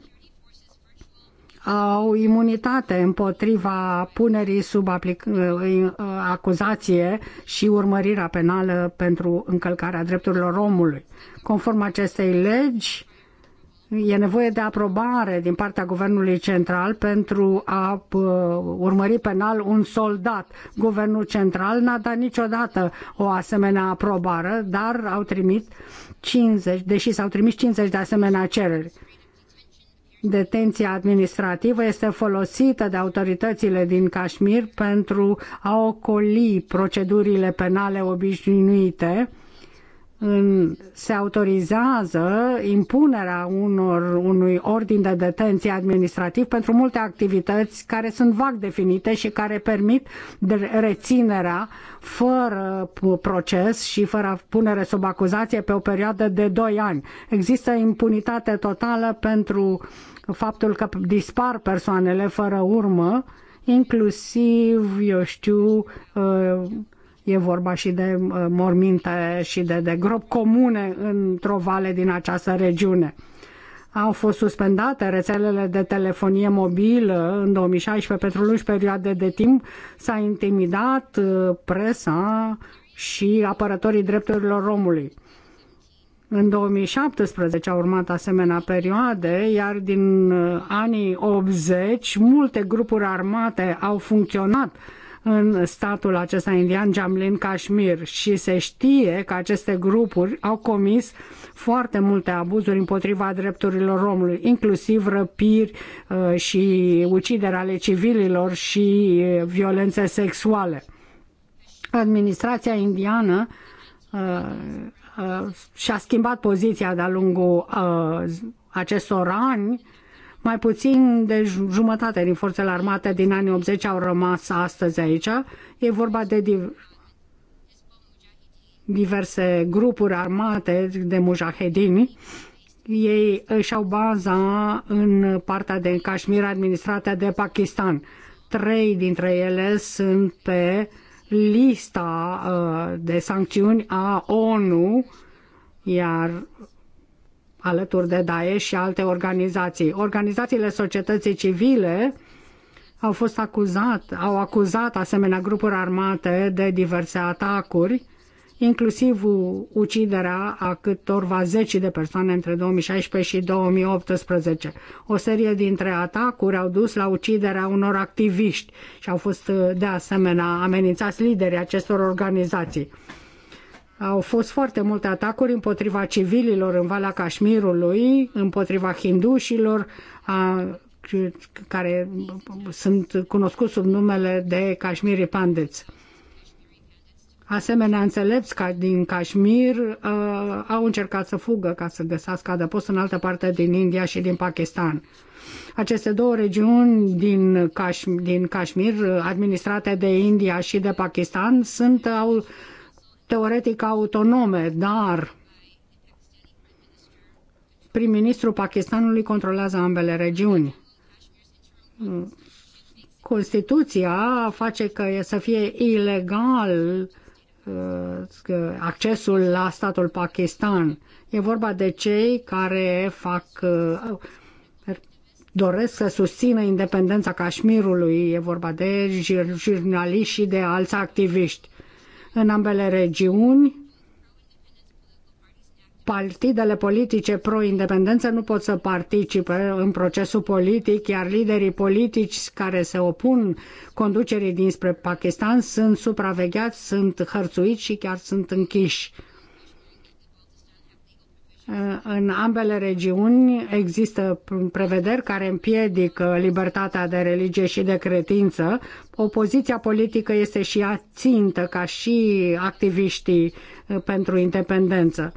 au imunitate împotriva punerii sub uh, acuzație și urmărirea penală pentru încălcarea drepturilor omului. Conform acestei legi, E nevoie de aprobare din partea Guvernului Central pentru a uh, urmări penal un soldat. Guvernul Central n-a dat niciodată o asemenea aprobare, dar au trimis 50, deși s-au trimis 50 de asemenea cereri. Detenția administrativă este folosită de autoritățile din Kashmir pentru a ocoli procedurile penale obișnuite în, se autorizează impunerea unor, unui ordin de detenție administrativ pentru multe activități care sunt vag definite și care permit reținerea fără proces și fără punere sub acuzație pe o perioadă de 2 ani. Există impunitate totală pentru faptul că dispar persoanele fără urmă, inclusiv, eu știu, uh, E vorba și de uh, morminte și de, de grop comune într-o vale din această regiune. Au fost suspendate rețelele de telefonie mobilă în 2016 pentru lungi perioade de timp. S-a intimidat uh, presa și apărătorii drepturilor omului. În 2017 a urmat asemenea perioade, iar din uh, anii 80 multe grupuri armate au funcționat în statul acesta indian, Jamlin Kashmir, și se știe că aceste grupuri au comis foarte multe abuzuri împotriva drepturilor omului, inclusiv răpiri uh, și uciderea ale civililor și uh, violențe sexuale. Administrația indiană uh, și-a schimbat poziția de-a lungul acestor ani mai puțin de jumătate din forțele armate din anii 80 au rămas astăzi aici. E vorba de diverse grupuri armate de mujahedini. Ei își au baza în partea de Cașmir administrată de Pakistan. Trei dintre ele sunt pe lista uh, de sancțiuni a ONU, iar alături de Daesh și alte organizații. Organizațiile societății civile au fost acuzat, au acuzat asemenea grupuri armate de diverse atacuri, inclusiv uciderea a câtorva zeci de persoane între 2016 și 2018. O serie dintre atacuri au dus la uciderea unor activiști și au fost de asemenea amenințați liderii acestor organizații. Au fost foarte multe atacuri împotriva civililor în Valea Cașmirului, împotriva hindușilor, a, care sunt cunoscuți sub numele de Cașmiri Pandeți. Asemenea, înțelepți ca din Kashmir uh, au încercat să fugă ca să găsească adăpost în altă parte din India și din Pakistan. Aceste două regiuni din, Caș- din Kashmir, administrate de India și de Pakistan, sunt, au, teoretic autonome, dar prim-ministrul Pakistanului controlează ambele regiuni. Constituția face că să fie ilegal uh, accesul la statul Pakistan. E vorba de cei care fac uh, doresc să susțină independența Cașmirului, e vorba de jurnaliști și de alți activiști în ambele regiuni. Partidele politice pro-independență nu pot să participe în procesul politic, iar liderii politici care se opun conducerii dinspre Pakistan sunt supravegheați, sunt hărțuiți și chiar sunt închiși Eh, în ambele regiuni există prevederi care împiedică libertatea de religie și de credință. Opoziția politică este și ea țintă ca și activiștii eh, pentru independență.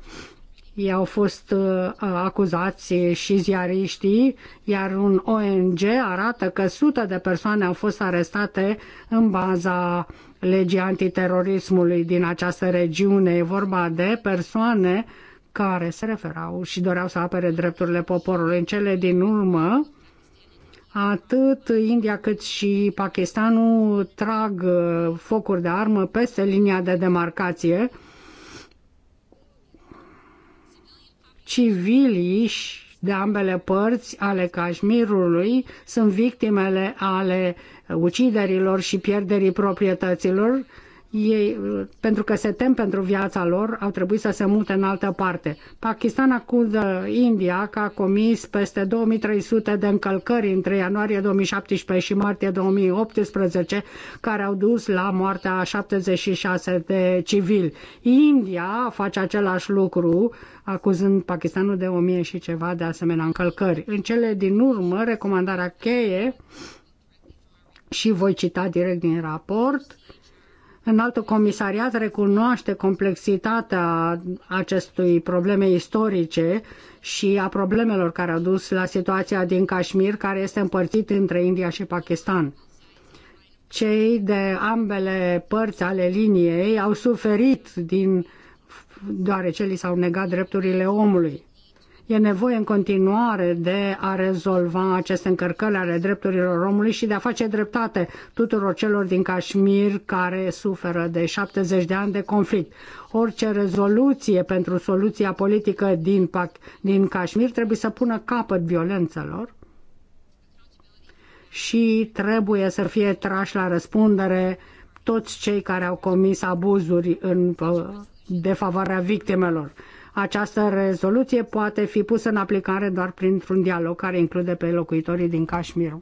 Ei au fost eh, acuzați și ziariștii, iar un ONG arată că sute de persoane au fost arestate în baza legii antiterorismului din această regiune. E vorba de persoane care se referau și doreau să apere drepturile poporului. În cele din urmă, atât India cât și Pakistanul trag uh, focuri de armă peste linia de demarcație. Civilii de ambele părți ale Cașmirului sunt victimele ale uciderilor și pierderii proprietăților ei, pentru că se tem pentru viața lor, au trebuit să se mute în altă parte. Pakistan acuză India că a comis peste 2300 de încălcări între ianuarie 2017 și martie 2018, care au dus la moartea 76 de civili. India face același lucru, acuzând Pakistanul de 1000 și ceva de asemenea încălcări. În cele din urmă, recomandarea cheie, și voi cita direct din raport, Înaltul comisariat recunoaște complexitatea acestui probleme istorice și a problemelor care au dus la situația din Kashmir, care este împărțit între India și Pakistan. Cei de ambele părți ale liniei au suferit din deoarece li s-au negat drepturile omului. E nevoie în continuare de a rezolva aceste încărcări ale drepturilor omului și de a face dreptate tuturor celor din Kashmir care suferă de 70 de ani de conflict. Orice rezoluție pentru soluția politică din, din Kashmir trebuie să pună capăt violențelor și trebuie să fie trași la răspundere toți cei care au comis abuzuri în uh, defavoarea victimelor. Această rezoluție poate fi pusă în aplicare doar printr-un dialog care include pe locuitorii din Kashmir.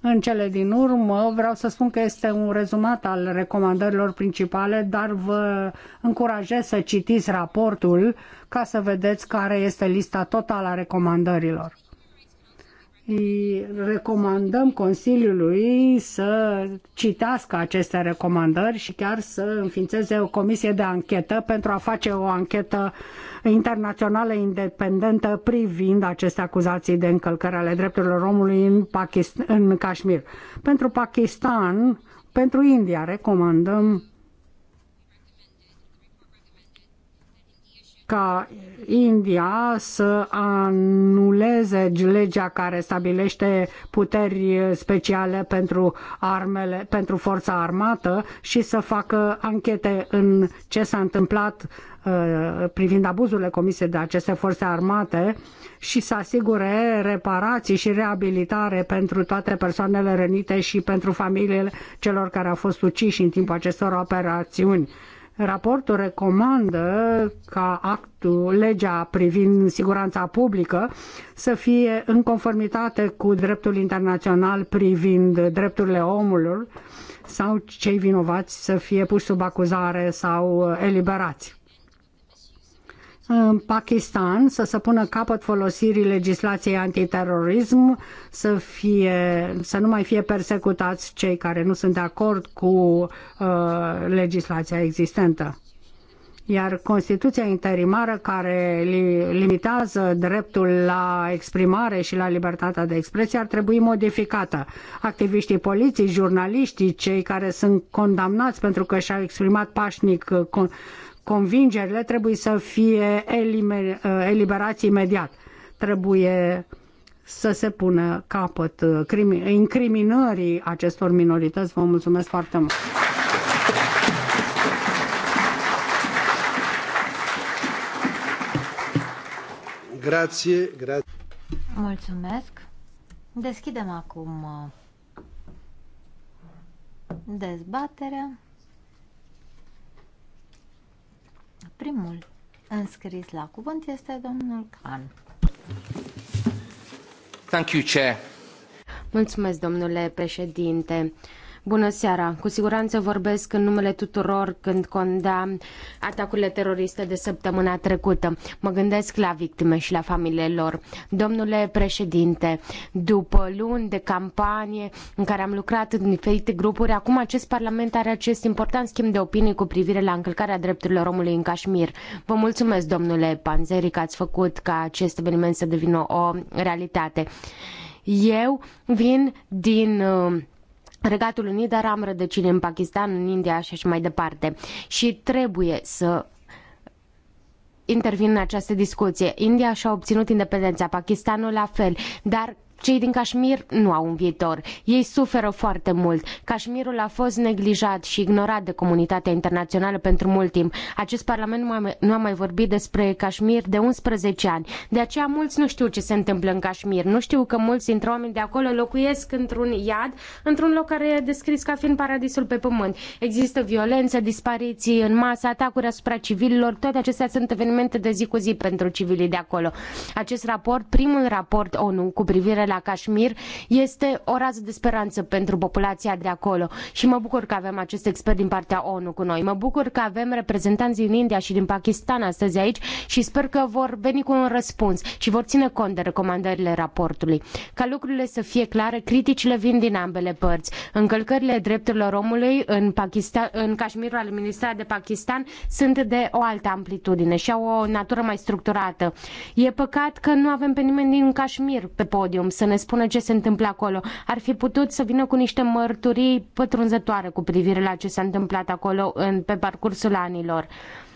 În cele din urmă vreau să spun că este un rezumat al recomandărilor principale, dar vă încurajez să citiți raportul ca să vedeți care este lista totală a recomandărilor îi recomandăm Consiliului să citească aceste recomandări și chiar să înființeze o comisie de anchetă pentru a face o anchetă internațională independentă privind aceste acuzații de încălcări ale drepturilor omului în, Pakistan, în Kashmir. Pentru Pakistan, pentru India recomandăm ca India să anuleze legea care stabilește puteri speciale pentru armele, pentru forța armată și să facă anchete în ce s-a întâmplat uh, privind abuzurile comise de aceste forțe armate și să asigure reparații și reabilitare pentru toate persoanele rănite și pentru familiile celor care au fost uciși în timpul acestor operațiuni Raportul recomandă ca actul, legea privind siguranța publică să fie în conformitate cu dreptul internațional privind drepturile omului sau cei vinovați să fie puși sub acuzare sau eliberați în Pakistan să se pună capăt folosirii legislației antiterorism, să, fie, să nu mai fie persecutați cei care nu sunt de acord cu uh, legislația existentă. Iar Constituția interimară care limitează dreptul la exprimare și la libertatea de expresie ar trebui modificată. Activiștii poliții, jurnaliștii, cei care sunt condamnați pentru că și-au exprimat pașnic uh, convingerile trebuie să fie uh, eliberați imediat. Trebuie să se pună capăt uh, incriminării acestor minorități. Vă mulțumesc foarte mult! Grație, grație. Mulțumesc. Deschidem acum uh, dezbaterea. Primul înscris la cuvânt este domnul Khan. Thank you, Chair. Mulțumesc, domnule președinte. Bună seara! Cu siguranță vorbesc în numele tuturor când condamn atacurile teroriste de săptămâna trecută. Mă gândesc la victime și la familiile lor. Domnule președinte, după luni de campanie în care am lucrat în diferite grupuri, acum acest parlament are acest important schimb de opinii cu privire la încălcarea drepturilor omului în Kashmir. Vă mulțumesc, domnule Panzeri, că ați făcut ca acest eveniment să devină o realitate. Eu vin din uh, Regatul Unit, dar am rădăcini în Pakistan, în India și așa mai departe. Și trebuie să intervin în această discuție. India și-a obținut independența, Pakistanul la fel, dar cei din Cașmir nu au un viitor. Ei suferă foarte mult. Cașmirul a fost neglijat și ignorat de comunitatea internațională pentru mult timp. Acest parlament nu a, mai, nu a mai vorbit despre Cașmir de 11 ani. De aceea mulți nu știu ce se întâmplă în Cașmir. Nu știu că mulți dintre oameni de acolo locuiesc într-un iad, într-un loc care e descris ca fiind paradisul pe pământ. Există violență, dispariții în masă, atacuri asupra civililor. Toate acestea sunt evenimente de zi cu zi pentru civilii de acolo. Acest raport, primul raport ONU cu privire privire la Kashmir este o rază de speranță pentru populația de acolo și mă bucur că avem acest expert din partea ONU cu noi. Mă bucur că avem reprezentanți din India și din Pakistan astăzi aici și sper că vor veni cu un răspuns și vor ține cont de recomandările raportului. Ca lucrurile să fie clare, criticile vin din ambele părți. Încălcările drepturilor omului în, Pakistan, în Cașmirul administrat de Pakistan sunt de o altă amplitudine și au o natură mai structurată. E păcat că nu avem pe nimeni din Cașmir pe podium să ne spună ce se întâmplă acolo. Ar fi putut să vină cu niște mărturii pătrunzătoare cu privire la ce s-a întâmplat acolo în, pe parcursul anilor. Uh,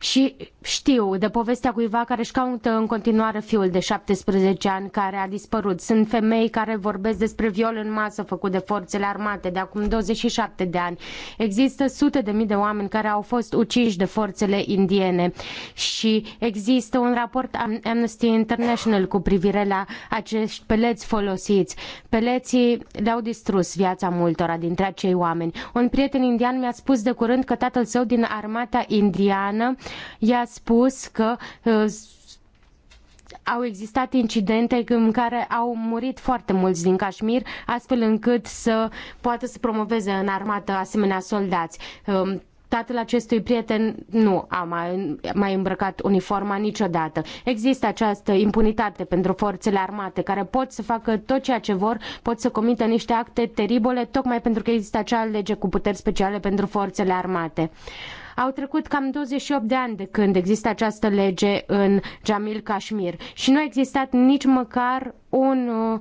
și știu de povestea cuiva care își caută în continuare fiul de 17 ani care a dispărut. Sunt femei care vorbesc despre viol în masă făcut de forțele armate de acum 27 de ani. Există sute de mii de oameni care au fost uciși de forțele indiene și există un raport Amnesty International cu privire la acești peleți folosiți. Peleții le-au distrus viața multora dintre acei oameni. Un prieten indian mi-a spus de curând că tatăl său din armata indiană i a spus că uh, au existat incidente în care au murit foarte mulți din Kashmir, astfel încât să poată să promoveze în armată asemenea soldați. Um, tatăl acestui prieten nu a mai, mai îmbrăcat uniforma niciodată. Există această impunitate pentru forțele armate care pot să facă tot ceea ce vor, pot să comită niște acte teribile, tocmai pentru că există acea lege cu puteri speciale pentru forțele armate. Au trecut cam 28 de ani de când există această lege în Jamil Kashmir și nu a existat nici măcar un uh,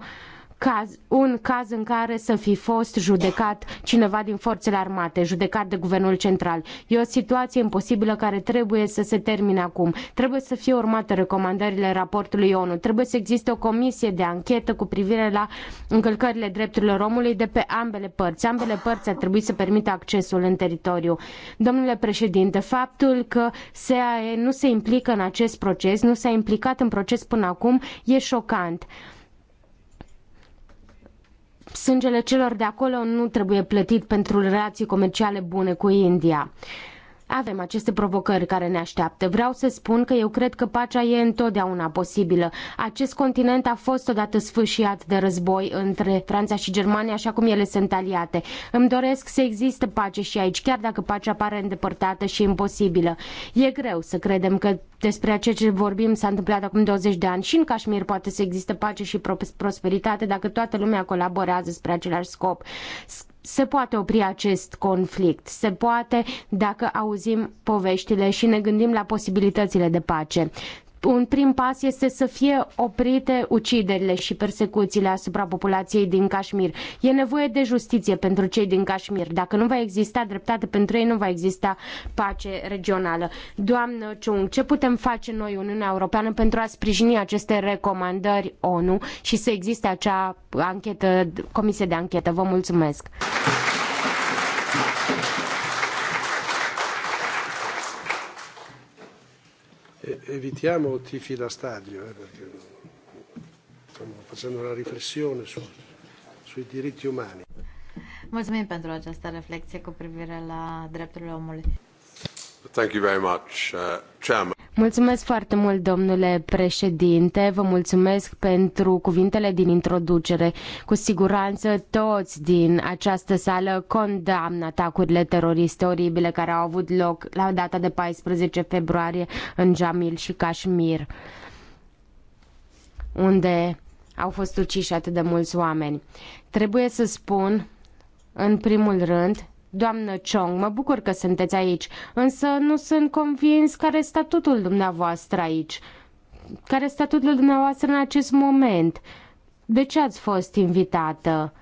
caz, un caz în care să fi fost judecat cineva din forțele armate, judecat de guvernul central. E o situație imposibilă care trebuie să se termine acum. Trebuie să fie urmate recomandările raportului ONU. Trebuie să existe o comisie de anchetă cu privire la încălcările drepturilor omului de pe ambele părți. Ambele părți ar trebui să permită accesul în teritoriu. Domnule președinte, faptul că SAE nu se implică în acest proces, nu s-a implicat în proces până acum, e șocant. Sângele celor de acolo nu trebuie plătit pentru relații comerciale bune cu India avem aceste provocări care ne așteaptă. Vreau să spun că eu cred că pacea e întotdeauna posibilă. Acest continent a fost odată sfâșiat de război între Franța și Germania, așa cum ele sunt aliate. Îmi doresc să existe pace și aici, chiar dacă pacea pare îndepărtată și imposibilă. E greu să credem că despre ceea ce vorbim s-a întâmplat acum 20 de ani și în Cașmir poate să existe pace și prosperitate dacă toată lumea colaborează spre același scop se poate opri acest conflict, se poate dacă auzim poveștile și ne gândim la posibilitățile de pace un prim pas este să fie oprite uciderile și persecuțiile asupra populației din Kashmir. E nevoie de justiție pentru cei din Kashmir. Dacă nu va exista dreptate pentru ei, nu va exista pace regională. Doamnă Chung, ce putem face noi, Uniunea Europeană, pentru a sprijini aceste recomandări ONU și să existe acea anchetă, comisie de anchetă? Vă mulțumesc! evitiamo tifi da stadio, eh, perché stiamo facendo una riflessione su, sui diritti umani. Mulțumim pentru această reflexie cu privire la drepturile omului. Thank you very much, uh, Chairman. Mulțumesc foarte mult, domnule președinte. Vă mulțumesc pentru cuvintele din introducere. Cu siguranță toți din această sală condamnă atacurile teroriste oribile care au avut loc la data de 14 februarie în Jamil și Kashmir, unde au fost uciși atât de mulți oameni. Trebuie să spun, în primul rând, Doamnă Chong, mă bucur că sunteți aici, însă nu sunt convins care este statutul dumneavoastră aici. Care este statutul dumneavoastră în acest moment? De ce ați fost invitată?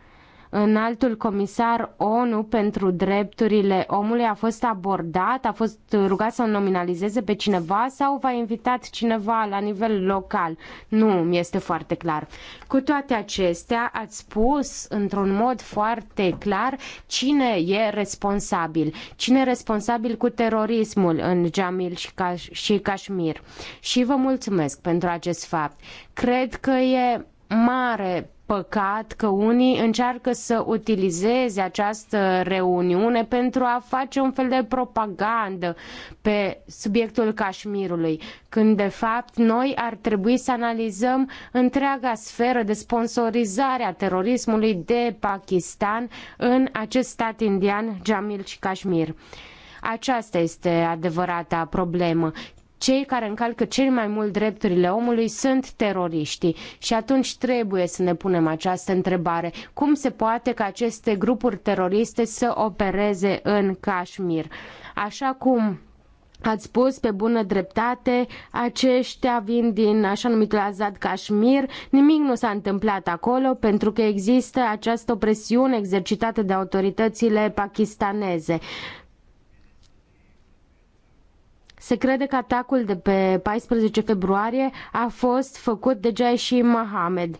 înaltul comisar ONU pentru drepturile omului a fost abordat, a fost rugat să nominalizeze pe cineva sau va invitat cineva la nivel local. Nu, mi este foarte clar. Cu toate acestea, ați spus într-un mod foarte clar cine e responsabil. Cine e responsabil cu terorismul în Jamil și, Caș- și Kashmir. Și vă mulțumesc pentru acest fapt. Cred că e mare păcat că unii încearcă să utilizeze această reuniune pentru a face un fel de propagandă pe subiectul Cașmirului, când de fapt noi ar trebui să analizăm întreaga sferă de sponsorizare a terorismului de Pakistan în acest stat indian, Jamil și Cașmir. Aceasta este adevărata problemă cei care încalcă cel mai mult drepturile omului sunt teroriștii și atunci trebuie să ne punem această întrebare. Cum se poate ca aceste grupuri teroriste să opereze în Kashmir? Așa cum Ați spus pe bună dreptate, aceștia vin din așa numitul Azad Kashmir. Nimic nu s-a întâmplat acolo pentru că există această presiune exercitată de autoritățile pakistaneze. Se crede că atacul de pe 14 februarie a fost făcut de Jaishi Mohamed,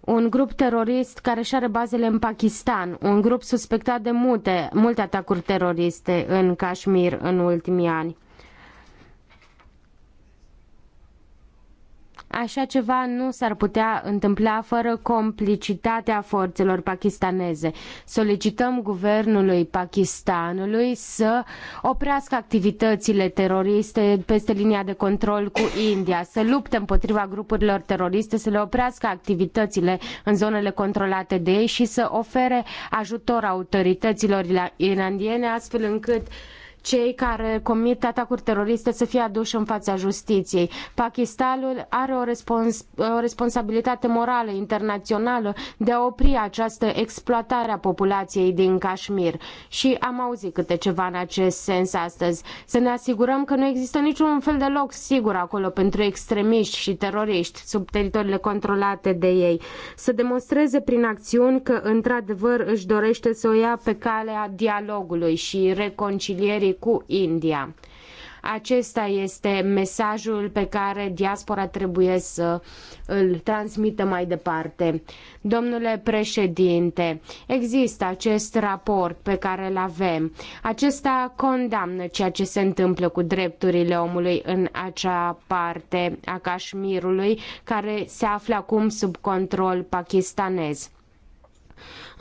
un grup terorist care și are bazele în Pakistan, un grup suspectat de multe, multe atacuri teroriste în Kashmir în ultimii ani. Așa ceva nu s-ar putea întâmpla fără complicitatea forțelor pakistaneze. Solicităm guvernului Pakistanului să oprească activitățile teroriste peste linia de control cu India, să lupte împotriva grupurilor teroriste, să le oprească activitățile în zonele controlate de ei și să ofere ajutor autorităților iraniene astfel încât uh, cei care comit atacuri teroriste să fie aduși în fața justiției. Pakistanul are o, respons- o responsabilitate morală internațională de a opri această exploatare a populației din Kashmir. Și am auzit câte ceva în acest sens astăzi. Să ne asigurăm că nu există niciun fel de loc sigur acolo pentru extremiști și teroriști sub teritoriile controlate de ei. Să demonstreze prin acțiuni că într-adevăr își dorește să o ia pe calea dialogului și reconcilierii relației cu India. Acesta este mesajul pe care diaspora trebuie să îl transmită mai departe. Domnule președinte, există acest raport pe care îl avem. Acesta condamnă ceea ce se întâmplă cu drepturile omului în acea parte a Cașmirului care se află acum sub control pakistanez.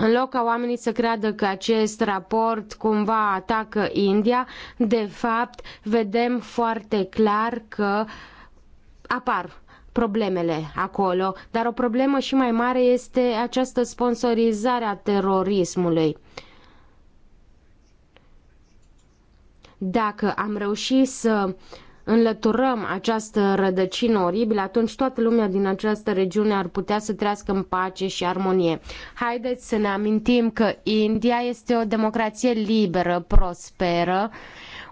În loc ca oamenii să creadă că acest raport cumva atacă India, de fapt vedem foarte clar că apar problemele acolo, dar o problemă și mai mare este această sponsorizare a terorismului. Dacă am reușit să uh, înlăturăm această rădăcină oribilă, atunci toată lumea din această regiune ar putea să trăiască în pace și armonie. Haideți să ne amintim că India este o democrație liberă, prosperă,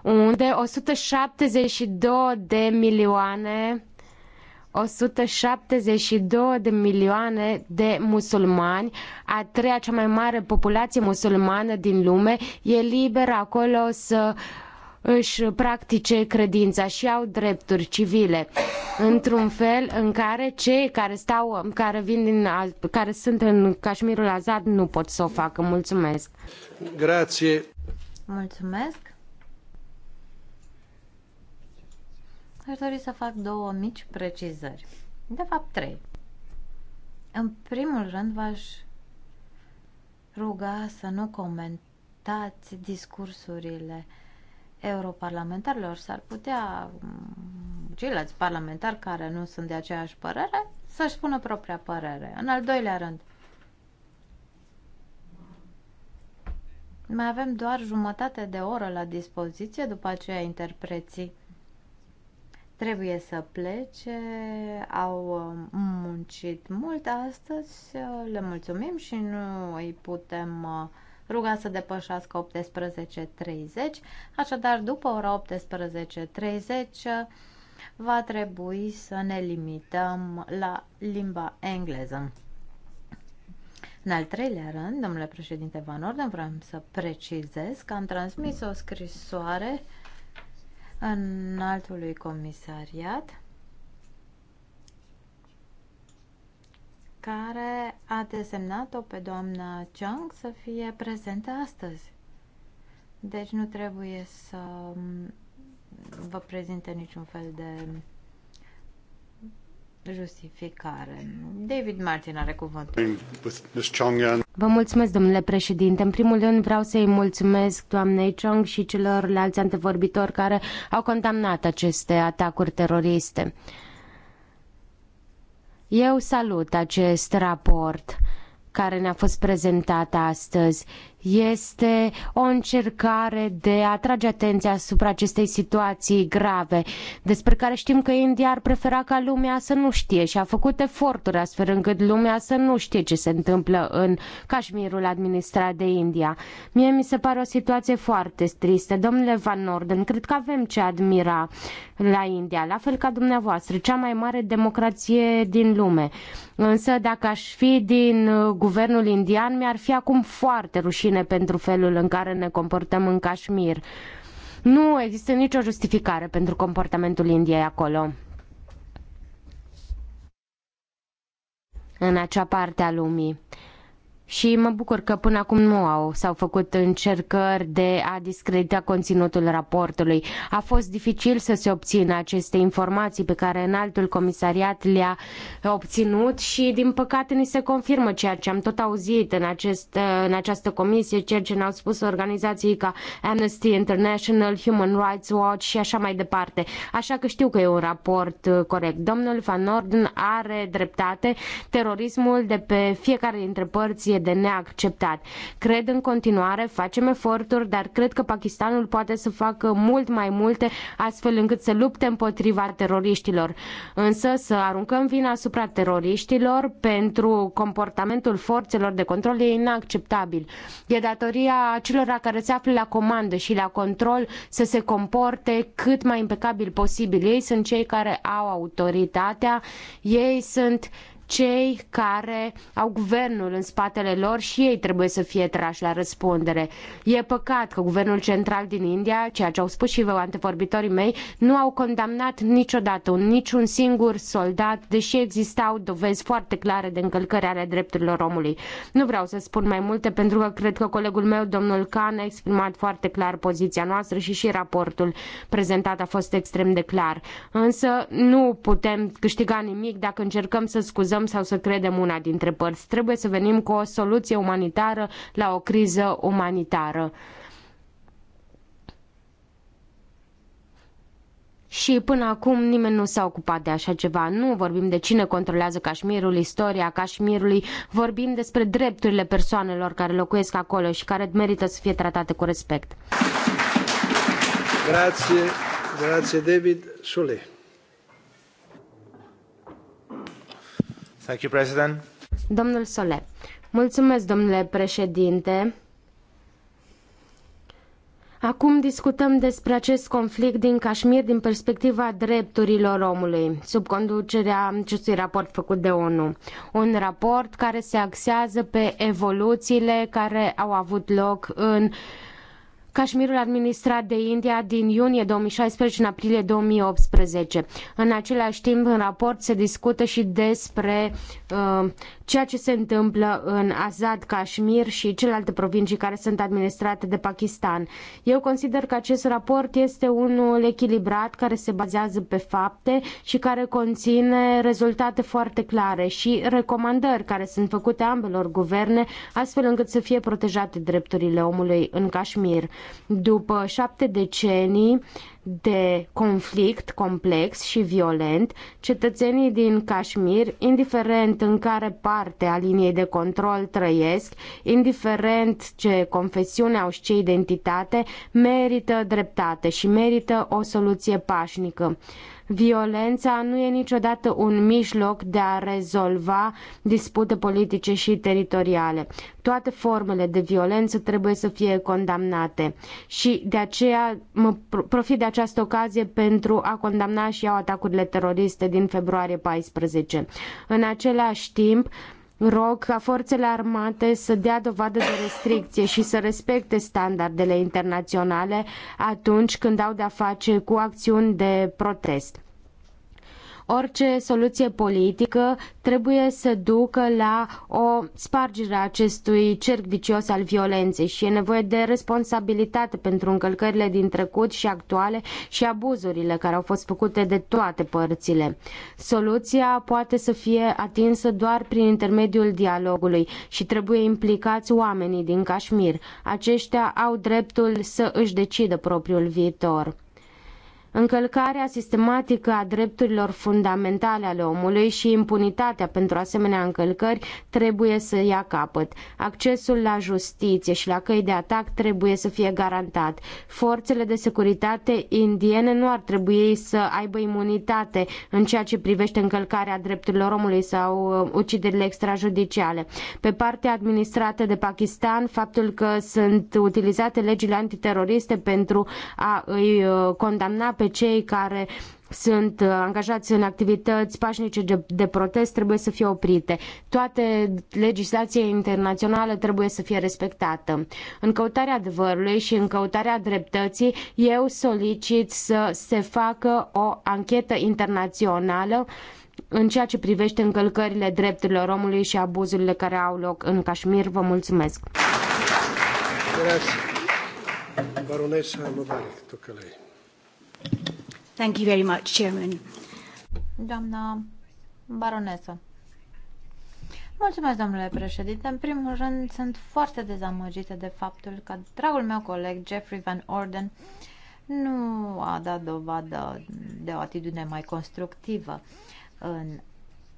unde 172 de milioane 172 de milioane de musulmani, a treia cea mai mare populație musulmană din lume, e liberă acolo să uh, își practice credința și au drepturi civile într-un fel în care cei care stau, care vin din, care sunt în Cașmirul Azad nu pot să o facă. Mulțumesc! Grație! Mulțumesc! Aș dori să fac două mici precizări. De fapt, trei. În primul rând, v-aș ruga să nu comentați discursurile uh, europarlamentarilor s-ar putea mm, ceilalți parlamentari care nu sunt de aceeași părere să-și spună propria părere. În al doilea rând, mai avem doar jumătate de oră la dispoziție, după aceea interpreții trebuie să plece, au mm, muncit mult astăzi, le mulțumim și nu îi putem uh, ruga să depășească 18.30, așadar după ora 18.30 va trebui să ne limităm la limba engleză. În al treilea rând, domnule președinte Van Orden, vreau să precizez că am transmis o scrisoare în altului comisariat care a desemnat-o pe doamna Chang să fie prezentă astăzi. Deci nu trebuie să vă prezinte niciun fel de justificare. David Martin are cuvântul. Vă mulțumesc, domnule președinte. În primul rând vreau să-i mulțumesc doamnei Chong și celorlalți antevorbitori care au condamnat aceste atacuri teroriste. Eu salut acest raport care ne-a fost prezentat astăzi este o încercare de a atrage atenția asupra acestei situații grave, despre care știm că India ar prefera ca lumea să nu știe și a făcut eforturi astfel încât lumea să nu știe ce se întâmplă în Cașmirul administrat de India. Mie mi se pare o situație foarte tristă. Domnule Van Norden, cred că avem ce admira la India, la fel ca dumneavoastră, cea mai mare democrație din lume. Însă dacă aș fi din guvernul indian, mi-ar fi acum foarte rușine bune pentru felul în care ne comportăm în Kashmir. Nu există nicio justificare pentru comportamentul Indiei acolo. În acea parte a lumii și mă bucur că până acum nu au, s-au făcut încercări de a discredita conținutul raportului. A fost dificil să se obțină aceste informații pe care înaltul comisariat le-a obținut și din păcate ni se confirmă ceea ce am tot auzit în, acest, în această comisie, ceea ce ne-au spus organizații ca Amnesty International, Human Rights Watch și așa mai departe. Așa că știu că e un raport uh, corect. Domnul Van Orden are dreptate. Terorismul de pe fiecare dintre părți e de neacceptat. Cred în continuare, facem eforturi, dar cred că Pakistanul poate să facă mult mai multe astfel încât să lupte împotriva teroriștilor. Însă să aruncăm vina asupra teroriștilor pentru comportamentul forțelor de control e inacceptabil. E datoria celor care se află la comandă și la control să se comporte cât mai impecabil posibil. Ei sunt cei care au autoritatea, ei sunt cei care au guvernul în spatele lor și ei trebuie să fie trași la răspundere. E păcat că guvernul central din India, ceea ce au spus și vă antevorbitorii mei, nu au condamnat niciodată niciun singur soldat, deși existau dovezi foarte clare de încălcări ale drepturilor omului. Nu vreau să spun mai multe pentru că cred că colegul meu, domnul Khan, a exprimat foarte clar poziția noastră și și raportul prezentat a fost extrem de clar. Însă nu putem câștiga nimic dacă încercăm să scuzăm acceptăm sau să credem una dintre părți. Trebuie să venim cu o soluție umanitară la o criză umanitară. Și până acum nimeni nu s-a ocupat de așa ceva. Nu vorbim de cine controlează Cașmirul, istoria Cașmirului, vorbim despre drepturile persoanelor care locuiesc acolo și care merită să fie tratate cu respect. Grazie, grazie David Sule. Thank you, President. Domnul Sole. Mulțumesc, domnule președinte. Acum discutăm despre acest conflict din Kashmir din perspectiva drepturilor omului, sub conducerea acestui raport făcut de ONU. Un raport care se axează pe evoluțiile care au avut loc în uh, Cașmirul administrat de India din iunie 2016 în aprilie 2018. În același timp, în raport se discută și despre uh, ceea ce se întâmplă în Azad, Kashmir și celelalte provincii care sunt administrate de Pakistan. Eu consider că acest raport este unul echilibrat, care se bazează pe fapte și care conține rezultate foarte clare și recomandări care sunt făcute ambelor guverne, astfel încât să fie protejate drepturile omului în Kashmir. După șapte decenii, de conflict complex și violent, cetățenii din Kashmir, indiferent în care parte a liniei de control trăiesc, indiferent ce confesiune au și ce identitate, merită dreptate și merită o soluție pașnică. Violența nu e niciodată un mijloc de a rezolva dispute politice și teritoriale. Toate formele de violență trebuie să fie condamnate și de aceea mă profit de această ocazie pentru a condamna și eu atacurile teroriste din februarie 14. În același timp, rog ca forțele armate să dea dovadă de restricție și să respecte standardele internaționale atunci când au de-a face cu acțiuni de protest. Orice soluție politică trebuie să ducă la o spargere a acestui cerc vicios al violenței și e nevoie de responsabilitate pentru încălcările din trecut și actuale și abuzurile care au fost făcute de toate părțile. Soluția poate să fie atinsă doar prin intermediul dialogului și trebuie implicați oamenii din Kashmir. Aceștia au dreptul să își decidă propriul viitor. Încălcarea sistematică a drepturilor fundamentale ale omului și impunitatea pentru asemenea încălcări trebuie să ia capăt. Accesul la justiție și la căi de atac trebuie să fie garantat. Forțele de securitate indiene nu ar trebui să aibă imunitate în ceea ce privește încălcarea drepturilor omului sau uh, uciderile extrajudiciale. Pe partea administrată de Pakistan, faptul că sunt utilizate legile antiteroriste pentru a îi uh, condamna pe cei care sunt uh, angajați în activități pașnice de, de protest trebuie să fie oprite. Toate legislația internațională trebuie să fie respectată. În căutarea adevărului și în căutarea dreptății, eu solicit să se facă o anchetă internațională în ceea ce privește încălcările drepturilor omului și abuzurile care au loc în Cașmir. Vă mulțumesc! Grazie. Baronesa tocca lei. Thank you very much, Chairman. Doamna baronesă. Mulțumesc, domnule președinte. În primul rând, sunt foarte dezamăgită de faptul că dragul meu coleg Jeffrey Van Orden nu a dat dovadă de o atitudine mai constructivă în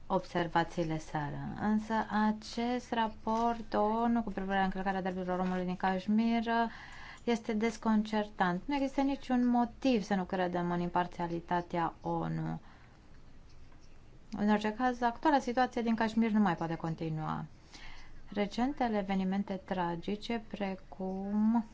observațiile sale. Însă acest raport ONU cu privire la încălcarea drepturilor omului din Kashmir este desconcertant. Nu există niciun motiv să nu credem în imparțialitatea ONU. În orice caz, actuala situație din Cașmir nu mai poate continua. Recentele evenimente tragice, precum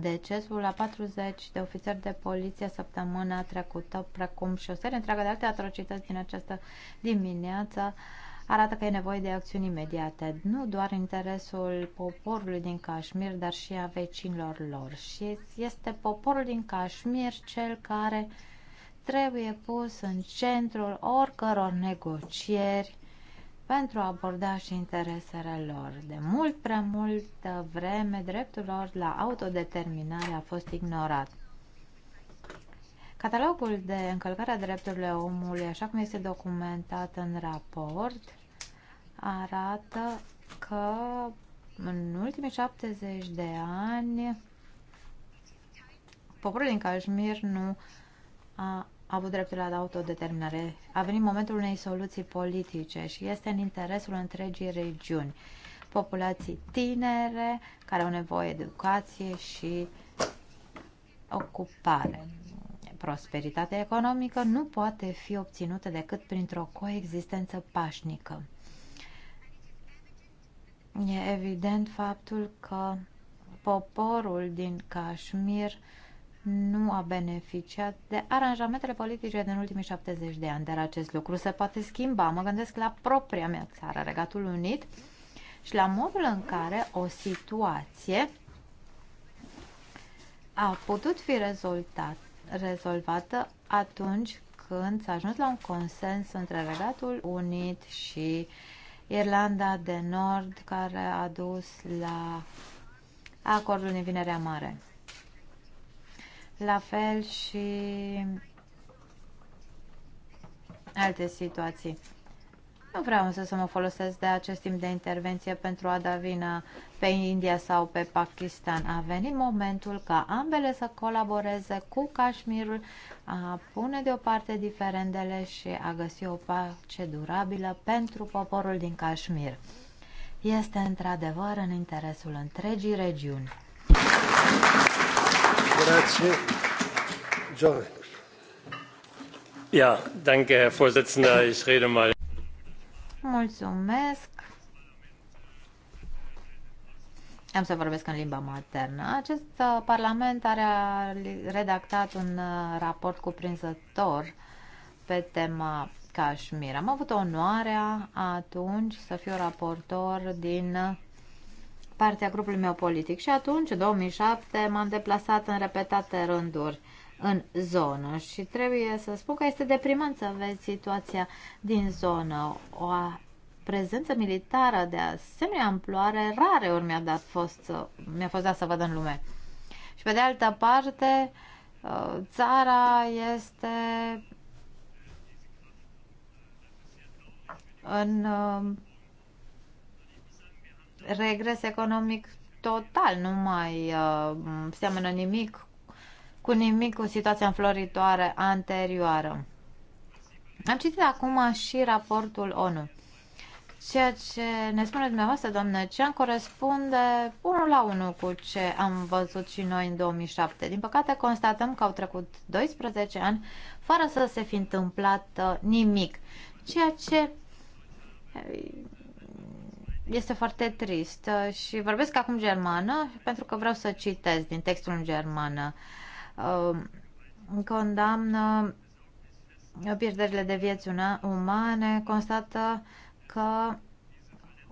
decesul a 40 de ofițeri de poliție săptămâna trecută, precum și o serie întreagă de alte atrocități din această dimineață, uh, arată că e nevoie de acțiuni imediate, nu doar interesul poporului din Kashmir, dar și a vecinilor lor. Și este poporul din Kashmir cel care trebuie pus în centrul oricăror negocieri pentru a aborda și interesele lor. De mult prea multă vreme, dreptul lor la autodeterminare a fost ignorat. Catalogul de încălcare a drepturilor omului, așa cum este documentat în raport, arată că în ultimii 70 de ani poporul din Cașmir nu a avut dreptul la autodeterminare. A venit momentul unei soluții politice și este în interesul întregii regiuni. Populații tinere care au nevoie de educație și ocupare. Prosperitatea economică nu poate fi obținută decât printr-o coexistență pașnică. E evident faptul că poporul din Kashmir nu a beneficiat de aranjamentele politice din ultimii 70 de ani, dar acest lucru se poate schimba. Mă gândesc la propria mea țară, Regatul Unit, și la modul în care o situație a putut fi rezolvat, rezolvată atunci când s-a ajuns la un consens între Regatul Unit și Irlanda de Nord, care a dus la acordul din Vinerea Mare. La fel și alte situații. Nu vreau însă să mă folosesc de acest timp de intervenție pentru a da vina pe India sau pe Pakistan. A venit momentul ca ambele să colaboreze cu Kashmirul, a pune deoparte diferendele și a găsi o pace durabilă pentru poporul din Kashmir. Este într-adevăr în interesul întregii regiuni. Grazie. Ja, danke, Herr Vorsitzender. Ich rede mal Mulțumesc! Am să vorbesc în limba maternă. Acest uh, parlament are redactat un uh, raport cuprinzător pe tema Cașmir. Am avut onoarea atunci să fiu raportor din uh, partea grupului meu politic și atunci, în 2007, m-am deplasat în repetate rânduri în zonă și trebuie să spun că este deprimant să vezi situația din zonă. O prezență militară de asemenea amploare rare ori mi-a dat fost, uh, mi-a fost dat să văd în lume. Și pe de altă parte, uh, țara este în uh, regres economic total, nu mai uh, seamănă nimic cu nimic cu situația înfloritoare anterioară. Am citit acum și raportul ONU. Ceea ce ne spune dumneavoastră, doamnă am corespunde unul la unul cu ce am văzut și noi în 2007. Din păcate, constatăm că au trecut 12 ani fără să se fi întâmplat uh, nimic, ceea ce eh, este foarte trist. Și vorbesc acum germană pentru că vreau să citesc din textul în germană. Uh, Uh, condamnă pierderile de vieți umane, constată că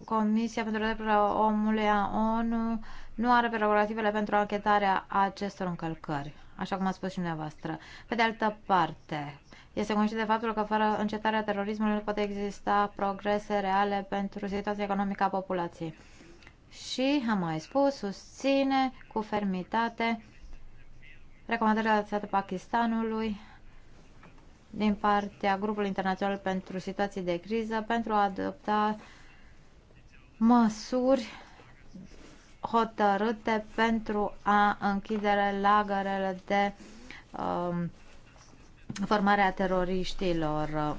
Comisia pentru Drepturile Omului a ONU nu are prerogativele pentru anchetarea acestor încălcări, așa cum a spus și dumneavoastră. Pe de altă parte, este conștient de faptul că fără încetarea terorismului nu pot exista progrese reale pentru situația economică a populației. Și, am mai spus, susține cu fermitate recomandările adresate Pakistanului din partea grupului internațional pentru situații de criză pentru a adopta măsuri hotărâte pentru a închidere lagărele de um, formare a teroriștilor.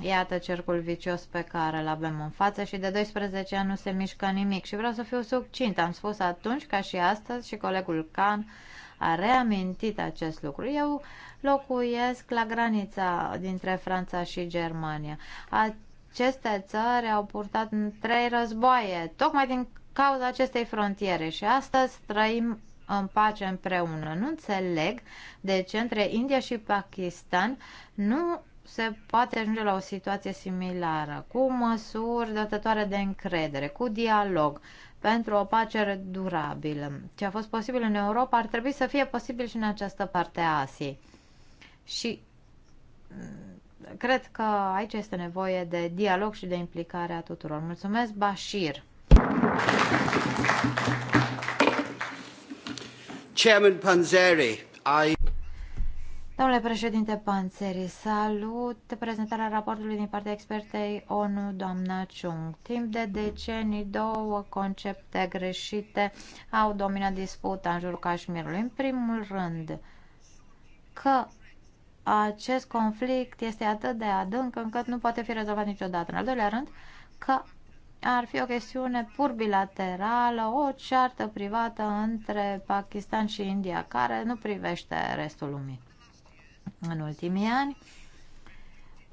Iată cercul vicios pe care îl avem în față și de 12 ani nu se mișcă nimic. Și vreau să fiu succint. Am spus atunci, ca și astăzi, și colegul Can, a reamintit acest lucru. Eu locuiesc la granița dintre Franța și Germania. Aceste țări au purtat trei războaie, tocmai din cauza acestei frontiere și astăzi trăim în pace împreună. Nu înțeleg de ce între India și Pakistan nu se poate ajunge la o situație similară, cu măsuri dătătoare de încredere, cu dialog pentru o pace durabilă. Ce a fost posibil în Europa ar trebui să fie posibil și în această parte a Asiei. Și mm, cred că aici este nevoie de dialog și de implicare a tuturor. Mulțumesc, Bashir! Chairman Panzeri, I... Domnule președinte Panțeri, salut prezentarea raportului din partea expertei ONU, doamna Chung. Timp de decenii, două concepte greșite au dominat disputa în jurul Cașmirului. În primul rând, că acest conflict este atât de adânc încât nu poate fi rezolvat niciodată. În al doilea rând, că ar fi o chestiune pur bilaterală, o ceartă privată între Pakistan și India, care nu privește restul lumii în ultimii ani.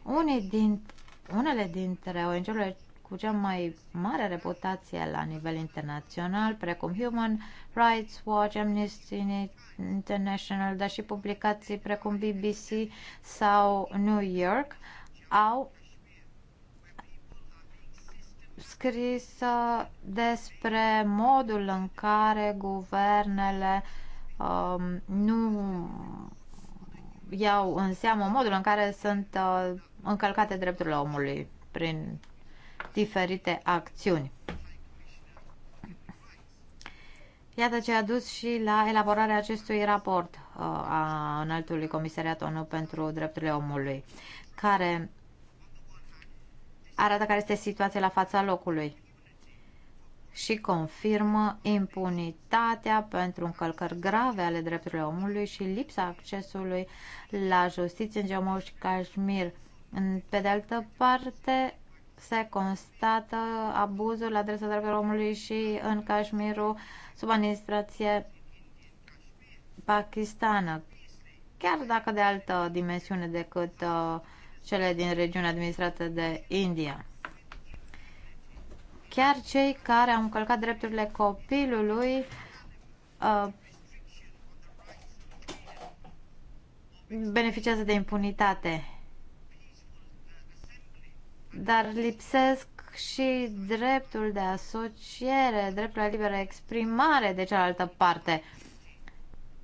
Unii din, unele dintre ONG-urile cu cea mai mare reputație la nivel internațional, precum Human Rights Watch, Amnesty International, dar și publicații precum BBC sau New York, au scris uh, despre modul în care guvernele um, nu iau în seamă modul în care sunt uh, încălcate drepturile omului prin diferite acțiuni. Iată ce a dus și la elaborarea acestui raport uh, a înaltului comisariat ONU pentru drepturile omului, care arată care este situația la fața locului și confirmă impunitatea pentru încălcări grave ale drepturilor omului și lipsa accesului la justiție în Jammu și Kashmir. Pe de altă parte, se constată abuzul la adresa drepturilor omului și în Kashmirul sub administrație pakistană, chiar dacă de altă dimensiune decât uh, cele din regiunea administrată de India. Chiar cei care au încălcat drepturile copilului uh, beneficiază de impunitate. Dar lipsesc și dreptul de asociere, dreptul la liberă exprimare de cealaltă parte.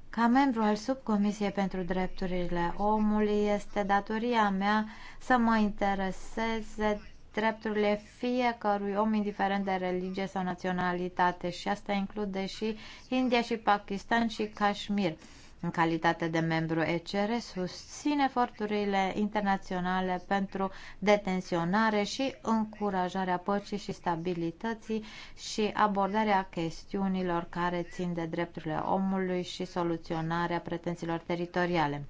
Ca membru al Subcomisiei pentru Drepturile Omului, este datoria mea să mă intereseze drepturile fiecărui om, indiferent de religie sau naționalitate. Și asta include și India și Pakistan și Kashmir. În calitate de membru ECR, susține eforturile internaționale pentru detenționare și încurajarea păcii și stabilității și abordarea chestiunilor care țin de drepturile omului și soluționarea pretențiilor teritoriale.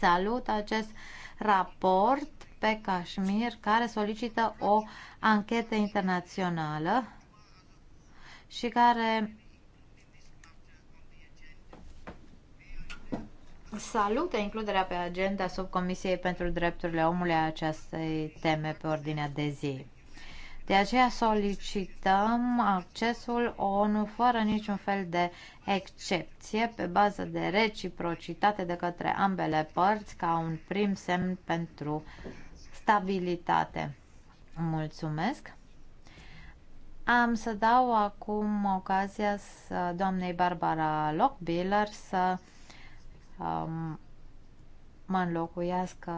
Salut acest raport pe Kashmir care solicită o anchetă internațională și care salută includerea pe agenda subcomisiei pentru drepturile omului a acestei teme pe ordinea de zi. De aceea solicităm accesul ONU fără niciun fel de excepție, pe bază de reciprocitate de către ambele părți, ca un prim semn pentru stabilitate. Mulțumesc! Am să dau acum ocazia să, doamnei Barbara Lockbiller să um, mă înlocuiască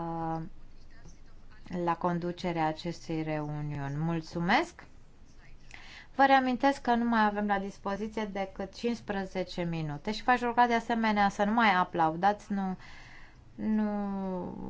la conducerea acestei reuniuni. Mulțumesc! Vă reamintesc că nu mai avem la dispoziție decât 15 minute și v-aș ruga de asemenea să nu mai aplaudați, nu nu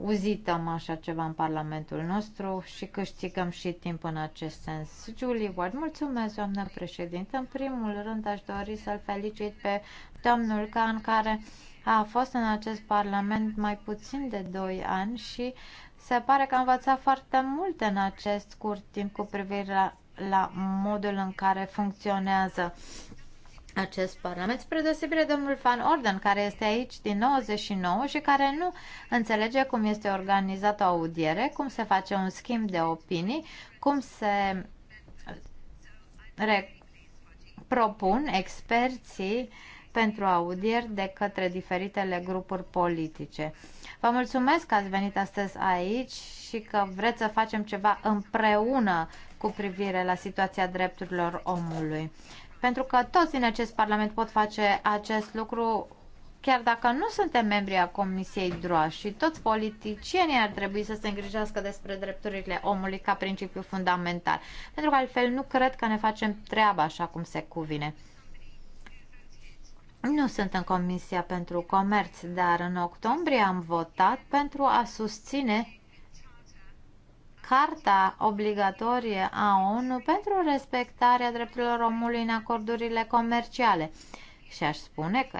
uzităm așa ceva în Parlamentul nostru și câștigăm și timp în acest sens. Julie Ward, mulțumesc, doamnă președintă. În primul rând aș dori să-l felicit pe domnul Can, care a fost în acest Parlament mai puțin de 2 ani și se pare că a învățat foarte multe în acest scurt timp cu privire la, la modul în care funcționează acest parlament, spre deosebire domnul Van Orden, care este aici din 99 și care nu înțelege cum este organizată o audiere, cum se face un schimb de opinii, cum se propun experții pentru audieri de către diferitele grupuri politice. Vă mulțumesc că ați venit astăzi aici și că vreți să facem ceva împreună cu privire la situația drepturilor omului. Pentru că toți în acest Parlament pot face acest lucru chiar dacă nu suntem membri a Comisiei DROA și toți politicienii ar trebui să se îngrijească despre drepturile omului ca principiu fundamental. Pentru că altfel nu cred că ne facem treaba așa cum se cuvine. Nu sunt în Comisia pentru Comerț, dar în octombrie am votat pentru a susține Carta obligatorie a ONU pentru respectarea drepturilor omului în acordurile comerciale. Și aș spune că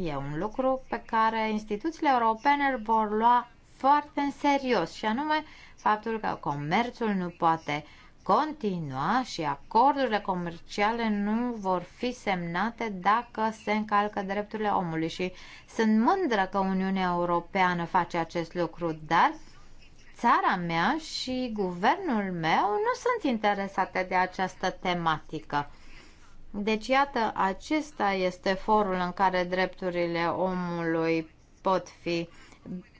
e un lucru pe care instituțiile europene îl vor lua foarte în serios, și anume faptul că comerțul nu poate continua și acordurile comerciale nu vor fi semnate dacă se încalcă drepturile omului. Și sunt mândră că Uniunea Europeană face acest lucru, dar țara mea și guvernul meu nu sunt interesate de această tematică. Deci, iată, acesta este forul în care drepturile omului pot fi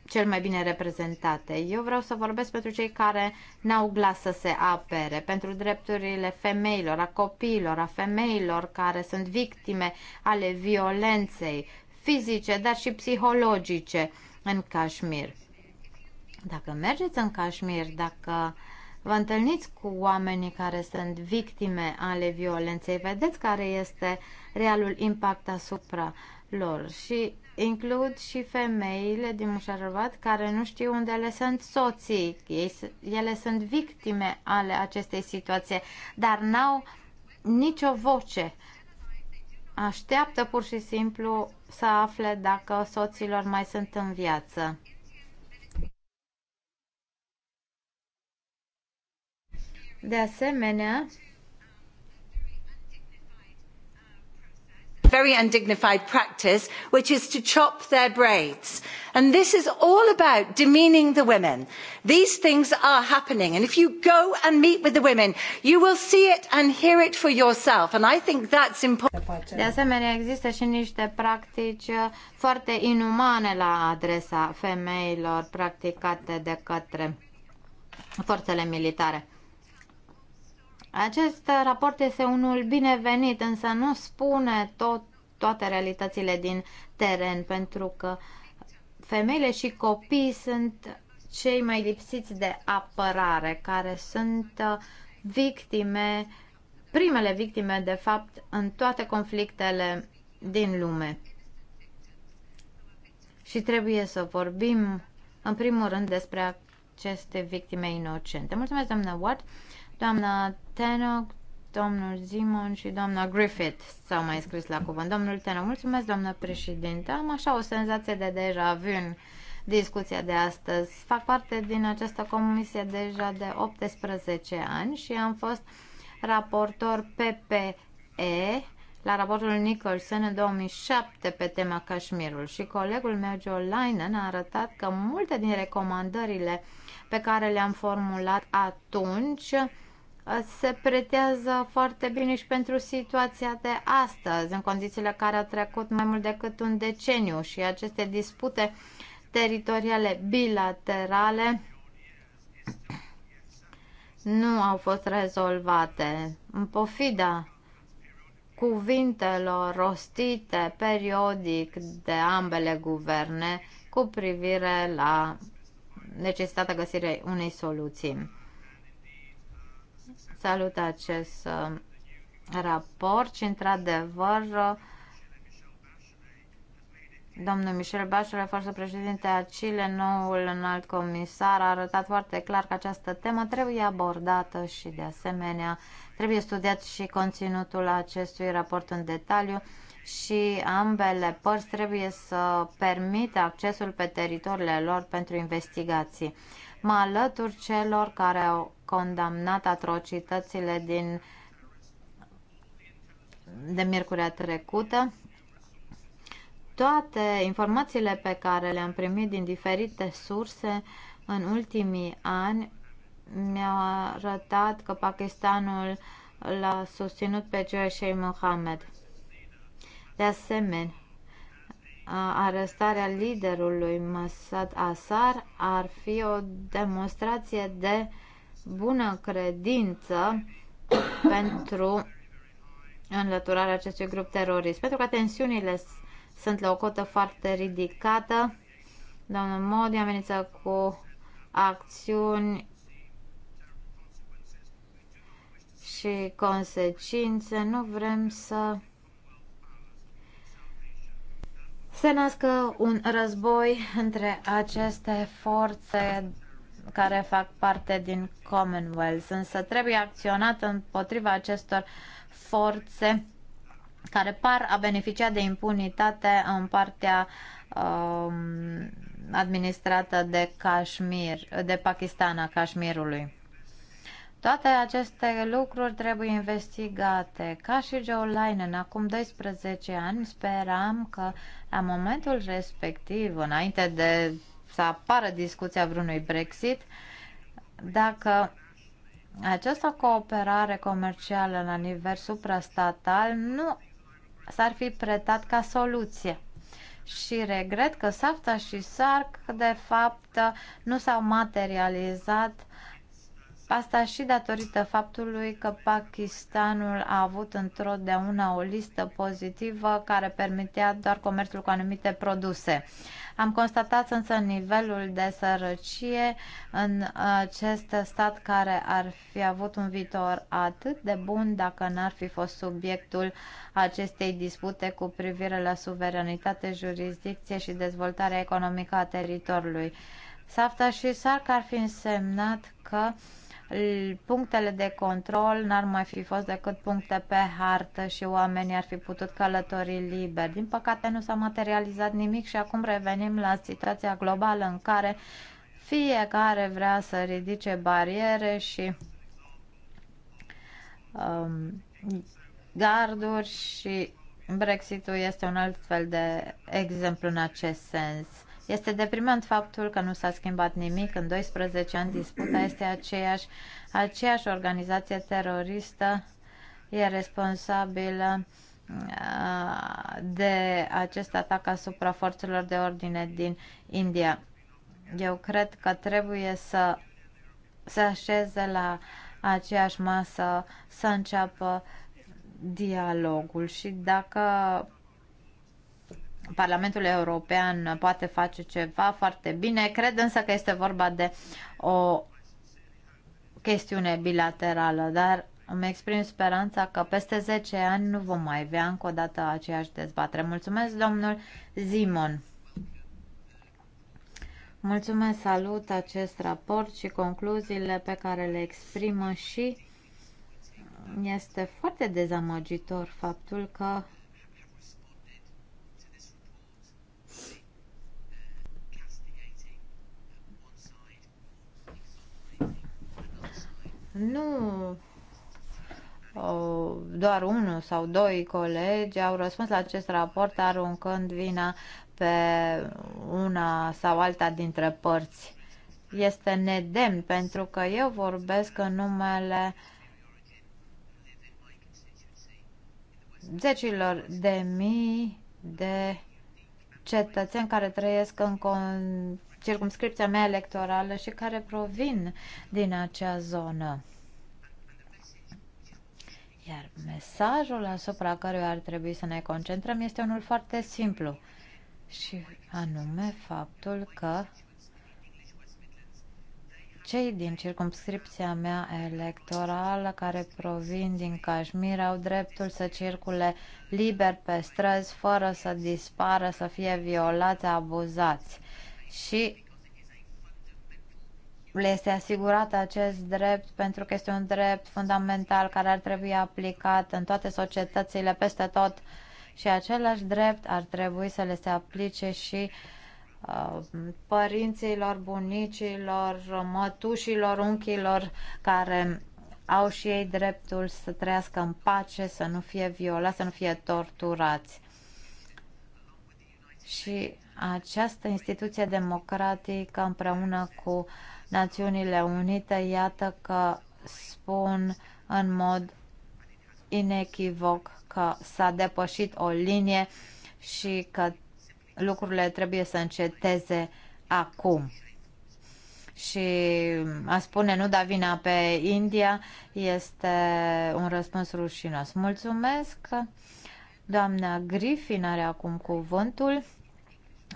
cel mai bine reprezentate. Eu vreau să vorbesc pentru cei care n-au glas să se apere, pentru drepturile femeilor, a copiilor, a femeilor care sunt victime ale violenței fizice, dar și psihologice în Kashmir. Dacă mergeți în Cașmir, dacă vă întâlniți cu oamenii care sunt victime ale violenței, vedeți care este realul impact asupra lor și includ și femeile din Mușarăvat care nu știu unde le sunt soții. Ei, ele sunt victime ale acestei situații, dar n-au nicio voce. Așteaptă pur și simplu să afle dacă soților mai sunt în viață. De asemenea, very undignified practice, which is to chop their braids. And this is all about demeaning the women. These things are happening. And if you go and meet with the women, you will see it and hear it for yourself. And I think that's important. De asemenea, există și niște practici uh, foarte inumane la adresa femeilor practicate de către forțele militare. Acest raport este unul binevenit, însă nu spune tot, toate realitățile din teren, pentru că femeile și copiii sunt cei mai lipsiți de apărare, care sunt uh, victime, primele victime, de fapt, în toate conflictele din lume. Și trebuie să vorbim, în primul rând, despre aceste victime inocente. Mulțumesc, doamnă Watt. Doamna Tenoc, domnul Zimon și doamna Griffith s-au mai scris la cuvânt. Domnul Tenoc, mulțumesc, doamna președinte. Am așa o senzație de deja vu în discuția de astăzi. Fac parte din această comisie deja de 18 ani și am fost raportor PPE la raportul Nicholson în 2007 pe tema Cașmirul și colegul meu Joe Linen a arătat că multe din recomandările pe care le-am formulat atunci se pretează foarte bine și pentru situația de astăzi, în condițiile care a trecut mai mult decât un deceniu și aceste dispute teritoriale bilaterale nu au fost rezolvate. În pofida cuvintelor rostite periodic de ambele guverne cu privire la necesitatea găsirei unei soluții salut acest uh, raport și, într-adevăr, uh, Domnul Michel Bachelet, fostul președinte a Chile, noul înalt comisar, a arătat foarte clar că această temă trebuie abordată și, de asemenea, trebuie studiat și conținutul acestui raport în detaliu și ambele părți trebuie să permită accesul pe teritoriile lor pentru investigații. Mă alătur celor care au condamnat atrocitățile din de miercurea trecută. Toate informațiile pe care le-am primit din diferite surse în ultimii ani mi-au arătat că Pakistanul l-a susținut pe Joashei Mohammed. De asemenea, arestarea liderului Masad Asar ar fi o demonstrație de uh, bună credință pentru înlăturarea acestui grup terorist. Pentru că tensiunile sunt la o cotă foarte ridicată. Domnul Modi amenință cu acțiuni și consecințe. Nu vrem să se nască un război între aceste forțe care fac parte din Commonwealth, însă trebuie acționat împotriva acestor forțe care par a beneficia de impunitate în partea um, administrată de Kashmir, de Pakistan, a Kashmirului. Toate aceste lucruri trebuie investigate. Ca și Joe Linen, acum 12 ani, speram că la momentul respectiv, înainte de să apară discuția vreunui Brexit, dacă această cooperare comercială la nivel suprastatal nu s-ar fi pretat ca soluție. Și regret că SAFTA și SARC, de fapt, nu s-au materializat Asta și datorită faptului că Pakistanul a avut întotdeauna o listă pozitivă care permitea doar comerțul cu anumite produse. Am constatat însă nivelul de sărăcie în acest stat care ar fi avut un viitor atât de bun dacă n-ar fi fost subiectul acestei dispute cu privire la suveranitate, jurisdicție și dezvoltarea economică a teritoriului. Safta și Sark ar fi însemnat că uh, punctele de control n-ar mai fi fost decât puncte pe hartă și oamenii ar fi putut călători liber. Din păcate nu s-a materializat nimic și acum revenim la situația globală în care fiecare vrea să ridice bariere și um, garduri și Brexitul este un alt fel de exemplu în acest sens. Este deprimant faptul că nu s-a schimbat nimic. În 12 ani disputa este aceeași. Aceeași organizație teroristă e responsabilă uh, de acest atac asupra forțelor de ordine din India. Eu cred că trebuie să se așeze la aceeași masă, să înceapă dialogul și dacă Parlamentul European poate face ceva foarte bine. Cred însă că este vorba de o chestiune bilaterală, dar îmi exprim speranța că peste 10 ani nu vom mai avea încă o dată aceeași dezbatere. Mulțumesc, domnul Zimon. Mulțumesc, salut acest raport și concluziile pe care le exprimă și este foarte dezamăgitor faptul că Nu doar unul sau doi colegi au răspuns la acest raport aruncând vina pe una sau alta dintre părți. Este nedemn pentru că eu vorbesc în numele zecilor de mii de cetățeni care trăiesc în condiții circumscripția mea electorală și care provin din acea zonă. Iar mesajul asupra căruia ar trebui să ne concentrăm este unul foarte simplu și anume faptul că cei din circumscripția mea electorală care provin din Cașmir au dreptul să circule liber pe străzi fără să dispară, să fie violați, abuzați și le este asigurat acest drept pentru că este un drept fundamental care ar trebui aplicat în toate societățile, peste tot și același drept ar trebui să le se aplice și uh, părinților, bunicilor, mătușilor, unchilor care au și ei dreptul să trăiască în pace, să nu fie violați, să nu fie torturați. Și această instituție democratică împreună cu Națiunile Unite, iată că spun în mod inechivoc că s-a depășit o linie și că lucrurile trebuie să înceteze acum. Și a spune nu da vina pe India este un răspuns rușinos. Mulțumesc! Doamna Griffin are acum cuvântul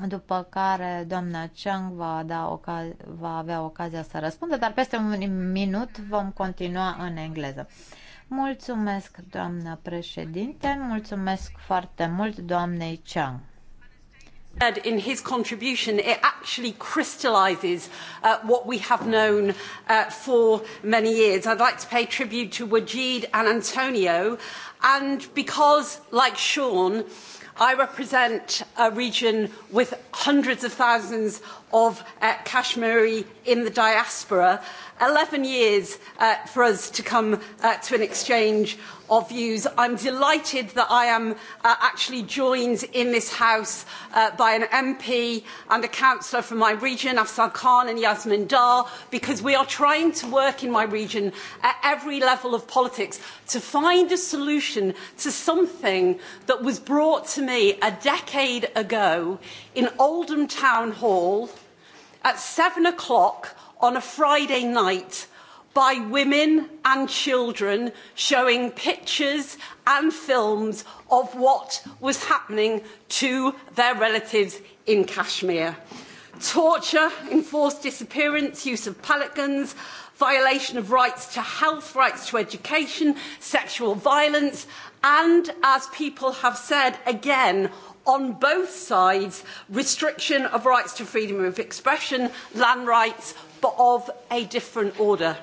după care doamna Chang va, da oca- va avea ocazia să răspundă, dar peste un minut vom continua în engleză. Mulțumesc, doamna președinte, mulțumesc foarte mult doamnei Chang. In his contribution, it actually crystallises uh, what we have known uh, for many years. I'd like to pay tribute to Wajid and Antonio, and because, like Sean, uh, I represent a region with hundreds of thousands of uh, Kashmiri in the diaspora. 11 years uh, for us to come uh, to an exchange of views. I'm delighted that I am uh, actually joined in this House uh, by an MP and a councillor from my region, Afsar Khan and Yasmin Dar, because we are trying to work in my region at every level of politics to find a solution to something that was brought to me a decade ago in Oldham Town Hall at seven o'clock on a Friday night by women and children showing pictures and films of what was happening to their relatives in Kashmir. Torture, enforced disappearance, use of pellet guns, violation of rights to health, rights to education, sexual violence, and, as people have said again, on both sides restriction of rights to freedom of expression, land rights, but of a different order.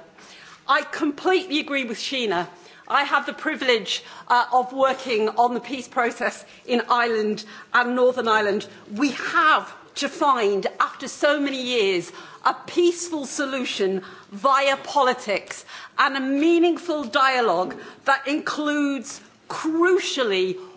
I completely agree with Sheena. I have the privilege uh, of working on the peace process in Ireland and Northern Ireland. We have to find, after so many years, a peaceful solution via politics and a meaningful dialogue that includes, crucially,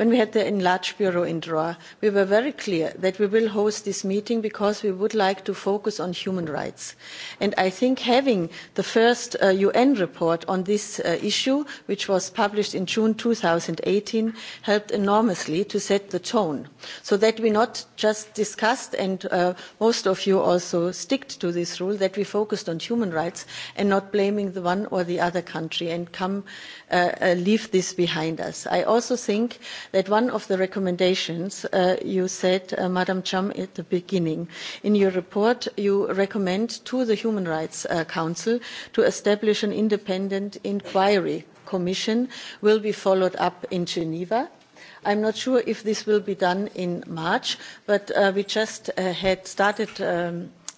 when we had the enlarged bureau in Doha, we were very clear that we will host this meeting because we would like to focus on human rights. And I think having the first UN uh, report on this uh, issue, which was published in June 2018, helped enormously to set the tone so that we not just discussed, and uh, most of you also sticked to this rule, that we focused on human rights and not blaming the one or the other country and come leave this behind us. I also think that one of the recommendations uh, you said, uh, Madam Chum, at the beginning. In your report, you recommend to the Human Rights uh, Council to establish an independent inquiry commission will be followed up in Geneva I'm not sure if this will be done in March, but we just had started um,